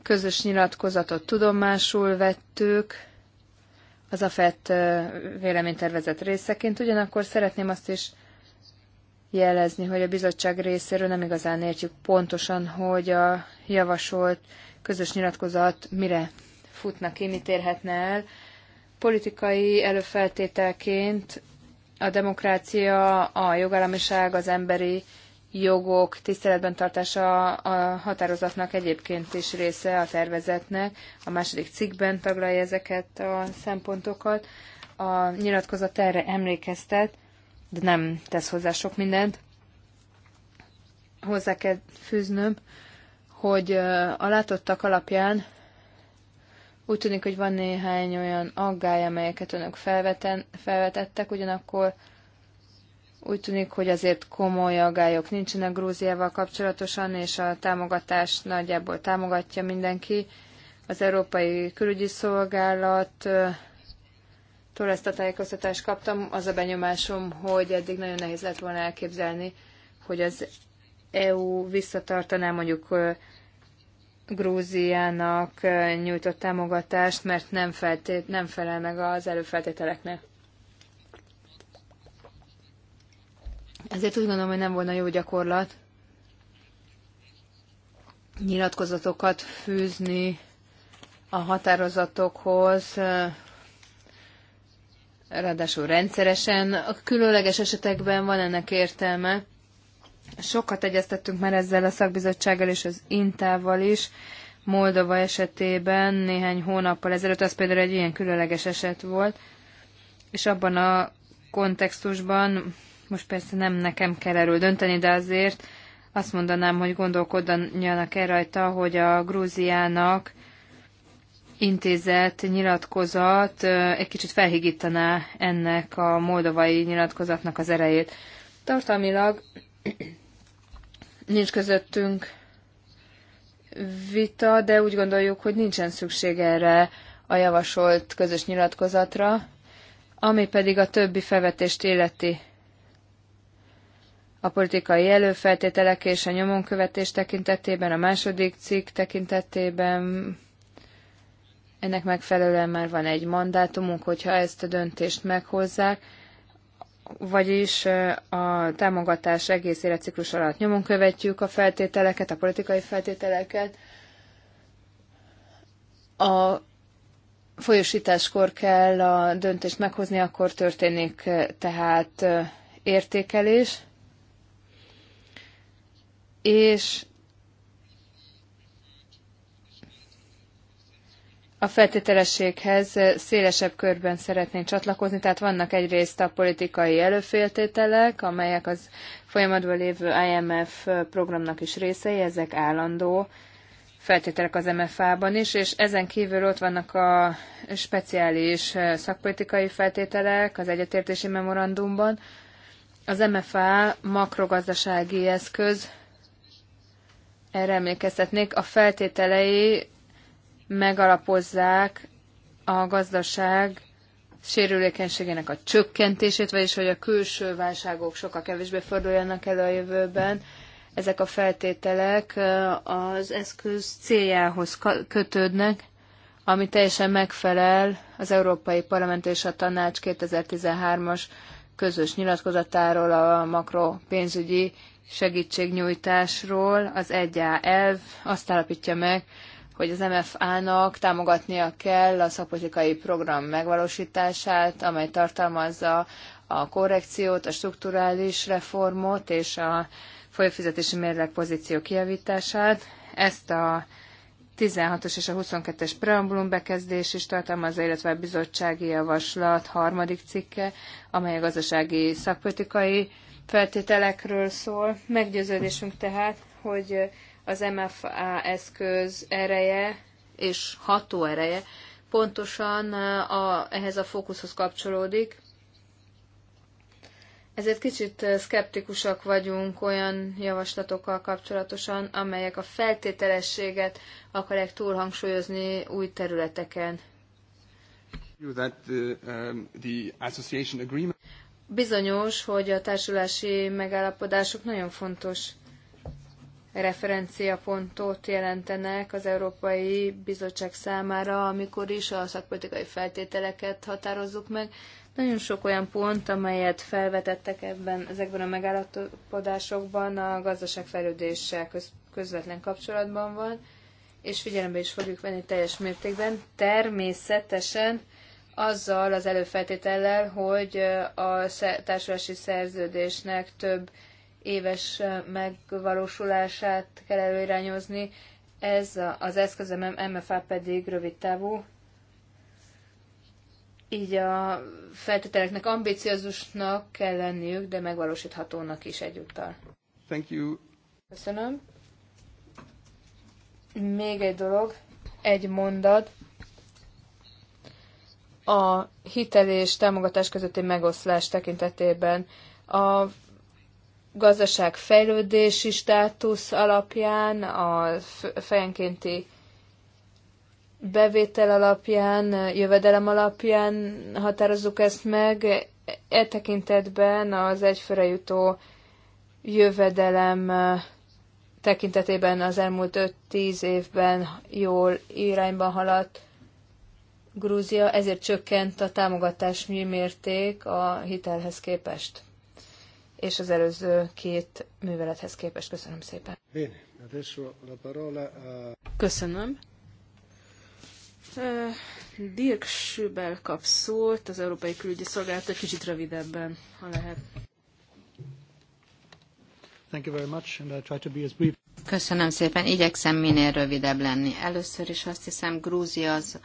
közös nyilatkozatot tudomásul vettük, az AFET eh, véleménytervezet részeként, ugyanakkor szeretném azt is jelezni, hogy a bizottság részéről nem igazán értjük pontosan, hogy a javasolt közös nyilatkozat mire futna ki, mit érhetne el. Politikai előfeltételként a demokrácia, a jogállamiság, az emberi jogok tiszteletben tartása a határozatnak egyébként is része a tervezetnek. A második cikkben taglalja ezeket a szempontokat. A nyilatkozat erre emlékeztet, de nem tesz hozzá sok mindent. Hozzá kell fűznöm, hogy a látottak alapján úgy tűnik, hogy van néhány olyan aggály, amelyeket önök felveten, felvetettek, ugyanakkor úgy tűnik, hogy azért komoly aggályok nincsenek Grúziával kapcsolatosan, és a támogatás nagyjából támogatja mindenki. Az Európai Külügyi Szolgálat Tól ezt a tájékoztatást kaptam, az a benyomásom, hogy eddig nagyon nehéz lett volna elképzelni, hogy az EU visszatartaná mondjuk Grúziának nyújtott támogatást, mert nem, feltét, nem felel meg az előfeltételeknek. Ezért úgy gondolom, hogy nem volna jó gyakorlat nyilatkozatokat fűzni a határozatokhoz, ráadásul rendszeresen. A különleges esetekben van ennek értelme. Sokat egyeztettünk már ezzel a szakbizottsággal és az Intával is. Moldova esetében néhány hónappal ezelőtt, az például egy ilyen különleges eset volt, és abban a kontextusban, most persze nem nekem kell erről dönteni, de azért azt mondanám, hogy gondolkodjanak el rajta, hogy a Grúziának intézet nyilatkozat egy kicsit felhigítaná ennek a moldovai nyilatkozatnak az erejét. Tartalmilag nincs közöttünk vita, de úgy gondoljuk, hogy nincsen szükség erre a javasolt közös nyilatkozatra, ami pedig a többi felvetést életi a politikai előfeltételek és a nyomonkövetés tekintetében, a második cikk tekintetében ennek megfelelően már van egy mandátumunk, hogyha ezt a döntést meghozzák, vagyis a támogatás egész életciklus alatt nyomon követjük a feltételeket, a politikai feltételeket. A folyosításkor kell a döntést meghozni, akkor történik tehát értékelés, és a feltételességhez szélesebb körben szeretnénk csatlakozni, tehát vannak egyrészt a politikai előféltételek, amelyek az folyamatban lévő IMF programnak is részei, ezek állandó feltételek az MFA-ban is, és ezen kívül ott vannak a speciális szakpolitikai feltételek az egyetértési memorandumban. Az MFA makrogazdasági eszköz, erre emlékeztetnék, a feltételei megalapozzák a gazdaság sérülékenységének a csökkentését, vagyis hogy a külső válságok sokkal kevésbé forduljanak elő a jövőben. Ezek a feltételek az eszköz céljához kötődnek, ami teljesen megfelel az Európai Parlament és a Tanács 2013-as közös nyilatkozatáról, a makropénzügyi segítségnyújtásról, az 1A elv azt állapítja meg, hogy az MFA-nak támogatnia kell a szakpolitikai program megvalósítását, amely tartalmazza a korrekciót, a strukturális reformot és a folyófizetési mérleg pozíció kijavítását. Ezt a 16-os és a 22-es preambulum bekezdés is tartalmazza, illetve a bizottsági javaslat harmadik cikke, amely a gazdasági szakpolitikai feltételekről szól. Meggyőződésünk tehát, hogy az MFA eszköz ereje és ható ereje pontosan a, ehhez a fókuszhoz kapcsolódik. Ezért kicsit szkeptikusak vagyunk olyan javaslatokkal kapcsolatosan, amelyek a feltételességet akarják túlhangsúlyozni új területeken. Uh, um, Bizonyos, hogy a társulási megállapodások nagyon fontos referenciapontot jelentenek az Európai Bizottság számára, amikor is a szakpolitikai feltételeket határozzuk meg. Nagyon sok olyan pont, amelyet felvetettek ebben, ezekben a megállapodásokban a gazdaságfejlődéssel köz, közvetlen kapcsolatban van, és figyelembe is fogjuk venni teljes mértékben. Természetesen azzal az előfeltétellel, hogy a társulási szerződésnek több éves megvalósulását kell előirányozni, ez az eszköz MFA pedig rövid távú, így a feltételeknek ambiciózusnak kell lenniük, de megvalósíthatónak is egyúttal. Thank you. Köszönöm. Még egy dolog, egy mondat. A hitel és támogatás közötti megoszlás tekintetében a Gazdaság fejlődési státusz alapján, a fejenkénti bevétel alapján, jövedelem alapján határozzuk ezt meg. E tekintetben az egyfőre jutó jövedelem eh, tekintetében az elmúlt 5-10 évben jól irányba haladt Grúzia, ezért csökkent a támogatás mérték a hitelhez képest és az előző két művelethez képest. Köszönöm szépen. Köszönöm. Dirk Schübel kap szót, az Európai Külügyi Szolgálat egy kicsit rövidebben, ha lehet. Thank you very much, and I try to be as brief. Köszönöm szépen, igyekszem minél rövidebb lenni. Először is azt hiszem, Grúzia az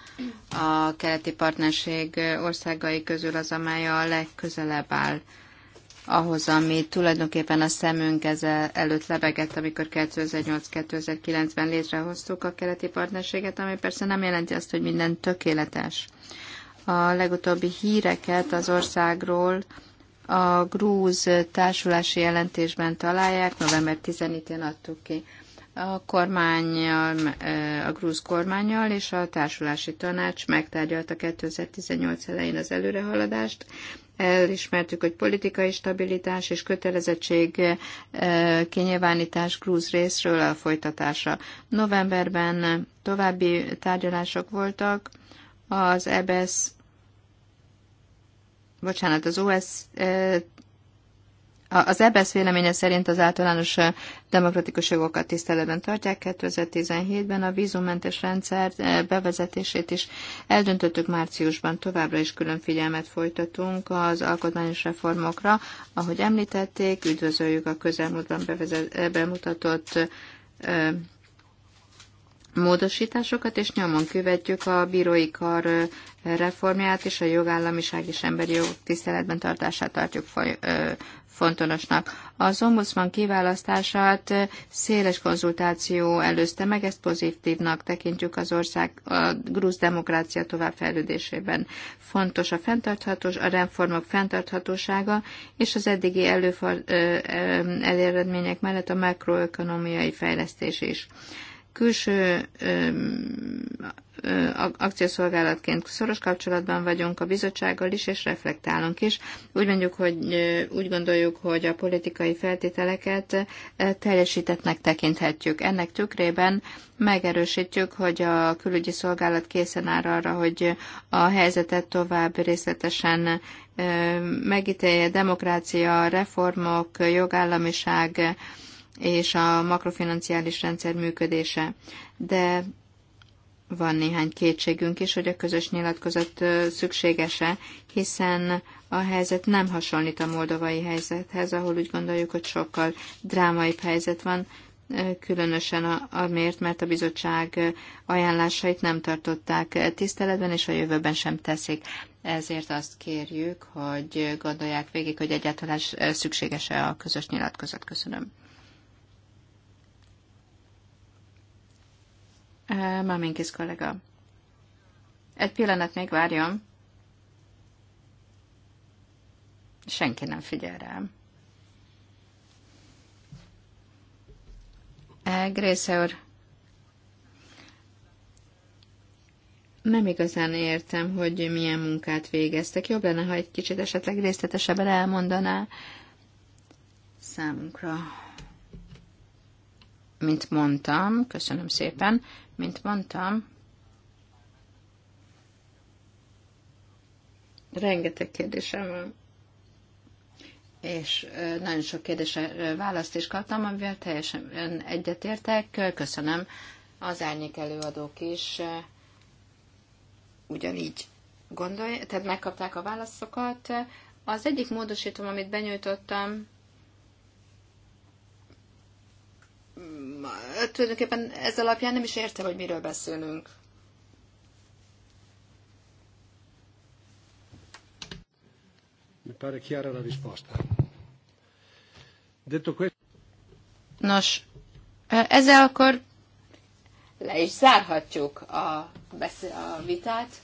a keleti partnerség országai közül az, amely a legközelebb áll ahhoz, ami tulajdonképpen a szemünk ezzel előtt lebegett, amikor 2008-2009-ben létrehoztuk a keleti partnerséget, ami persze nem jelenti azt, hogy minden tökéletes. A legutóbbi híreket az országról a grúz társulási jelentésben találják, november 10-én adtuk ki a kormányjal, a grúz kormányjal és a társulási tanács megtárgyalta 2018 elején az előrehaladást, Elismertük, hogy politikai stabilitás és kötelezettség eh, kinyilvánítás Grúz részről a folytatása Novemberben további tárgyalások voltak. Az EBS e bocsánat, az OSCE eh, az EBSZ e véleménye szerint az általános demokratikus jogokat tiszteletben tartják. 2017-ben a vízummentes rendszer bevezetését is eldöntöttük márciusban. Továbbra is külön figyelmet folytatunk az alkotmányos reformokra. Ahogy említették, üdvözöljük a közelmúltban bemutatott módosításokat, és nyomon követjük a bírói kar reformját, és a jogállamiság és emberi jogok tiszteletben tartását tartjuk fontosnak. Az ombudsman kiválasztását széles konzultáció előzte meg, ezt pozitívnak tekintjük az ország a grúz demokrácia továbbfejlődésében. Fontos a fenntarthatós, a reformok fenntarthatósága és az eddigi ö, eléredmények mellett a makroökonomiai fejlesztés is külső akciószolgálatként szoros kapcsolatban vagyunk a bizottsággal is, és reflektálunk is. Úgy mondjuk, hogy úgy gondoljuk, hogy a politikai feltételeket teljesítetnek, tekinthetjük. Ennek tükrében megerősítjük, hogy a külügyi szolgálat készen áll arra, hogy a helyzetet tovább részletesen megítélje demokrácia, reformok, jogállamiság, és a makrofinanciális rendszer működése. De van néhány kétségünk is, hogy a közös nyilatkozat szükséges-e, hiszen a helyzet nem hasonlít a moldovai helyzethez, ahol úgy gondoljuk, hogy sokkal drámaibb helyzet van, különösen amiért, mert a bizottság ajánlásait nem tartották tiszteletben, és a jövőben sem teszik. Ezért azt kérjük, hogy gondolják végig, hogy egyáltalán szükséges-e a közös nyilatkozat. Köszönöm. Eh, Maminkis kollega. Egy pillanat még várjon. Senki nem figyel rám. Eh, Grace úr, nem igazán értem, hogy milyen munkát végeztek. Jobb lenne, ha egy kicsit esetleg részletesebben elmondaná számunkra mint mondtam, köszönöm szépen, mint mondtam, rengeteg kérdésem van, és nagyon sok kérdésre választ is kaptam, amivel teljesen egyetértek. Köszönöm az árnyék előadók is ugyanígy gondolják, tehát megkapták a válaszokat. Az egyik módosítom, amit benyújtottam, tulajdonképpen ez alapján nem is érte, hogy miről beszélünk. Mi pare chiara la risposta. Detto questo... Nos, ezzel akkor le is zárhatjuk a, beszél, a vitát.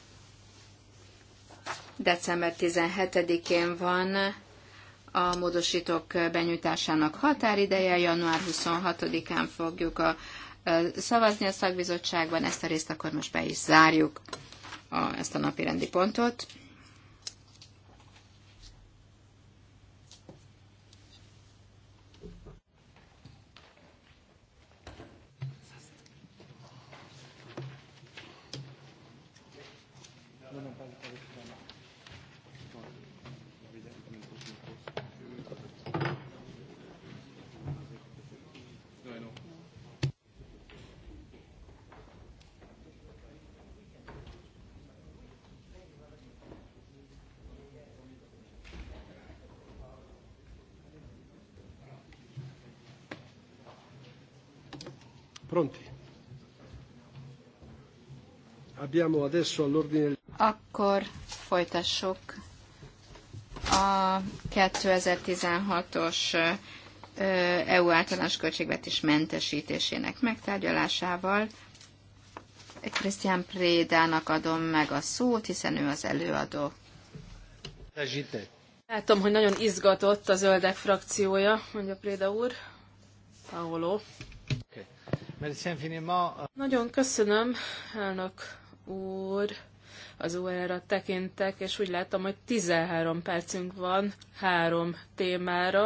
December 17-én van a módosítók benyújtásának határideje január 26-án fogjuk a, szavazni a szakbizottságban. Ezt a részt akkor most be is zárjuk, a, ezt a napi rendi pontot. Pronti? Abbiamo adesso all'ordine... Akkor folytassuk a 2016-os EU általános költségvetés mentesítésének megtárgyalásával. Krisztián Prédának adom meg a szót, hiszen ő az előadó. Látom, hogy nagyon izgatott a zöldek frakciója, mondja Préda úr. Paolo. Nagyon köszönöm, elnök úr. Az órára tekintek, és úgy látom, hogy 13 percünk van három témára.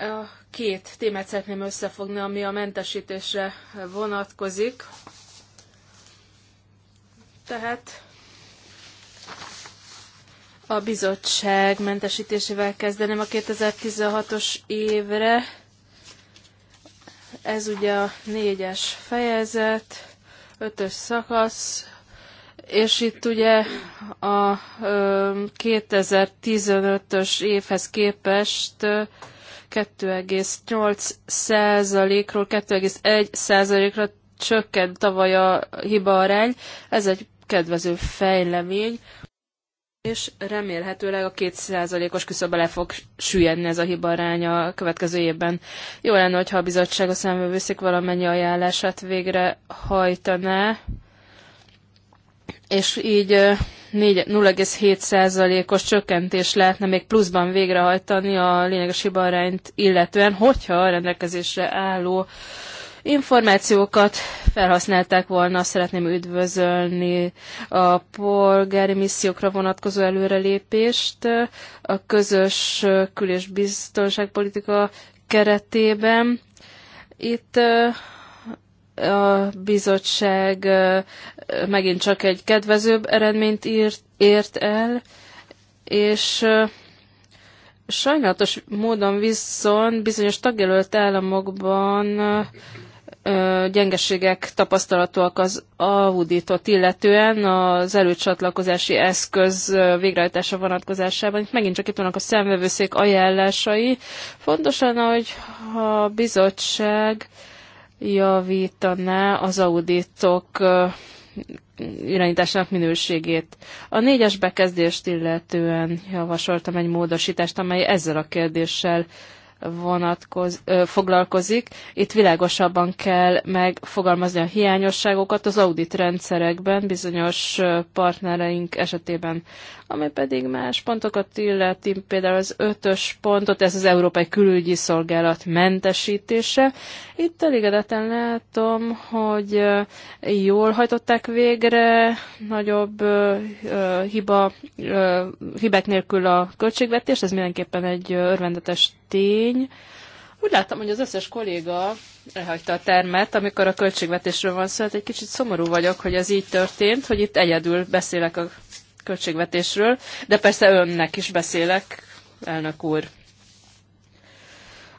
A két témát szeretném összefogni, ami a mentesítésre vonatkozik. Tehát a bizottság mentesítésével kezdeném a 2016-os évre ez ugye a négyes fejezet, ötös szakasz, és itt ugye a 2015-ös évhez képest 2,8%-ról 2,1%-ra csökkent tavaly a hiba arány. Ez egy kedvező fejlemény és remélhetőleg a kétszázalékos küszöbe le fog süllyedni ez a aránya a következő évben. Jó lenne, hogyha a bizottság a számvevőszék valamennyi ajánlását végre hajtaná, és így 0,7%-os csökkentés lehetne még pluszban végrehajtani a lényeges hibarányt illetően, hogyha a rendelkezésre álló információkat felhasználták volna. Szeretném üdvözölni a polgári missziókra vonatkozó előrelépést a közös kül- és biztonságpolitika keretében. Itt a bizottság megint csak egy kedvezőbb eredményt írt, ért el, és sajnálatos módon viszont bizonyos tagjelölt államokban gyengeségek tapasztalatok az auditot illetően az előcsatlakozási eszköz végrehajtása vonatkozásában. Itt megint csak itt vannak a szemvevőszék ajánlásai. Fontos lenne, hogy a bizottság javítaná az auditok irányításának minőségét. A négyes bekezdést illetően javasoltam egy módosítást, amely ezzel a kérdéssel vonatkoz, ö, foglalkozik. Itt világosabban kell megfogalmazni a hiányosságokat az audit rendszerekben bizonyos partnereink esetében, ami pedig más pontokat illeti, például az ötös pontot, ez az Európai Külügyi Szolgálat mentesítése. Itt elégedetlen látom, hogy jól hajtották végre, nagyobb ö, ö, hiba, ö, hibák nélkül a költségvetést, ez mindenképpen egy örvendetes tény, tény. Úgy láttam, hogy az összes kolléga elhagyta a termet, amikor a költségvetésről van szó, hát egy kicsit szomorú vagyok, hogy ez így történt, hogy itt egyedül beszélek a költségvetésről, de persze önnek is beszélek, elnök úr.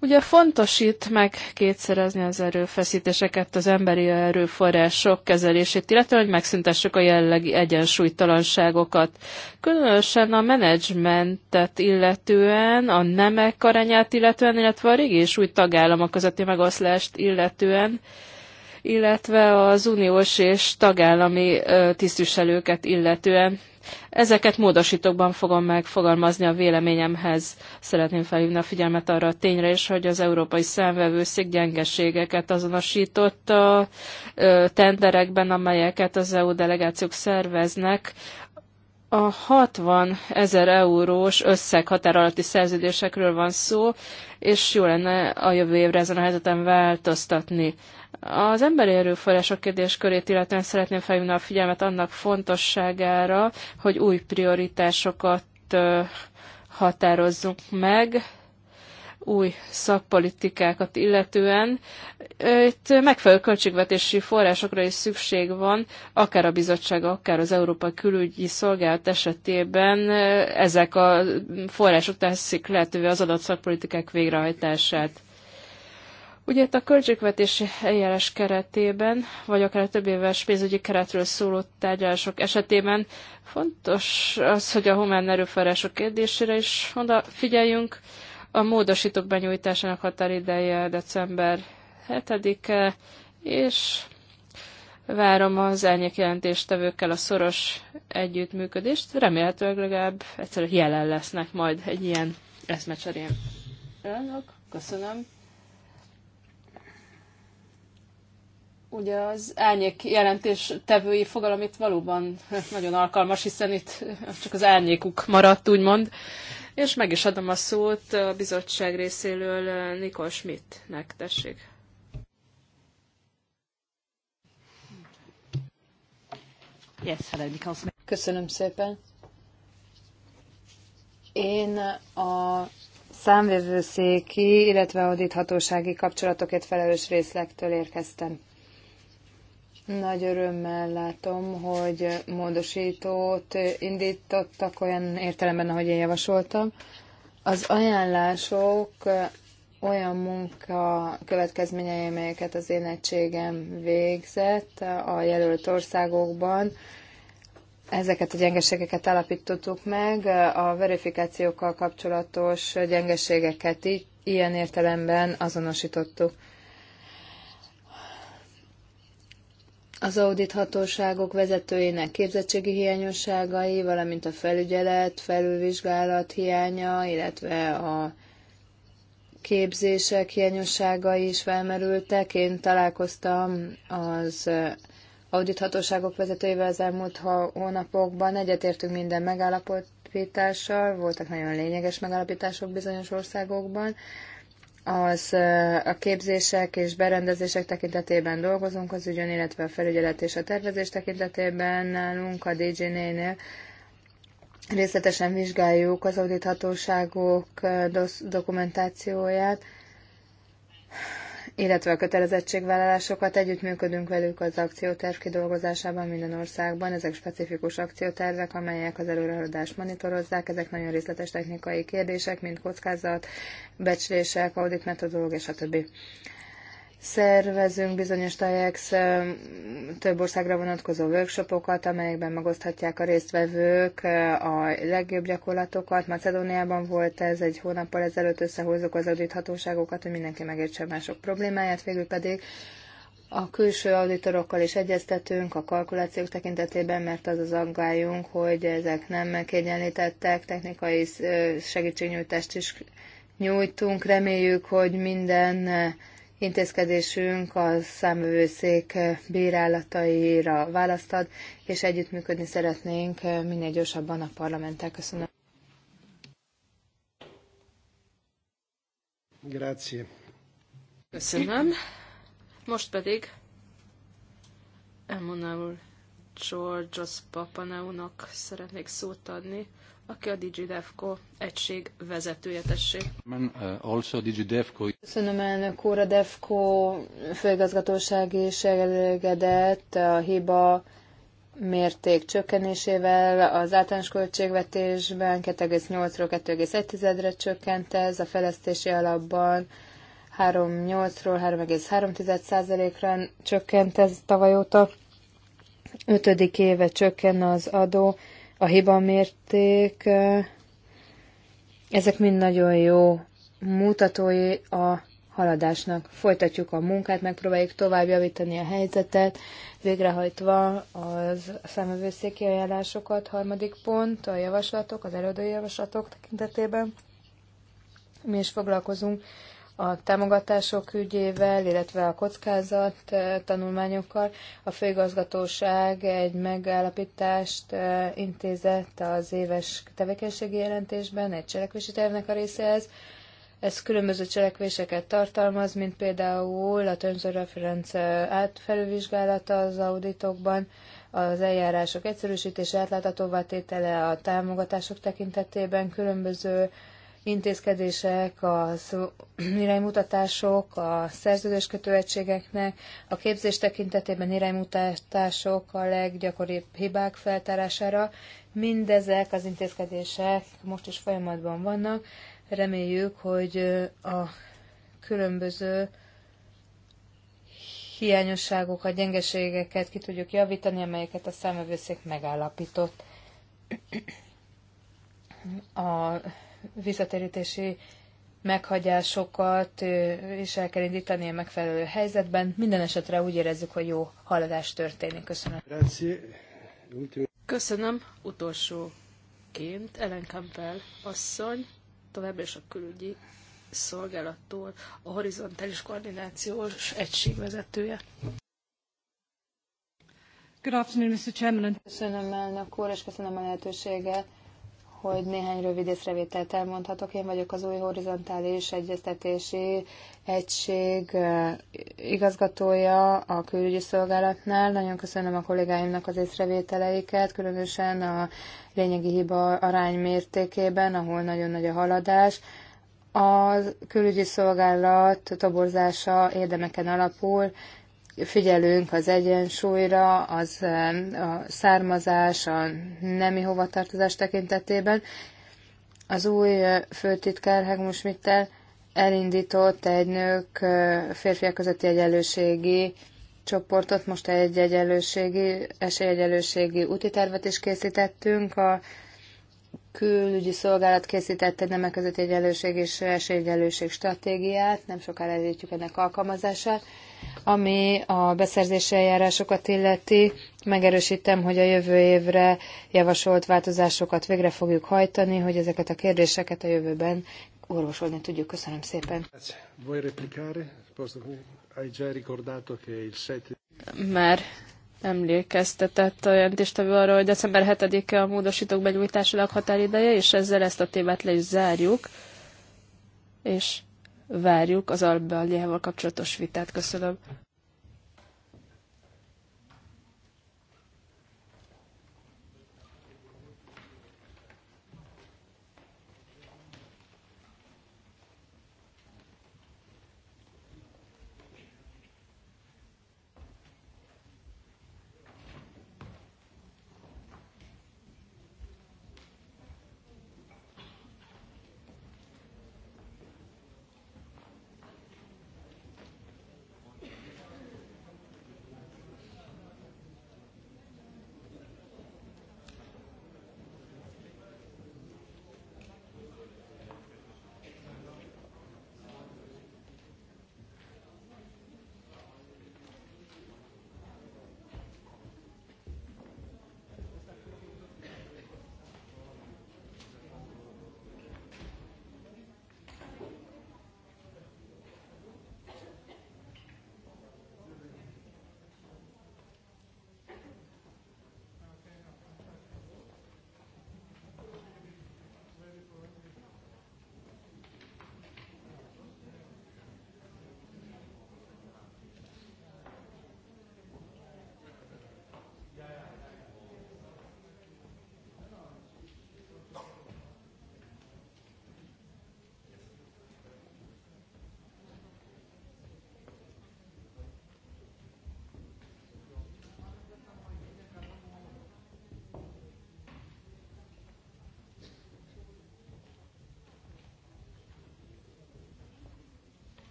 Ugye fontos itt megkétszerezni az erőfeszítéseket az emberi erőforrások kezelését, illetve hogy megszüntessük a jellegi egyensúlytalanságokat. Különösen a menedzsmentet illetően, a nemek arányát illetően, illetve a régi és új tagállamok közötti megoszlást illetően, illetve az uniós és tagállami tisztviselőket illetően. Ezeket módosítókban fogom megfogalmazni a véleményemhez. Szeretném felhívni a figyelmet arra a tényre is, hogy az Európai Számvevőszék gyengeségeket azonosított a tenderekben, amelyeket az EU delegációk szerveznek, a 60 ezer eurós összeg határ alatti szerződésekről van szó, és jó lenne a jövő évre ezen a helyzeten változtatni. Az emberi erőforrások kérdéskörét illetően szeretném felhívni a figyelmet annak fontosságára, hogy új prioritásokat határozzunk meg, új szakpolitikákat illetően. Itt megfelelő költségvetési forrásokra is szükség van, akár a bizottság, akár az Európai Külügyi Szolgálat esetében ezek a források teszik lehetővé az adott szakpolitikák végrehajtását. Ugye itt a költségvetési eljárás keretében, vagy akár a több éves pénzügyi keretről szóló tárgyalások esetében fontos az, hogy a humán erőforrások kérdésére is oda figyeljünk. A módosítók benyújtásának határideje december 7-e, és várom az elnyek jelentéstevőkkel a szoros együttműködést. Remélhetőleg legalább egyszerűen jelen lesznek majd egy ilyen eszmecserén. köszönöm. ugye az árnyék jelentés tevői fogalom itt valóban nagyon alkalmas, hiszen itt csak az árnyékuk maradt, úgymond. És meg is adom a szót a bizottság részéről Nikol Schmidtnek, tessék. Yes, hello, Nikol Schmidt. Köszönöm szépen. Én a számvevőszéki, illetve audíthatósági kapcsolatokért felelős részlektől érkeztem. Nagy örömmel látom, hogy módosítót indítottak olyan értelemben, ahogy én javasoltam. Az ajánlások olyan munka következményei, amelyeket az én egységem végzett a jelölt országokban, Ezeket a gyengeségeket alapítottuk meg, a verifikációkkal kapcsolatos gyengeségeket így, ilyen értelemben azonosítottuk. az hatóságok vezetőinek képzettségi hiányosságai, valamint a felügyelet, felülvizsgálat hiánya, illetve a képzések hiányosságai is felmerültek. Én találkoztam az hatóságok vezetőivel az elmúlt hónapokban, egyetértünk minden megállapot, megállapítással, voltak nagyon lényeges megállapítások bizonyos országokban, az a képzések és berendezések tekintetében dolgozunk az ügyön, illetve a felügyelet és a tervezés tekintetében nálunk a DJ-nél részletesen vizsgáljuk az audithatóságok dokumentációját illetve a kötelezettségvállalásokat. Együttműködünk velük az akcióterv kidolgozásában minden országban. Ezek specifikus akciótervek, amelyek az előrehaladást monitorozzák. Ezek nagyon részletes technikai kérdések, mint kockázat, becslések, audit metodológia, stb. Szervezünk bizonyos TAIEX több országra vonatkozó workshopokat, amelyekben megoszthatják a résztvevők a legjobb gyakorlatokat. Macedóniában volt ez egy hónappal ezelőtt, összehozzuk az audíthatóságokat, hogy mindenki megértse mások problémáját, végül pedig a külső auditorokkal is egyeztetünk a kalkulációk tekintetében, mert az az aggályunk, hogy ezek nem kiegyenlítettek, technikai segítségnyújtást is nyújtunk. Reméljük, hogy minden intézkedésünk a számvevőszék bírálataira választ ad, és együttműködni szeretnénk minél gyorsabban a parlamenttel. Köszönöm. Grazie. Köszönöm. Most pedig Emanuel Georgios Papaneunak szeretnék szót adni, aki a DigiDevco egység vezetője, tessék. Eh, Köszönöm elnök úr, a DevCo főigazgatóság is elégedett a hiba mérték csökkenésével, az általános költségvetésben 2,8-ról 2,1-re csökkent ez, a fejlesztési alapban 3,8-ról 3,3%-ra csökkent ez tavaly óta. Ötödik éve csökken az adó, a hiba mérték, ezek mind nagyon jó mutatói a haladásnak. Folytatjuk a munkát, megpróbáljuk tovább javítani a helyzetet, végrehajtva az szemövőszéki ajánlásokat, harmadik pont, a javaslatok, az előadói javaslatok tekintetében. Mi is foglalkozunk a támogatások ügyével, illetve a kockázat eh, tanulmányokkal. A főigazgatóság egy megállapítást eh, intézett az éves tevékenységi jelentésben, egy cselekvési tervnek a részehez. Ez különböző cselekvéseket tartalmaz, mint például a Terms of eh, átfelülvizsgálata az auditokban, az eljárások egyszerűsítése, átláthatóvá tétele a támogatások tekintetében, különböző intézkedések, az iránymutatások, a szerződéskötő egységeknek, a képzés tekintetében iránymutatások a leggyakoribb hibák feltárására. Mindezek az intézkedések most is folyamatban vannak. Reméljük, hogy a különböző hiányosságokat, gyengeségeket ki tudjuk javítani, amelyeket a számövőszék megállapított. A visszatérítési meghagyásokat is el kell indítani a megfelelő helyzetben. Minden esetre úgy érezzük, hogy jó haladás történik. Köszönöm. Köszönöm. Utolsóként Ellen Campbell asszony, továbbra is a külügyi szolgálattól a horizontális koordinációs egység vezetője. Good afternoon, Mr. Chairman. Köszönöm elnök úr, és köszönöm a lehetőséget hogy néhány rövid észrevételt elmondhatok. Én vagyok az új horizontális egyeztetési egység igazgatója a külügyi szolgálatnál. Nagyon köszönöm a kollégáimnak az észrevételeiket, különösen a lényegi hiba arány mértékében, ahol nagyon nagy a haladás. A külügyi szolgálat toborzása érdemeken alapul, figyelünk az egyensúlyra, az a származás, a nemi hovatartozás tekintetében. Az új főtitkár Hegmus Mittel elindított egy nők férfiak közötti egyenlőségi csoportot, most egy egyenlőségi, esélyegyenlőségi úti tervet is készítettünk. A külügyi szolgálat készítette egy nemek közötti egyenlőség és esélyegyenlőség stratégiát, nem sokára elérjük ennek alkalmazását. Ami a beszerzési eljárásokat illeti, megerősítem, hogy a jövő évre javasolt változásokat végre fogjuk hajtani, hogy ezeket a kérdéseket a jövőben orvosolni tudjuk. Köszönöm szépen. Már emlékeztetett a jelentéstevő arra, hogy december 7-e a módosítók benyújtásának határideje, és ezzel ezt a témát le is zárjuk. És várjuk az Albáliával kapcsolatos vitát. Köszönöm.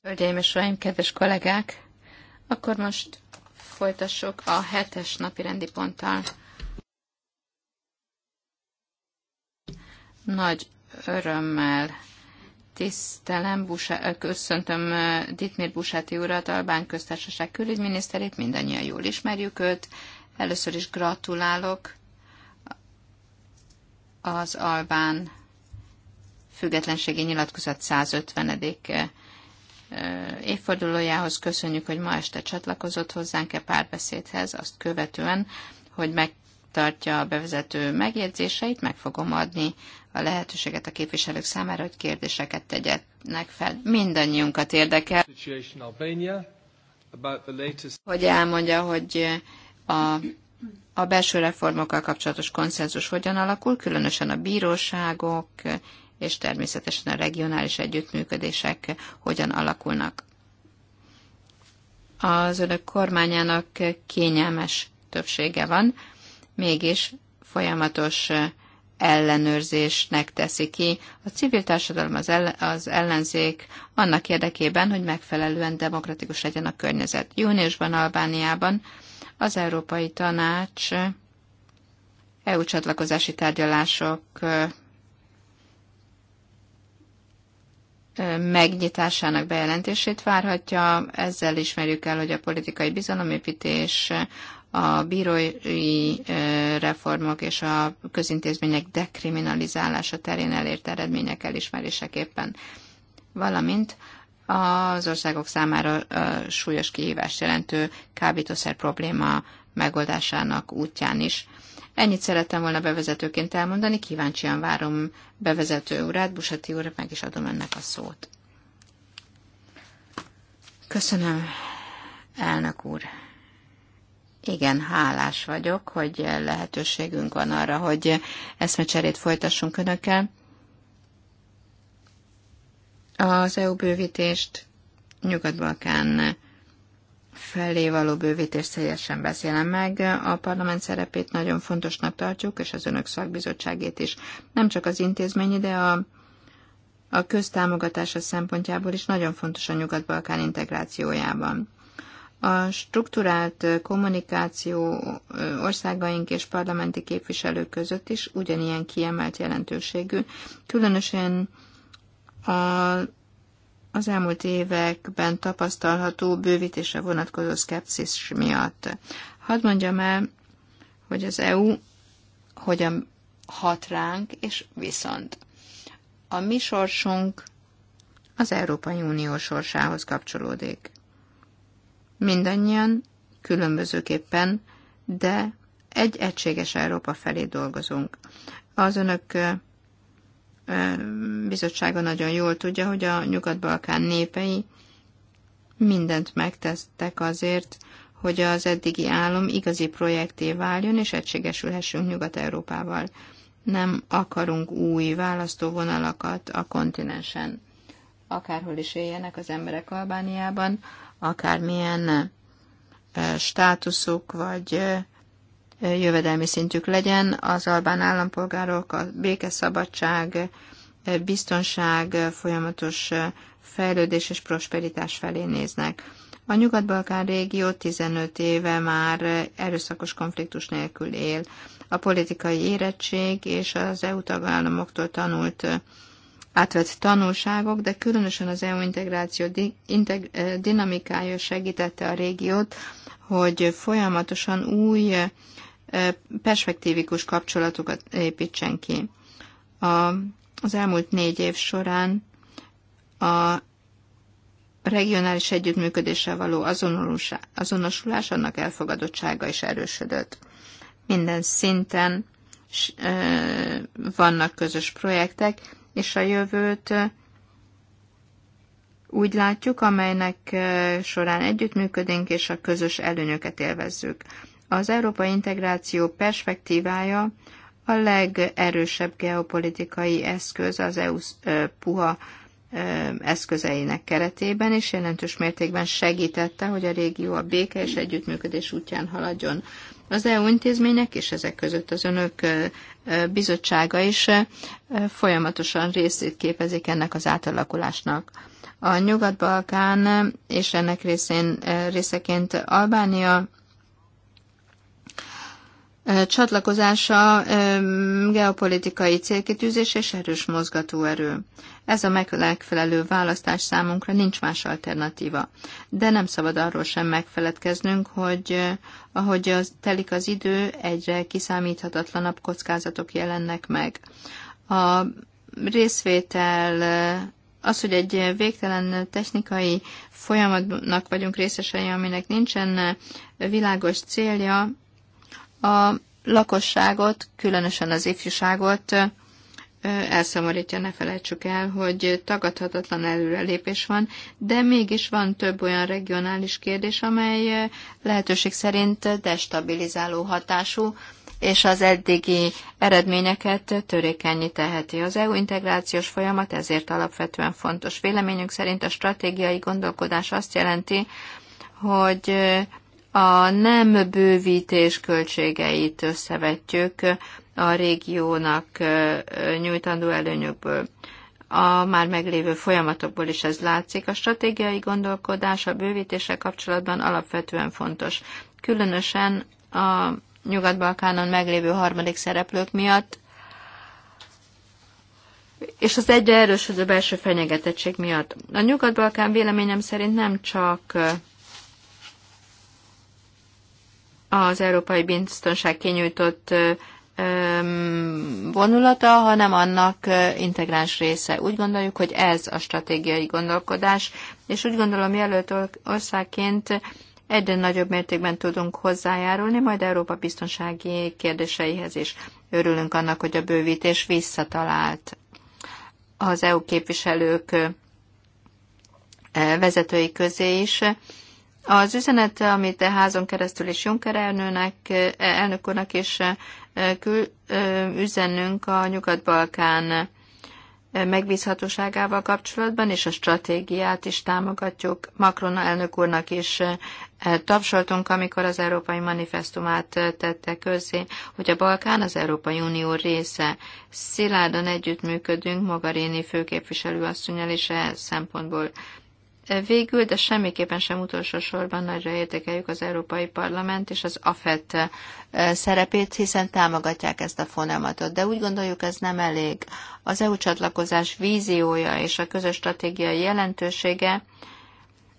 Hölgyeim és uraim, kedves kollégák! Akkor most folytassuk a hetes napi rendi ponttal. Nagy örömmel tisztelem, köszöntöm Ditmir Busáti urat, Albán köztársaság külügyminiszterét, mindannyian jól ismerjük őt. Először is gratulálok az Albán függetlenségi nyilatkozat 150. Eh, eh, évfordulójához köszönjük, hogy ma este csatlakozott hozzánk e párbeszédhez, azt követően, hogy megtartja a bevezető megjegyzéseit, meg fogom adni a lehetőséget a képviselők számára, hogy kérdéseket tegyenek fel. Mindannyiunkat érdekel, hogy elmondja, hogy a a belső reformokkal kapcsolatos konszenzus hogyan alakul, különösen a bíróságok és természetesen a regionális együttműködések hogyan alakulnak. Az önök kormányának kényelmes többsége van, mégis folyamatos ellenőrzésnek teszi ki a civil társadalom, az, az ellenzék annak érdekében, hogy megfelelően demokratikus legyen a környezet. Júniusban Albániában az Európai Tanács EU csatlakozási tárgyalások megnyitásának bejelentését várhatja. Ezzel ismerjük el, hogy a politikai bizalomépítés, a bírói reformok és a közintézmények dekriminalizálása terén elért eredmények elismeréseképpen, valamint az országok számára súlyos kihívást jelentő kábítószer probléma megoldásának útján is. Ennyit szerettem volna bevezetőként elmondani, kíváncsian várom bevezető urát, Busati úr, meg is adom önnek a szót. Köszönöm, elnök úr. Igen, hálás vagyok, hogy lehetőségünk van arra, hogy eszmecserét folytassunk önökkel. Az EU bővítést Nyugat-Balkán felé való bővítést teljesen beszélem meg. A parlament szerepét nagyon fontosnak tartjuk, és az önök szakbizottságét is. Nem csak az intézmény, de a, a köztámogatása szempontjából is nagyon fontos a Nyugat-Balkán integrációjában. A strukturált kommunikáció országaink és parlamenti képviselők között is ugyanilyen kiemelt jelentőségű, különösen a az elmúlt években tapasztalható bővítésre vonatkozó szkepszis miatt. Hadd mondjam el, hogy az EU hogyan hat ránk, és viszont a mi sorsunk az Európai Unió sorsához kapcsolódik. Mindannyian különbözőképpen, de egy egységes Európa felé dolgozunk. Az önök bizottsága nagyon jól tudja, hogy a Nyugat-Balkán népei mindent megtettek azért, hogy az eddigi álom igazi projekté váljon, és egységesülhessünk Nyugat-Európával. Nem akarunk új választóvonalakat a kontinensen. Akárhol is éljenek az emberek Albániában, akármilyen státuszuk vagy jövedelmi szintük legyen, az albán állampolgárok a békeszabadság, biztonság, folyamatos fejlődés és prosperitás felé néznek. A Nyugat-Balkán régió 15 éve már erőszakos konfliktus nélkül él. A politikai érettség és az EU tagállamoktól tanult átvett tanulságok, de különösen az EU integráció dinamikája segítette a régiót, hogy folyamatosan új perspektívikus kapcsolatokat építsen ki. A, az elmúlt négy év során a regionális együttműködéssel való azonosulás, annak elfogadottsága is erősödött. Minden szinten vannak közös projektek, és a jövőt úgy látjuk, amelynek során együttműködünk, és a közös előnyöket élvezzük az európai integráció perspektívája a legerősebb geopolitikai eszköz az EU puha eszközeinek keretében, és jelentős mértékben segítette, hogy a régió a béke és együttműködés útján haladjon. Az EU intézmények és ezek között az önök bizottsága is folyamatosan részét képezik ennek az átalakulásnak. A Nyugat-Balkán és ennek részén, részeként Albánia csatlakozása geopolitikai célkitűzés és erős mozgatóerő. Ez a megfelelő választás számunkra nincs más alternatíva. De nem szabad arról sem megfeledkeznünk, hogy ahogy az telik az idő, egyre kiszámíthatatlanabb kockázatok jelennek meg. A részvétel az, hogy egy végtelen technikai folyamatnak vagyunk részesei, aminek nincsen világos célja, a lakosságot, különösen az ifjúságot elszomorítja, ne felejtsük el, hogy tagadhatatlan előrelépés van, de mégis van több olyan regionális kérdés, amely lehetőség szerint destabilizáló hatású, és az eddigi eredményeket törékenyi teheti. Az EU integrációs folyamat ezért alapvetően fontos. Véleményünk szerint a stratégiai gondolkodás azt jelenti, hogy a nem bővítés költségeit összevetjük a régiónak nyújtandó előnyökből. A már meglévő folyamatokból is ez látszik. A stratégiai gondolkodás a bővítése kapcsolatban alapvetően fontos. Különösen a Nyugat-Balkánon meglévő harmadik szereplők miatt, és az egyre erősödő belső fenyegetettség miatt. A Nyugat-Balkán véleményem szerint nem csak az Európai Biztonság kinyújtott vonulata, hanem annak integráns része. Úgy gondoljuk, hogy ez a stratégiai gondolkodás, és úgy gondolom jelölt országként egyre nagyobb mértékben tudunk hozzájárulni, majd Európa biztonsági kérdéseihez is. Örülünk annak, hogy a bővítés visszatalált az EU képviselők vezetői közé is, az üzenet, amit a e házon keresztül is Juncker elnőnek, e, elnök is e, kül, üzennünk a Nyugat-Balkán megbízhatóságával kapcsolatban, és a stratégiát is támogatjuk. Macron elnök úrnak is tapsoltunk, amikor az Európai Manifestumát tette közzé, hogy a Balkán az Európai Unió része. Szilárdan együttműködünk Magarini főképviselőasszonyal is e szempontból. Végül, de semmiképpen sem utolsó sorban nagyra értékeljük az Európai Parlament és az AFET eh, szerepét, hiszen támogatják ezt a folyamatot. De úgy gondoljuk, ez nem elég. Az EU csatlakozás víziója és a közös stratégiai jelentősége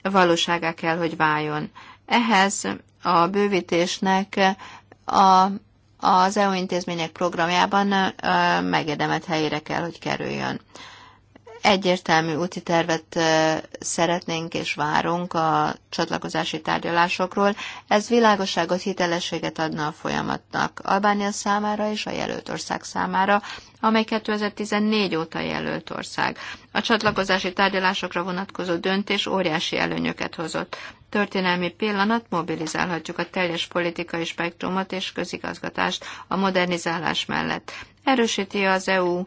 valóságá kell, hogy váljon. Ehhez a bővítésnek a, az EU intézmények programjában eh, megérdemelt helyére kell, hogy kerüljön egyértelmű úti tervet szeretnénk és várunk a csatlakozási tárgyalásokról. Ez világosságot, hitelességet adna a folyamatnak Albánia számára és a jelölt ország számára, amely 2014 óta jelölt ország. A csatlakozási tárgyalásokra vonatkozó döntés óriási előnyöket hozott. Történelmi pillanat, mobilizálhatjuk a teljes politikai spektrumot és közigazgatást a modernizálás mellett. Erősíti az EU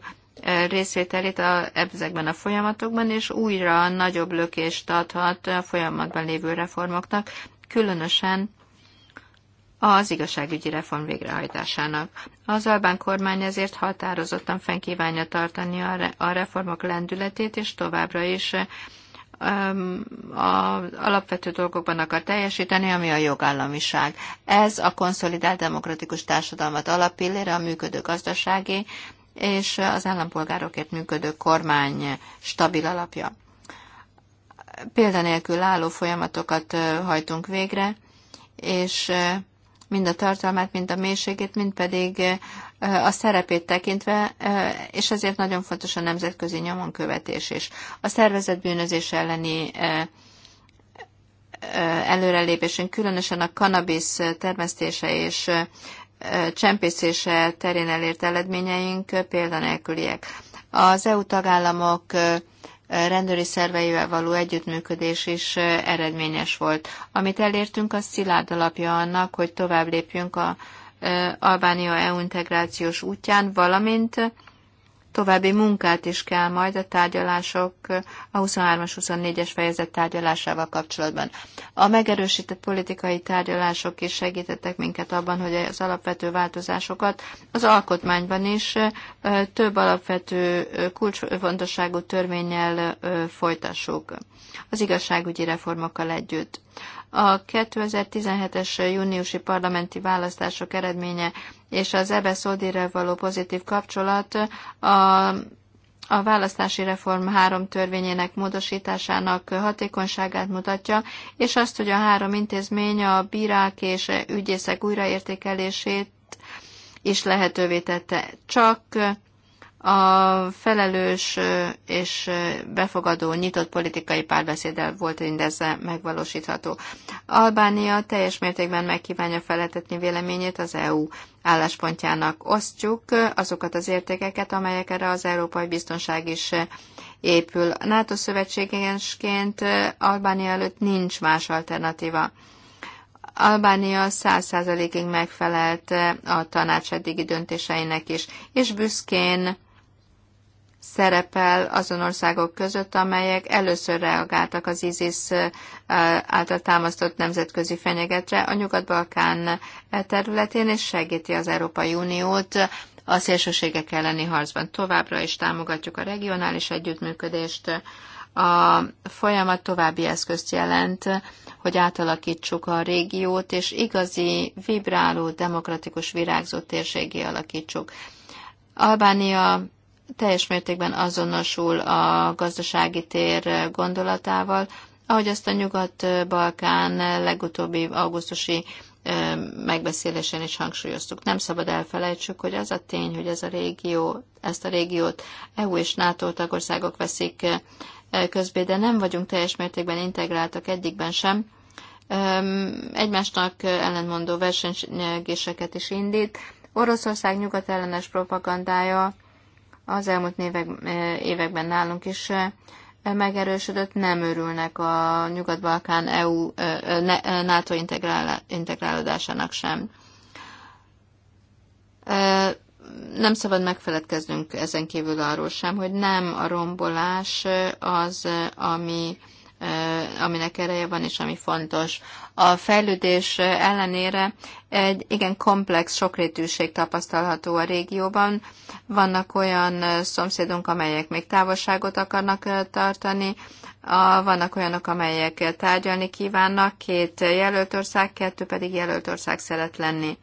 részvételét a, ezekben a folyamatokban, és újra nagyobb lökést adhat a folyamatban lévő reformoknak, különösen az igazságügyi reform végrehajtásának. Az albán kormány ezért határozottan fennkívánja tartani a reformok lendületét, és továbbra is a alapvető dolgokban akar teljesíteni, ami a jogállamiság. Ez a konszolidált demokratikus társadalmat alapillére, a működő gazdasági és az állampolgárokért működő kormány stabil alapja. Példanélkül álló folyamatokat hajtunk végre, és mind a tartalmát, mind a mélységét, mind pedig a szerepét tekintve, és ezért nagyon fontos a nemzetközi nyomon követés is. A szervezet bűnözés elleni előrelépésünk, különösen a kanabisz termesztése és csempészése terén elért eredményeink példanélküliek. Az EU tagállamok rendőri szerveivel való együttműködés is eredményes volt. Amit elértünk, az szilárd alapja annak, hogy tovább lépjünk a Albánia EU integrációs útján, valamint További munkát is kell majd a tárgyalások a 23-as, 24-es fejezet tárgyalásával kapcsolatban. A megerősített politikai tárgyalások is segítettek minket abban, hogy az alapvető változásokat az alkotmányban is több alapvető kulcsfontosságú törvényel folytassuk az igazságügyi reformokkal együtt. A 2017-es júniusi parlamenti választások eredménye és az Ebeszodire való pozitív kapcsolat a a választási reform három törvényének módosításának hatékonyságát mutatja, és azt, hogy a három intézmény a bírák és ügyészek újraértékelését is lehetővé tette. Csak a felelős és befogadó, nyitott politikai párbeszéddel volt mindezze megvalósítható. Albánia teljes mértékben megkívánja feletetni véleményét az EU álláspontjának. Osztjuk azokat az értékeket, amelyek erre az európai biztonság is épül. A NATO szövetségesként Albánia előtt nincs más alternatíva. Albánia 100%-ig megfelelt a tanács eddigi döntéseinek is, és büszkén szerepel azon országok között, amelyek először reagáltak az ISIS által támasztott nemzetközi fenyegetre a Nyugat-Balkán területén, és segíti az Európai Uniót a szélsőségek elleni harcban. Továbbra is támogatjuk a regionális együttműködést. A folyamat további eszközt jelent, hogy átalakítsuk a régiót, és igazi, vibráló, demokratikus, virágzó térségé alakítsuk. Albánia teljes mértékben azonosul a gazdasági tér gondolatával, ahogy azt a Nyugat-Balkán legutóbbi augusztusi megbeszélésen is hangsúlyoztuk. Nem szabad elfelejtsük, hogy az a tény, hogy ez a régió, ezt a régiót EU és NATO tagországok veszik közbé, de nem vagyunk teljes mértékben integráltak egyikben sem. Egymásnak ellentmondó versenyegéseket is indít. Oroszország nyugat ellenes propagandája az elmúlt évek, eh, években nálunk is eh, megerősödött, nem örülnek a Nyugat-Balkán EU eh, NATO integrálódásának sem. Nem szabad megfeledkeznünk ezen kívül arról sem, hogy nem a rombolás az, ami aminek ereje van, és ami fontos a fejlődés ellenére egy igen komplex sokrétűség tapasztalható a régióban. Vannak olyan szomszédunk, amelyek még távolságot akarnak eh, tartani, a, vannak olyanok, amelyek tárgyalni kívánnak, két jelölt ország, kettő pedig jelölt ország szeret lenni.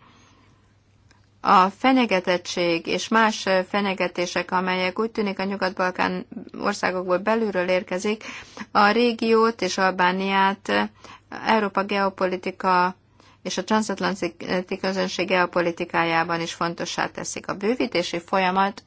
A fenyegetettség és más fenyegetések, amelyek úgy tűnik a Nyugat-Balkán országokból belülről érkezik, a régiót és Albániát Európa geopolitika és a transatlanti közönség geopolitikájában is fontossá teszik a bővítési folyamat,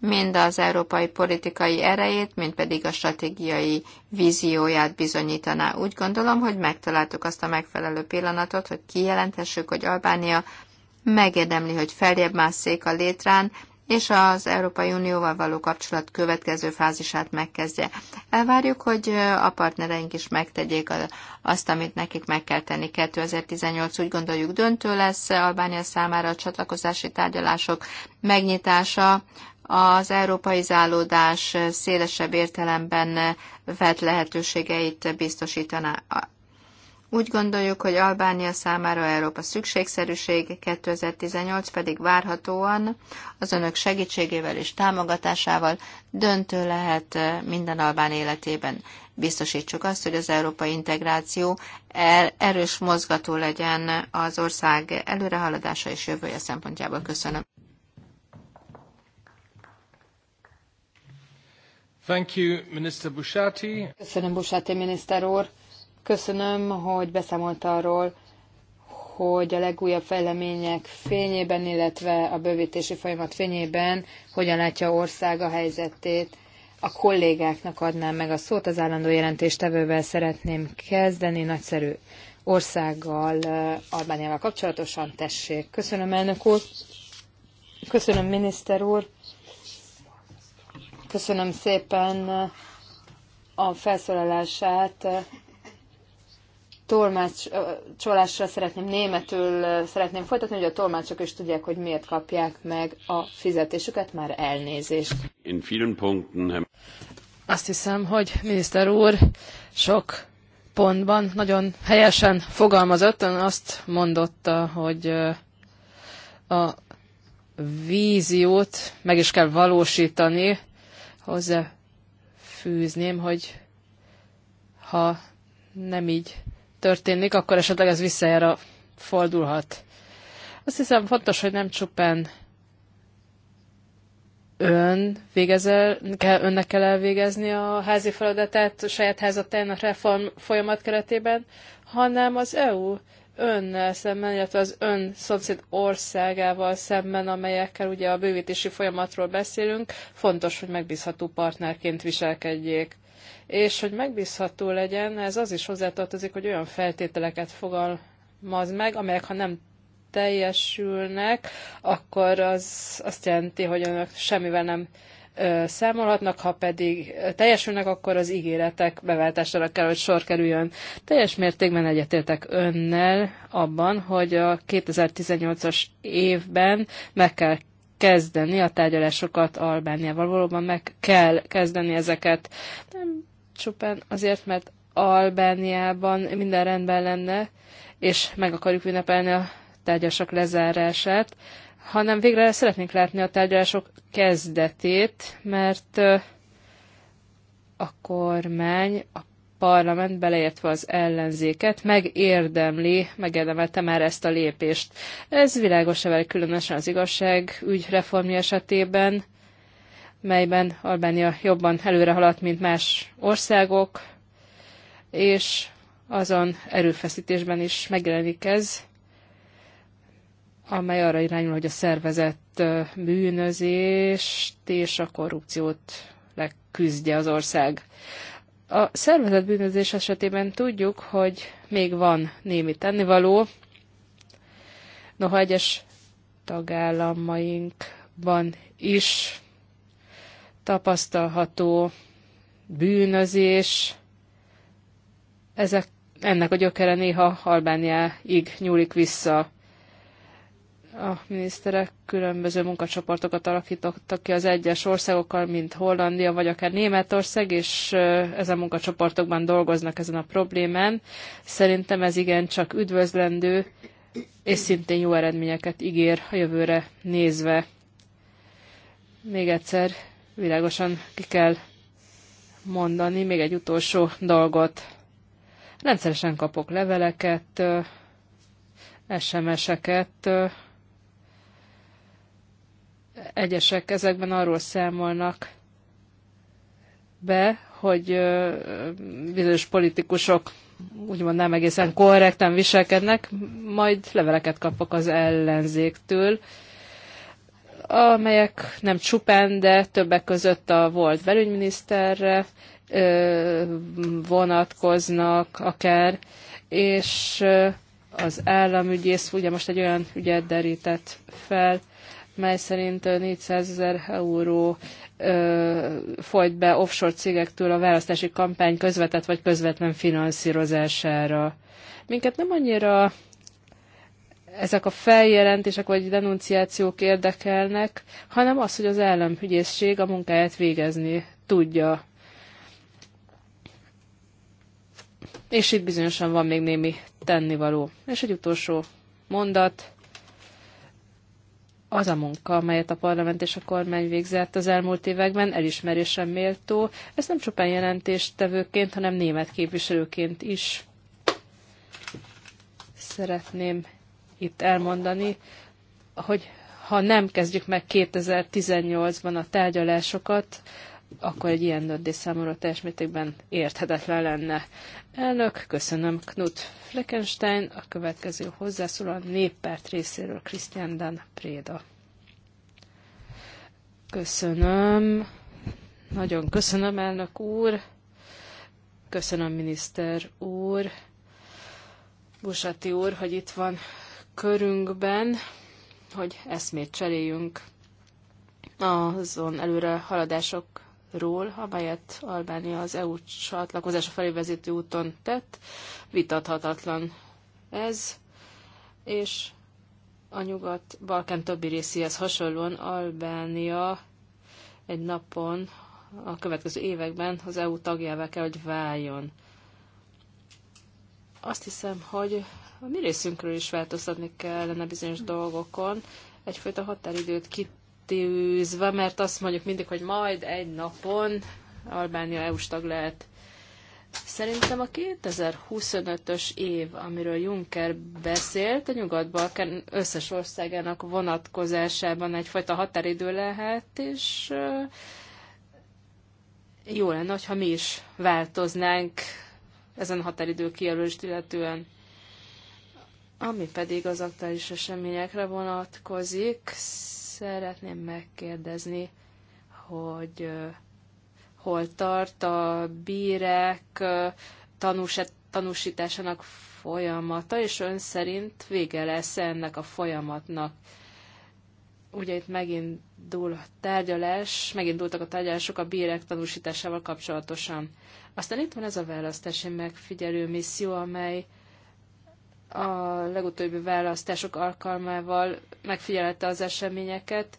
mind az európai politikai erejét, mind pedig a stratégiai vízióját bizonyítaná. Úgy gondolom, hogy megtaláltuk azt a megfelelő pillanatot, hogy kijelenthessük, hogy Albánia megérdemli, hogy feljebb másszék a létrán, és az Európai Unióval való kapcsolat következő fázisát megkezdje. Elvárjuk, hogy a partnereink is megtegyék azt, amit nekik meg kell tenni. 2018 úgy gondoljuk döntő lesz Albánia számára a csatlakozási tárgyalások megnyitása, az európai zálódás szélesebb értelemben vett lehetőségeit biztosítaná úgy gondoljuk, hogy Albánia számára Európa szükségszerűség, 2018 pedig várhatóan az önök segítségével és támogatásával döntő lehet eh, minden Albán életében. Biztosítsuk azt, hogy az európai integráció el, erős mozgató legyen az ország előrehaladása és jövője szempontjából. Köszönöm. Thank you, Minister Bushati. Köszönöm, Bushati miniszter úr. Köszönöm, hogy beszámolt arról, hogy a legújabb fejlemények fényében, illetve a bővítési folyamat fényében hogyan látja ország a helyzetét. A kollégáknak adnám meg a szót, az állandó jelentéstevővel szeretném kezdeni, nagyszerű országgal, eh, Albániával kapcsolatosan tessék. Köszönöm, elnök úr. Köszönöm, miniszter úr. Köszönöm szépen eh, a felszólalását eh, tolmácsolásra szeretném, németül szeretném folytatni, hogy a tolmácsok is tudják, hogy miért kapják meg a fizetésüket, már elnézést. In vielen Punkten... Azt hiszem, hogy miniszter úr sok pontban nagyon helyesen fogalmazott, azt mondotta, hogy a víziót meg is kell valósítani, hozzá fűzném, hogy ha nem így történik, akkor esetleg ez visszajára fordulhat. Azt hiszem fontos, hogy nem csupán ön végezel, kell, önnek kell elvégezni a házi feladatát a saját házatájának reform folyamat keretében, hanem az EU önnel szemben, illetve az ön szomszéd országával szemben, amelyekkel ugye a bővítési folyamatról beszélünk, fontos, hogy megbízható partnerként viselkedjék és hogy megbízható legyen, ez az is hozzátartozik, hogy olyan feltételeket fogalmaz meg, amelyek ha nem teljesülnek, akkor az azt jelenti, hogy önök semmivel nem ö, számolhatnak, ha pedig teljesülnek, akkor az ígéretek beváltására kell, hogy sor kerüljön. Teljes mértékben egyetértek önnel abban, hogy a 2018-as évben meg kell kezdeni a tárgyalásokat Albániával. Valóban meg kell kezdeni ezeket. Nem csupán azért, mert Albániában minden rendben lenne, és meg akarjuk ünnepelni a tárgyalások lezárását, hanem végre szeretnénk látni a tárgyalások kezdetét, mert a kormány, a parlament, beleértve az ellenzéket, megérdemli, megérdemelte már ezt a lépést. Ez világos különösen az igazság ügy reformja esetében, melyben Albánia jobban előre haladt, mint más országok, és azon erőfeszítésben is megjelenik ez, amely arra irányul, hogy a szervezett bűnözést és a korrupciót leküzdje az ország. A szervezett bűnözés esetében tudjuk, hogy még van némi tennivaló, noha egyes tagállamainkban is tapasztalható bűnözés, ezek, ennek a gyökere néha Albániáig nyúlik vissza a miniszterek különböző munkacsoportokat alakítottak ki az egyes országokkal, mint Hollandia vagy akár Németország, és ezen munkacsoportokban dolgoznak ezen a problémán. Szerintem ez igen csak üdvözlendő, és szintén jó eredményeket ígér a jövőre nézve. Még egyszer világosan ki kell mondani. Még egy utolsó dolgot. Rendszeresen kapok leveleket, SMS-eket. Egyesek ezekben arról számolnak be, hogy bizonyos politikusok úgymond nem egészen korrekten viselkednek, majd leveleket kapok az ellenzéktől, amelyek nem csupán, de többek között a volt belügyminiszterre vonatkoznak akár, és az államügyész ugye most egy olyan ügyet derített fel, mely szerint 400 ezer euró ö, folyt be offshore cégektől a választási kampány közvetett vagy közvetlen finanszírozására. Minket nem annyira ezek a feljelentések vagy denunciációk érdekelnek, hanem az, hogy az államügyészség a munkáját végezni tudja. És itt bizonyosan van még némi tennivaló. És egy utolsó mondat. Az a munka, amelyet a parlament és a kormány végzett az elmúlt években, elismerésem méltó. Ez nem csupán jelentéstevőként, hanem német képviselőként is szeretném itt elmondani, hogy ha nem kezdjük meg 2018-ban a tárgyalásokat, akkor egy ilyen döntés számomra teljes mértékben érthetetlen lenne. Elnök, köszönöm Knut Fleckenstein, a következő hozzászól a néppárt részéről Christian Dan Préda. Köszönöm, nagyon köszönöm elnök úr, köszönöm miniszter úr, Busati úr, hogy itt van körünkben, hogy eszmét cseréljünk azon előre haladásokról, amelyet Albánia az EU csatlakozása felé vezető úton tett. Vitathatatlan ez, és a Nyugat-Balkán többi részéhez hasonlóan Albánia egy napon a következő években az EU tagjává kell, hogy váljon. Azt hiszem, hogy a mi részünkről is változtatni kellene bizonyos dolgokon, egyfajta határidőt kitűzve, mert azt mondjuk mindig, hogy majd egy napon Albánia EU-s tag lehet. Szerintem a 2025-ös év, amiről Juncker beszélt, a Nyugat-Balkán összes országának vonatkozásában egyfajta határidő lehet, és jó lenne, ha mi is változnánk ezen határidő kijelölést illetően. Ami pedig az aktuális eseményekre vonatkozik, szeretném megkérdezni, hogy hol tart a bírek tanúsításának folyamata, és ön szerint vége lesz -e ennek a folyamatnak. Ugye itt megindul a tárgyalás, megindultak a tárgyalások a bírek tanúsításával kapcsolatosan. Aztán itt van ez a választási megfigyelő misszió, amely a legutóbbi választások alkalmával megfigyelte az eseményeket.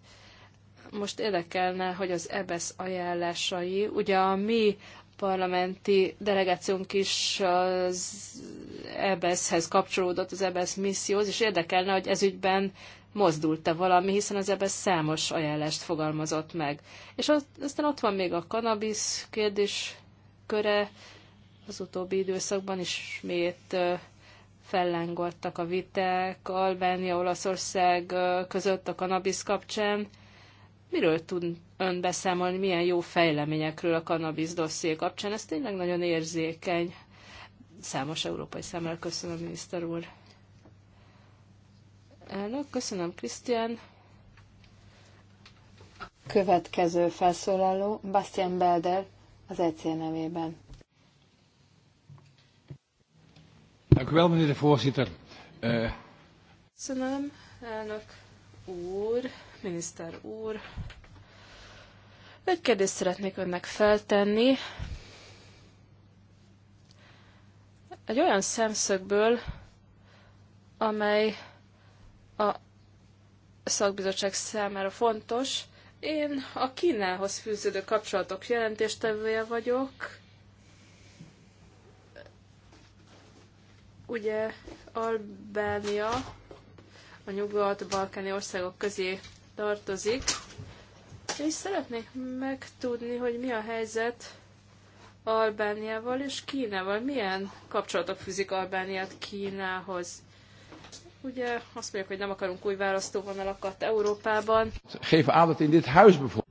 Most érdekelne, hogy az EBSZ ajánlásai, ugye a mi parlamenti delegációnk is az EBSZ-hez kapcsolódott, az EBSZ misszióhoz, és érdekelne, hogy ezügyben mozdult-e valami, hiszen az ebben számos ajánlást fogalmazott meg. És aztán ott van még a kanabisz kérdés köre, az utóbbi időszakban ismét fellángoltak a viták Albánia, Olaszország között a kanabisz kapcsán. Miről tud ön beszámolni, milyen jó fejleményekről a kanabisz dosszié kapcsán? Ez tényleg nagyon érzékeny. Számos európai szemmel köszönöm, miniszter úr. Elnök, köszönöm, Krisztián. Következő felszólaló Bastian Belder az EC nevében. Eh, Köszönöm, elnök úr, miniszter úr. Egy kérdést szeretnék önnek feltenni. Egy olyan szemszögből, amely a szakbizottság számára fontos. Én a Kínához fűződő kapcsolatok jelentéstevője vagyok, Ugye Albánia a nyugat-balkáni országok közé tartozik, és szeretnék megtudni, hogy mi a helyzet Albániával és Kínával. Milyen kapcsolatok fűzik Albániát Kínához? Ugye azt mondjuk, hogy nem akarunk új választóvonalakat Európában.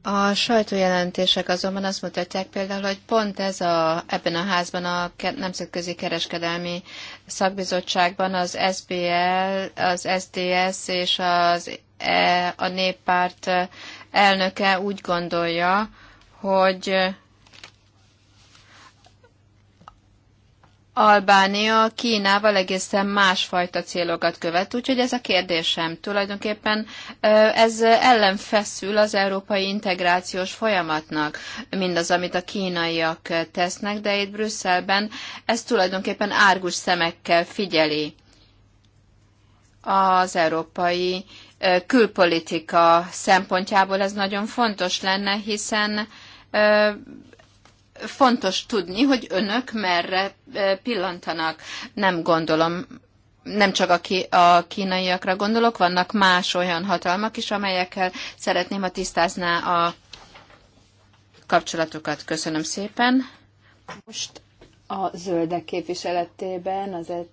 A sajtójelentések azonban azt mutatják például, hogy pont ez a, ebben a házban a Nemzetközi Kereskedelmi Szakbizottságban az SBL, az SDS és az, e, a néppárt eh, elnöke úgy gondolja, hogy Albánia Kínával egészen másfajta célokat követ, úgyhogy ez a kérdésem. Tulajdonképpen ez ellen feszül az európai integrációs folyamatnak, mindaz, amit a kínaiak tesznek, de itt Brüsszelben ez tulajdonképpen árgus szemekkel figyeli az európai külpolitika szempontjából ez nagyon fontos lenne, hiszen fontos tudni, hogy önök merre e, pillantanak. Nem gondolom, nem csak a, ki, a kínaiakra gondolok, vannak más olyan hatalmak is, amelyekkel szeretném, ha tisztázná a kapcsolatokat. Köszönöm szépen. Most a zöldek képviseletében az egy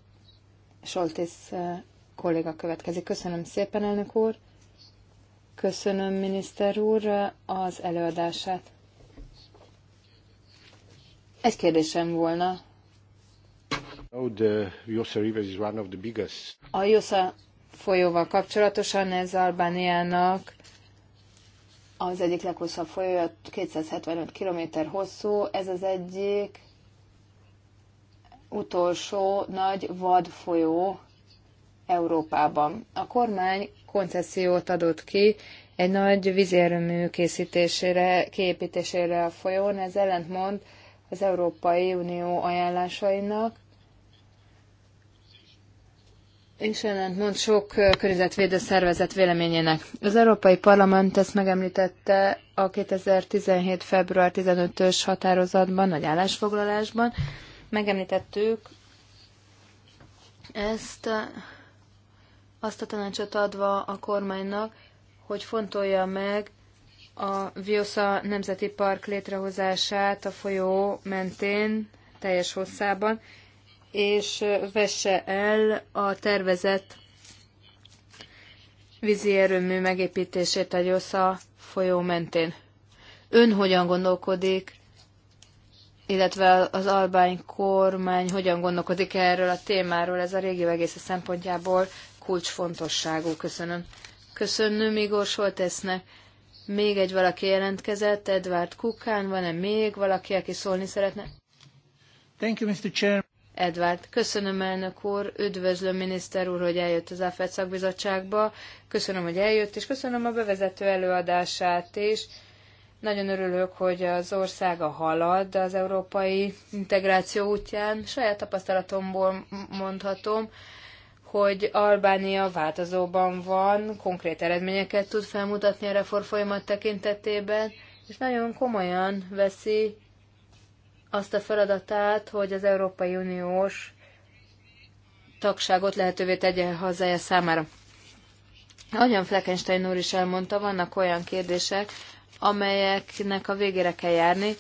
Soltész e, kolléga következik. Köszönöm szépen, elnök úr. Köszönöm, miniszter úr, az előadását. Egy kérdésem volna. Oh, a Josa folyóval kapcsolatosan ez Albániának az egyik leghosszabb folyója, 275 km hosszú, ez az egyik utolsó nagy vadfolyó Európában. A kormány koncesziót adott ki egy nagy vízérőmű készítésére, kiépítésére a folyón, ez ellentmond az Európai Unió ajánlásainak, és ellentmond sok környezetvédő szervezet véleményének. Az Európai Parlament ezt megemlítette a 2017. február 15-ös határozatban, vagy állásfoglalásban. Megemlítettük ezt azt a tanácsot adva a kormánynak, hogy fontolja meg a Viosa Nemzeti Park létrehozását a folyó mentén teljes hosszában, és vesse el a tervezett vízi erőmű megépítését a Viosa folyó mentén. Ön hogyan gondolkodik, illetve az albány kormány hogyan gondolkodik erről a témáról? Ez a régió egész szempontjából kulcsfontosságú. Köszönöm. Köszönöm Igor Soltesznek. Még egy valaki jelentkezett, Edward Kukán, van-e még valaki, aki szólni szeretne? Thank you, Mr. Chair. Edward, köszönöm elnök úr, üdvözlöm miniszter úr, hogy eljött az AFED szakbizottságba, köszönöm, hogy eljött, és köszönöm a bevezető előadását is. Nagyon örülök, hogy az országa halad az európai integráció útján. Saját tapasztalatomból mondhatom, hogy Albánia változóban van, konkrét eredményeket tud felmutatni a reformfolyamat tekintetében, és nagyon komolyan veszi azt a feladatát, hogy az Európai Uniós tagságot lehetővé tegye hazája számára. Ahogyan Fleckenstein úr is elmondta, vannak olyan kérdések, amelyeknek a végére kell járni,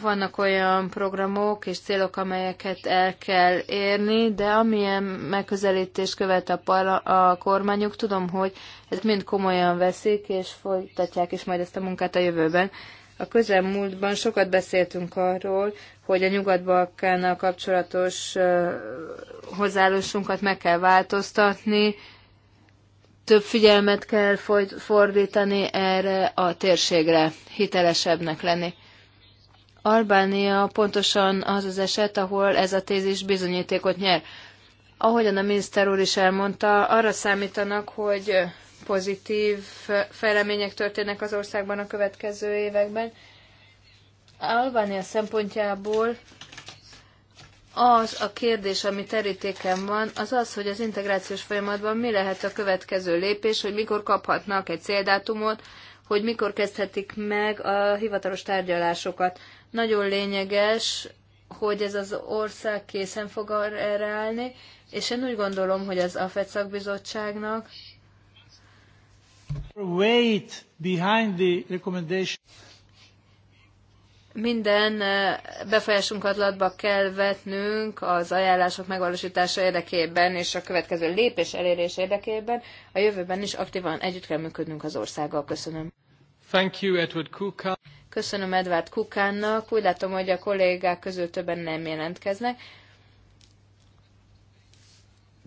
vannak olyan programok és célok, amelyeket el kell érni, de amilyen megközelítést követ a, parla- a kormányuk, tudom, hogy ez mind komolyan veszik, és folytatják is majd ezt a munkát a jövőben. A közelmúltban sokat beszéltünk arról, hogy a Nyugat-Balkánnal kapcsolatos hozzáállásunkat meg kell változtatni, több figyelmet kell fordítani erre a térségre, hitelesebbnek lenni. Albánia pontosan az az eset, ahol ez a tézis bizonyítékot nyer. Ahogyan a miniszter úr is elmondta, arra számítanak, hogy pozitív fejlemények történnek az országban a következő években. Albánia szempontjából az a kérdés, ami terítéken van, az az, hogy az integrációs folyamatban mi lehet a következő lépés, hogy mikor kaphatnak egy céldátumot, hogy mikor kezdhetik meg a hivatalos tárgyalásokat. Nagyon lényeges, hogy ez az ország készen fog erre állni, és én úgy gondolom, hogy az AFET szakbizottságnak Wait behind the recommendation. Minden eh, befolyásunk latba kell vetnünk az ajánlások megvalósítása érdekében és a következő lépés elérés érdekében. A jövőben is aktívan együtt kell működnünk az országgal. Köszönöm. Thank you, Edward Kuka. Köszönöm Edvard Kukánnak. Úgy látom, hogy a kollégák közül többen nem jelentkeznek.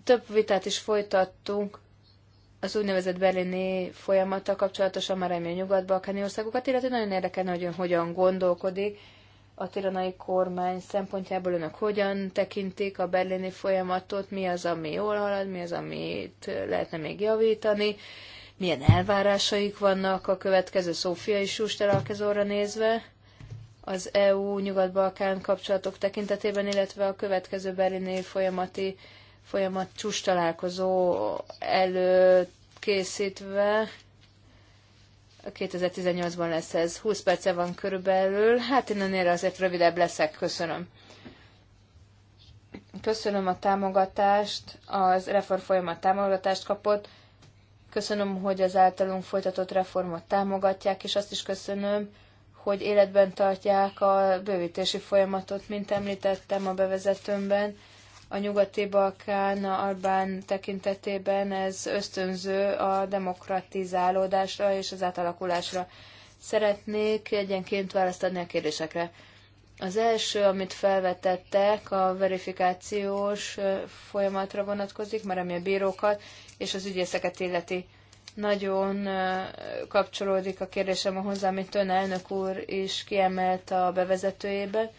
Több vitát is folytattunk az úgynevezett berlini folyamattal kapcsolatosan, már remélem nyugat-balkáni országokat, illetve nagyon érdekelne, hogy ön hogyan gondolkodik a tiranai kormány szempontjából önök hogyan tekintik a berlini folyamatot, mi az, ami jól halad, mi az, amit lehetne még javítani, milyen elvárásaik vannak a következő Szófia és Susterakezóra nézve, az EU-Nyugat-Balkán kapcsolatok tekintetében, illetve a következő berlini folyamati folyamat csúcs találkozó készítve. 2018-ban lesz ez, 20 perce van körülbelül. Hát én ennél azért rövidebb leszek, köszönöm. Köszönöm a támogatást, az reform folyamat támogatást kapott. Köszönöm, hogy az általunk folytatott reformot támogatják, és azt is köszönöm, hogy életben tartják a bővítési folyamatot, mint említettem a bevezetőmben. A nyugati-balkán, a Albán tekintetében ez ösztönző a demokratizálódásra és az átalakulásra. Szeretnék egyenként választani a kérdésekre. Az első, amit felvetettek, a verifikációs folyamatra vonatkozik, már ami a bírókat és az ügyészeket illeti. Nagyon kapcsolódik a kérdésem ahhoz, amit ön elnök úr is kiemelt a bevezetőjébe.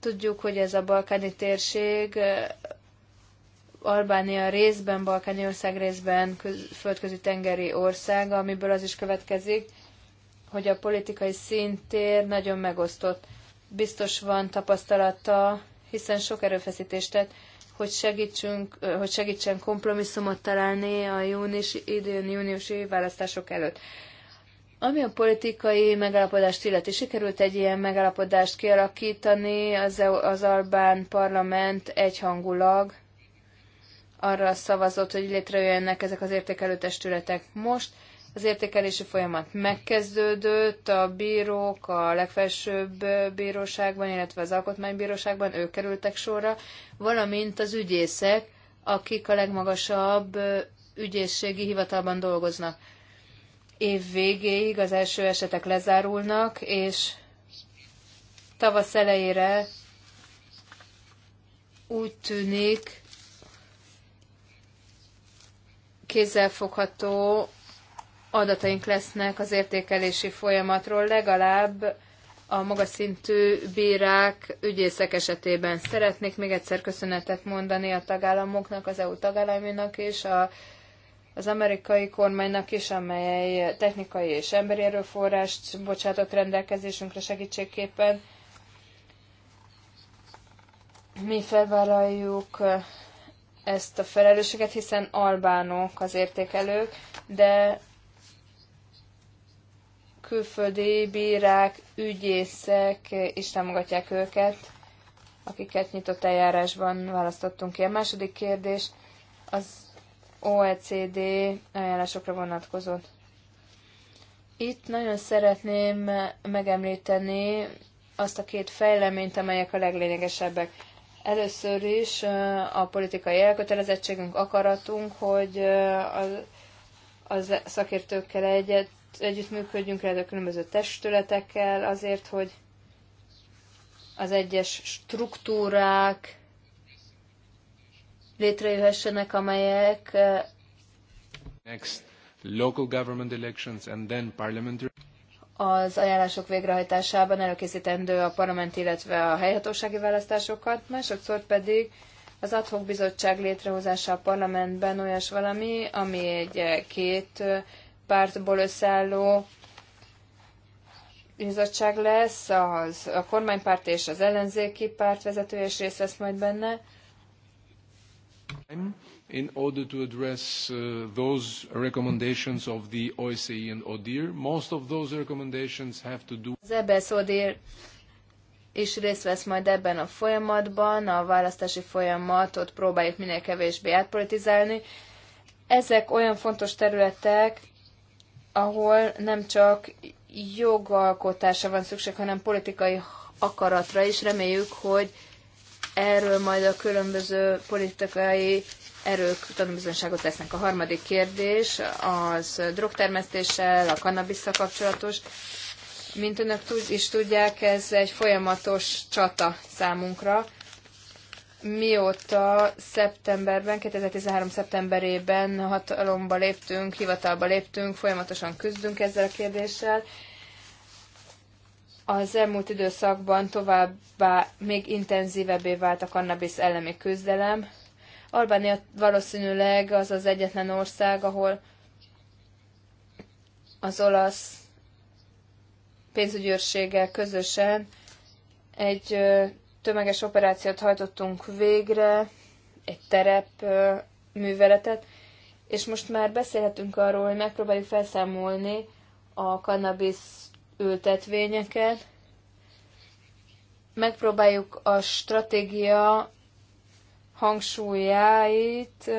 Tudjuk, hogy ez a balkáni térség Albánia részben, balkáni ország részben földközi tengeri ország, amiből az is következik, hogy a politikai szintér nagyon megosztott biztos van tapasztalata, hiszen sok erőfeszítést tett, hogy, segítsünk, hogy segítsen kompromisszumot találni a június, idén júniusi választások előtt. Ami a politikai megállapodást illeti, sikerült egy ilyen megállapodást kialakítani, az, e az albán parlament egyhangulag arra szavazott, hogy létrejöjjenek ezek az értékelő testületek. Most az értékelési folyamat megkezdődött, a bírók a legfelsőbb bíróságban, illetve az alkotmánybíróságban, ők kerültek sorra, valamint az ügyészek, akik a legmagasabb ügyészségi hivatalban dolgoznak. Év végéig az első esetek lezárulnak, és tavasz elejére úgy tűnik kézzelfogható adataink lesznek az értékelési folyamatról, legalább a magas szintű bírák, ügyészek esetében. Szeretnék még egyszer köszönetet mondani a tagállamoknak, az EU tagállaminak és a, az amerikai kormánynak is, amely technikai és emberi erőforrást bocsátott rendelkezésünkre segítségképpen. Mi felvállaljuk ezt a felelősséget, hiszen albánok az értékelők, de külföldi bírák, ügyészek is támogatják őket, akiket nyitott eljárásban választottunk ki. A második kérdés az OECD ajánlásokra vonatkozott. Itt nagyon szeretném megemlíteni azt a két fejleményt, amelyek a leglényegesebbek. Először is a politikai elkötelezettségünk, akaratunk, hogy a az szakértőkkel egyet együttműködjünk, a különböző testületekkel azért, hogy az egyes struktúrák létrejöhessenek, amelyek Next, local government elections and then parliamentary az ajánlások végrehajtásában előkészítendő a parlament, illetve a helyhatósági választásokat, másodszor pedig az adhok bizottság létrehozása a parlamentben olyas valami, ami egy két pártból összeálló bizottság lesz, az, a kormánypárt és az ellenzéki párt vezető is részt lesz majd benne. In order to address uh, those recommendations of the OSCE and ODIR, most of those recommendations have to do... Az EBS ODIR is részt vesz majd ebben a folyamatban, a választási folyamatot próbáljuk minél kevésbé átpolitizálni. Ezek olyan fontos területek, ahol nem csak jogalkotásra van szükség, hanem politikai akaratra is. Reméljük, hogy erről majd a különböző politikai erők tanulmányzóságot tesznek. A harmadik kérdés az drogtermesztéssel, a kannabisza kapcsolatos. Mint önök is tudják, ez egy folyamatos csata számunkra mióta szeptemberben, 2013. szeptemberében hatalomba léptünk, hivatalba léptünk, folyamatosan küzdünk ezzel a kérdéssel. Az elmúlt időszakban továbbá még intenzívebbé vált a kannabisz elleni küzdelem. Albánia valószínűleg az az egyetlen ország, ahol az olasz pénzügyőrsége közösen egy tömeges operációt hajtottunk végre, egy terep műveletet, és most már beszélhetünk arról, hogy megpróbáljuk felszámolni a kannabisz ültetvényeket, megpróbáljuk a stratégia hangsúlyáit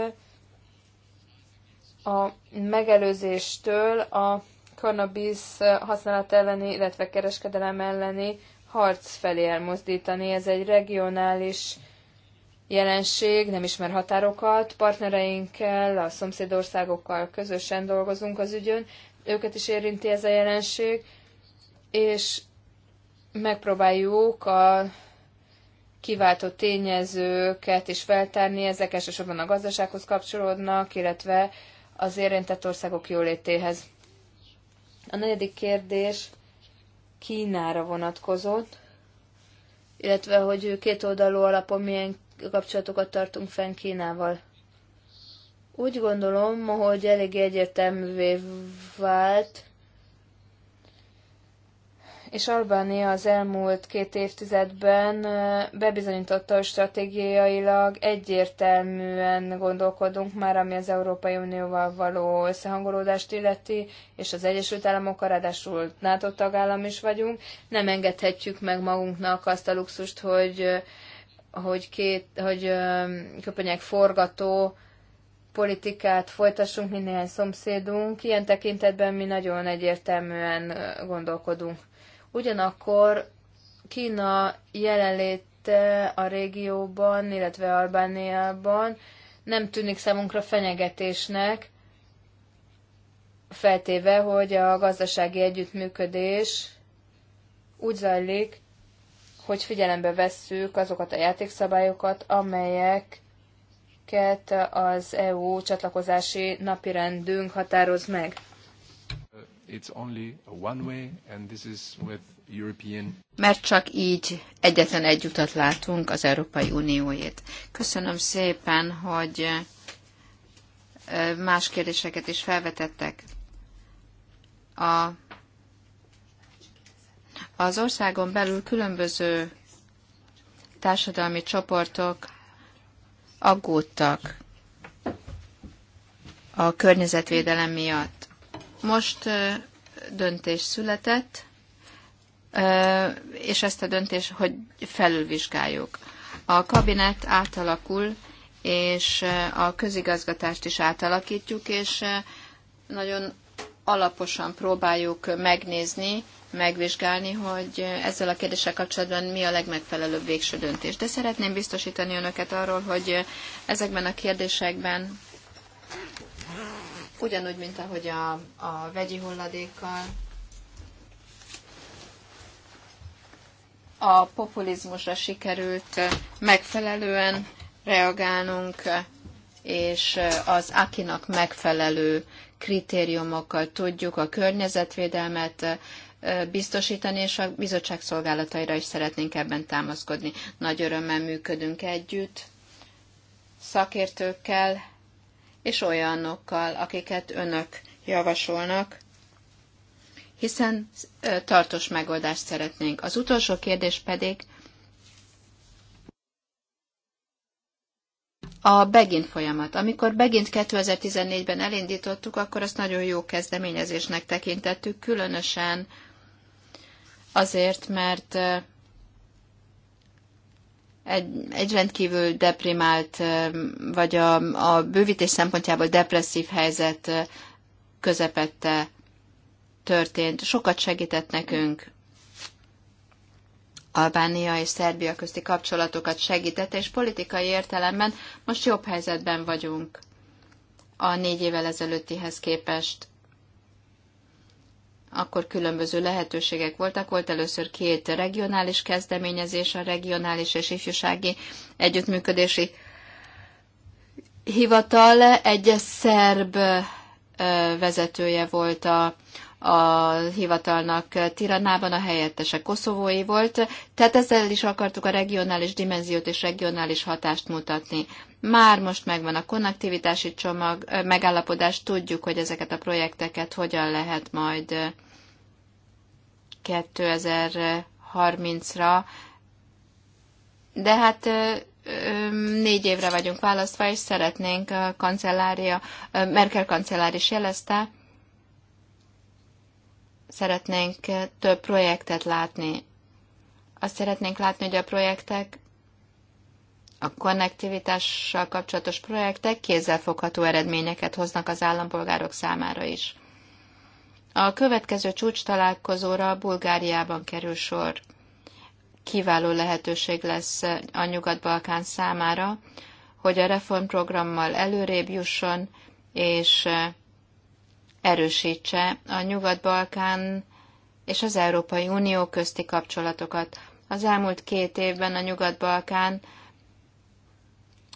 a megelőzéstől a cannabis használat elleni, illetve kereskedelem elleni harc felé elmozdítani. Ez egy regionális jelenség, nem ismer határokat, partnereinkkel, a szomszédországokkal közösen dolgozunk az ügyön, őket is érinti ez a jelenség, és megpróbáljuk a kiváltó tényezőket is feltárni, ezek elsősorban a gazdasághoz kapcsolódnak, illetve az érintett országok jólétéhez. A negyedik kérdés Kínára vonatkozott, illetve hogy két oldalú alapon milyen kapcsolatokat tartunk fenn Kínával. Úgy gondolom, hogy elég egyértelművé vált, és Albánia az elmúlt két évtizedben bebizonyította, hogy stratégiailag egyértelműen gondolkodunk már, ami az Európai Unióval való összehangolódást illeti, és az Egyesült Államok, ráadásul NATO tagállam is vagyunk. Nem engedhetjük meg magunknak azt a luxust, hogy, hogy, két, hogy köpenyek forgató politikát folytassunk, mint néhány szomszédunk. Ilyen tekintetben mi nagyon egyértelműen gondolkodunk. Ugyanakkor Kína jelenléte a régióban, illetve Albániában nem tűnik számunkra fenyegetésnek, feltéve, hogy a gazdasági együttműködés úgy zajlik, hogy figyelembe vesszük azokat a játékszabályokat, amelyeket az EU csatlakozási napirendünk határoz meg. Mert csak így egyetlen egy utat látunk az Európai Unióért. Köszönöm szépen, hogy más kérdéseket is felvetettek. A, az országon belül különböző társadalmi csoportok aggódtak a környezetvédelem miatt. Most döntés született, és ezt a döntést hogy felülvizsgáljuk. A kabinet átalakul, és a közigazgatást is átalakítjuk, és nagyon alaposan próbáljuk megnézni, megvizsgálni, hogy ezzel a kérdéssel kapcsolatban mi a legmegfelelőbb végső döntés. De szeretném biztosítani önöket arról, hogy ezekben a kérdésekben ugyanúgy, mint ahogy a, a vegyi hulladékkal, a populizmusra sikerült megfelelően reagálnunk, és az akinak megfelelő kritériumokkal tudjuk a környezetvédelmet biztosítani, és a bizottság szolgálataira is szeretnénk ebben támaszkodni. Nagy örömmel működünk együtt szakértőkkel, és olyanokkal, akiket önök javasolnak, hiszen tartós megoldást szeretnénk. Az utolsó kérdés pedig a Begint folyamat. Amikor Begint 2014-ben elindítottuk, akkor azt nagyon jó kezdeményezésnek tekintettük, különösen azért, mert egy, egy rendkívül deprimált, vagy a, a bővítés szempontjából depresszív helyzet közepette történt. Sokat segített nekünk. Albánia és Szerbia közti kapcsolatokat segített, és politikai értelemben most jobb helyzetben vagyunk a négy évvel ezelőttihez képest akkor különböző lehetőségek voltak. Volt először két regionális kezdeményezés, a regionális és ifjúsági együttműködési hivatal. Egy szerb vezetője volt a, a hivatalnak Tiranában, a helyettese koszovói volt, tehát ezzel is akartuk a regionális dimenziót és regionális hatást mutatni. Már most megvan a konnektivitási csomag, megállapodás, tudjuk, hogy ezeket a projekteket hogyan lehet majd 2030-ra, de hát négy évre vagyunk választva, és szeretnénk a kancellária, Merkel kancellár is jelezte, szeretnénk több projektet látni. Azt szeretnénk látni, hogy a projektek, a konnektivitással kapcsolatos projektek kézzelfogható eredményeket hoznak az állampolgárok számára is. A következő csúcs találkozóra Bulgáriában kerül sor. Kiváló lehetőség lesz a Nyugat-Balkán számára, hogy a reformprogrammal előrébb jusson, és erősítse a Nyugat-Balkán és az Európai Unió közti kapcsolatokat. Az elmúlt két évben a Nyugat-Balkán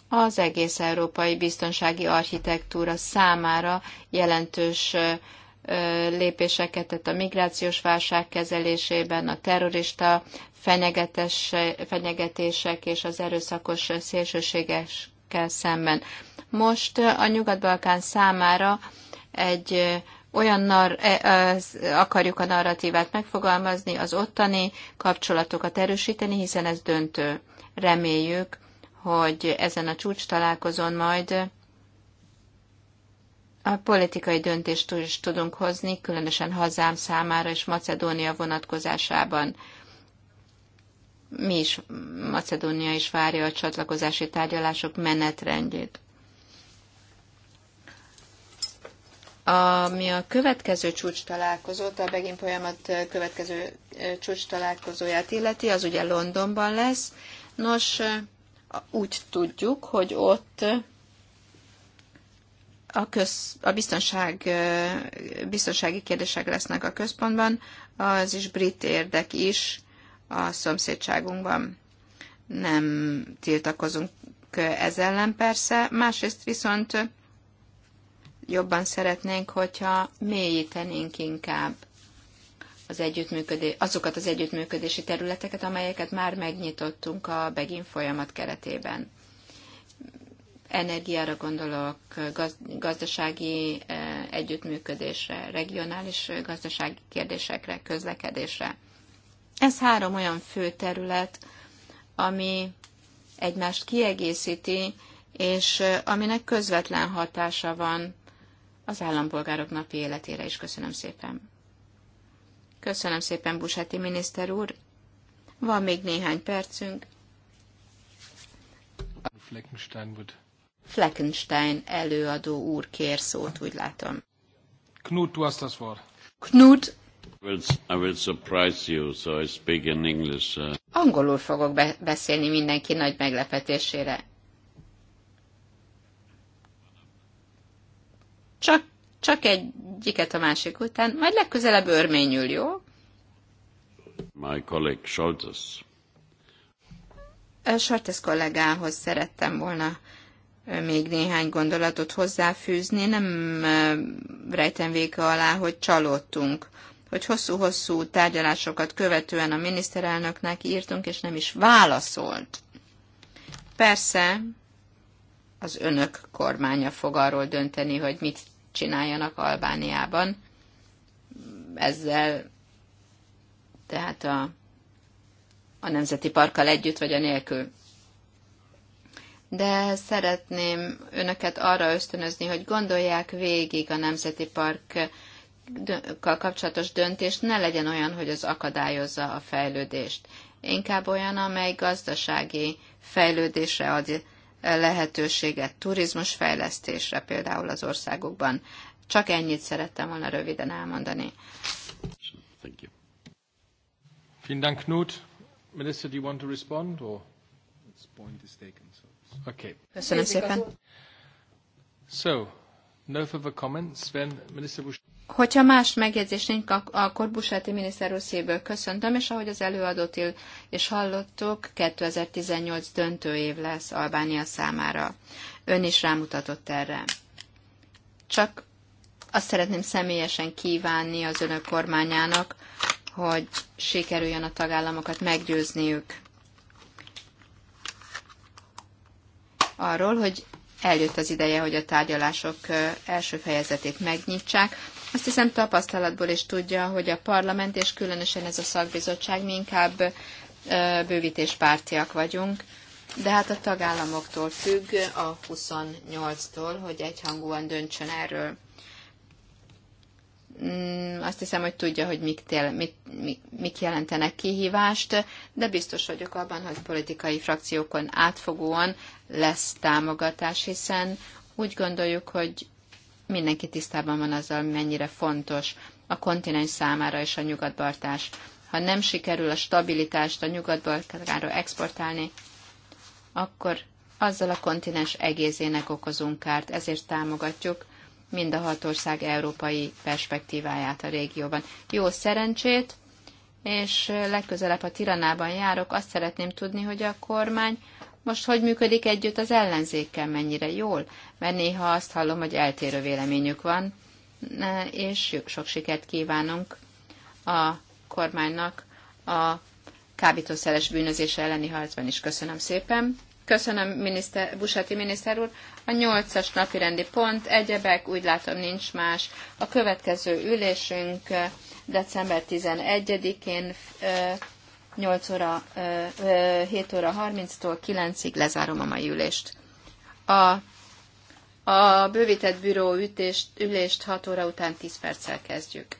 az egész európai biztonsági architektúra számára jelentős lépéseket tett a migrációs válság kezelésében, a terrorista fenyegetések és az erőszakos szélsőségekkel szemben. Most a Nyugat-Balkán számára egy olyan nar- akarjuk a narratívát megfogalmazni, az ottani kapcsolatokat erősíteni, hiszen ez döntő. Reméljük, hogy ezen a csúcs találkozón majd a politikai döntést is tudunk hozni, különösen hazám számára és Macedónia vonatkozásában. Mi is, Macedónia is várja a csatlakozási tárgyalások menetrendjét. Ami a következő csúcs találkozót, a Begin folyamat következő csúcs találkozóját illeti, az ugye Londonban lesz. Nos, úgy tudjuk, hogy ott a, köz, a biztonság, biztonsági kérdések lesznek a központban, az is brit érdek is a szomszédságunkban. Nem tiltakozunk ez ellen persze, másrészt viszont jobban szeretnénk, hogyha mélyítenénk inkább az együttműködés, azokat az együttműködési területeket, amelyeket már megnyitottunk a Begin folyamat keretében. Energiára gondolok, gaz, gazdasági eh, együttműködésre, regionális eh, gazdasági kérdésekre, közlekedésre. Ez három olyan fő terület, ami egymást kiegészíti, és eh, aminek közvetlen hatása van az állampolgárok napi életére is. Köszönöm szépen. Köszönöm szépen, Busáti miniszter úr. Van még néhány percünk. Fleckenstein, would... Fleckenstein előadó úr kér szót, úgy látom. Knut, du hast das Wort. Knut. I will, I will surprise you, so I speak in English. Uh. Angolul fogok be- beszélni mindenki nagy meglepetésére. Csak, csak egyiket a másik után, majd legközelebb örményül, jó? My colleague A Sartes kollégához szerettem volna még néhány gondolatot hozzáfűzni. Nem rejtem véka alá, hogy csalódtunk, hogy hosszú-hosszú tárgyalásokat követően a miniszterelnöknek írtunk, és nem is válaszolt. Persze, az önök kormánya fog arról dönteni, hogy mit csináljanak Albániában. Ezzel tehát a, a Nemzeti Parkkal együtt vagy a nélkül. De szeretném önöket arra ösztönözni, hogy gondolják végig a Nemzeti Park kapcsolatos döntést, ne legyen olyan, hogy az akadályozza a fejlődést. Inkább olyan, amely gazdasági fejlődésre ad lehetőséget turizmusfejlesztésre például az országokban. Csak ennyit szerettem volna röviden elmondani. Thank you. Vielen Dank, Knut. Minister, do you want to respond? Or? This point is taken. So. Okay. Köszönöm szépen. So, no further comments. Then, Minister Bush. Hogyha más megjegyzés nincs, akkor Busáti miniszter úr szívből köszöntöm, és ahogy az előadót ill, és hallottuk, 2018 döntő év lesz Albánia számára. Ön is rámutatott erre. Csak azt szeretném személyesen kívánni az önök kormányának, hogy sikerüljön a tagállamokat meggyőzniük arról, hogy eljött az ideje, hogy a tárgyalások első fejezetét megnyitsák, azt hiszem tapasztalatból is tudja, hogy a parlament és különösen ez a szakbizottság mi inkább bővítéspártiak vagyunk, de hát a tagállamoktól függ, a 28-tól, hogy egyhangúan döntsön erről. Mm, azt hiszem, hogy tudja, hogy mik, tél, mik, mik, mik jelentenek kihívást, de biztos vagyok abban, hogy politikai frakciókon átfogóan lesz támogatás, hiszen úgy gondoljuk, hogy mindenki tisztában van azzal, mennyire fontos a kontinens számára és a nyugatbartás. Ha nem sikerül a stabilitást a nyugatbartára exportálni, akkor azzal a kontinens egészének okozunk kárt, ezért támogatjuk mind a hat ország európai perspektíváját a régióban. Jó szerencsét, és legközelebb, a Tiranában járok, azt szeretném tudni, hogy a kormány most hogy működik együtt az ellenzékkel, mennyire jól, mert néha azt hallom, hogy eltérő véleményük van, és sok sikert kívánunk a kormánynak a kábítószeres bűnözés elleni harcban is. Köszönöm szépen. Köszönöm, miniszter, Busati miniszter úr. A nyolcas napi rendi pont, egyebek, úgy látom nincs más. A következő ülésünk eh, december 11-én 8 óra, 7 óra 30-tól 9-ig lezárom a mai ülést. A, a bővített büró ütést, ülést 6 óra után 10 perccel kezdjük.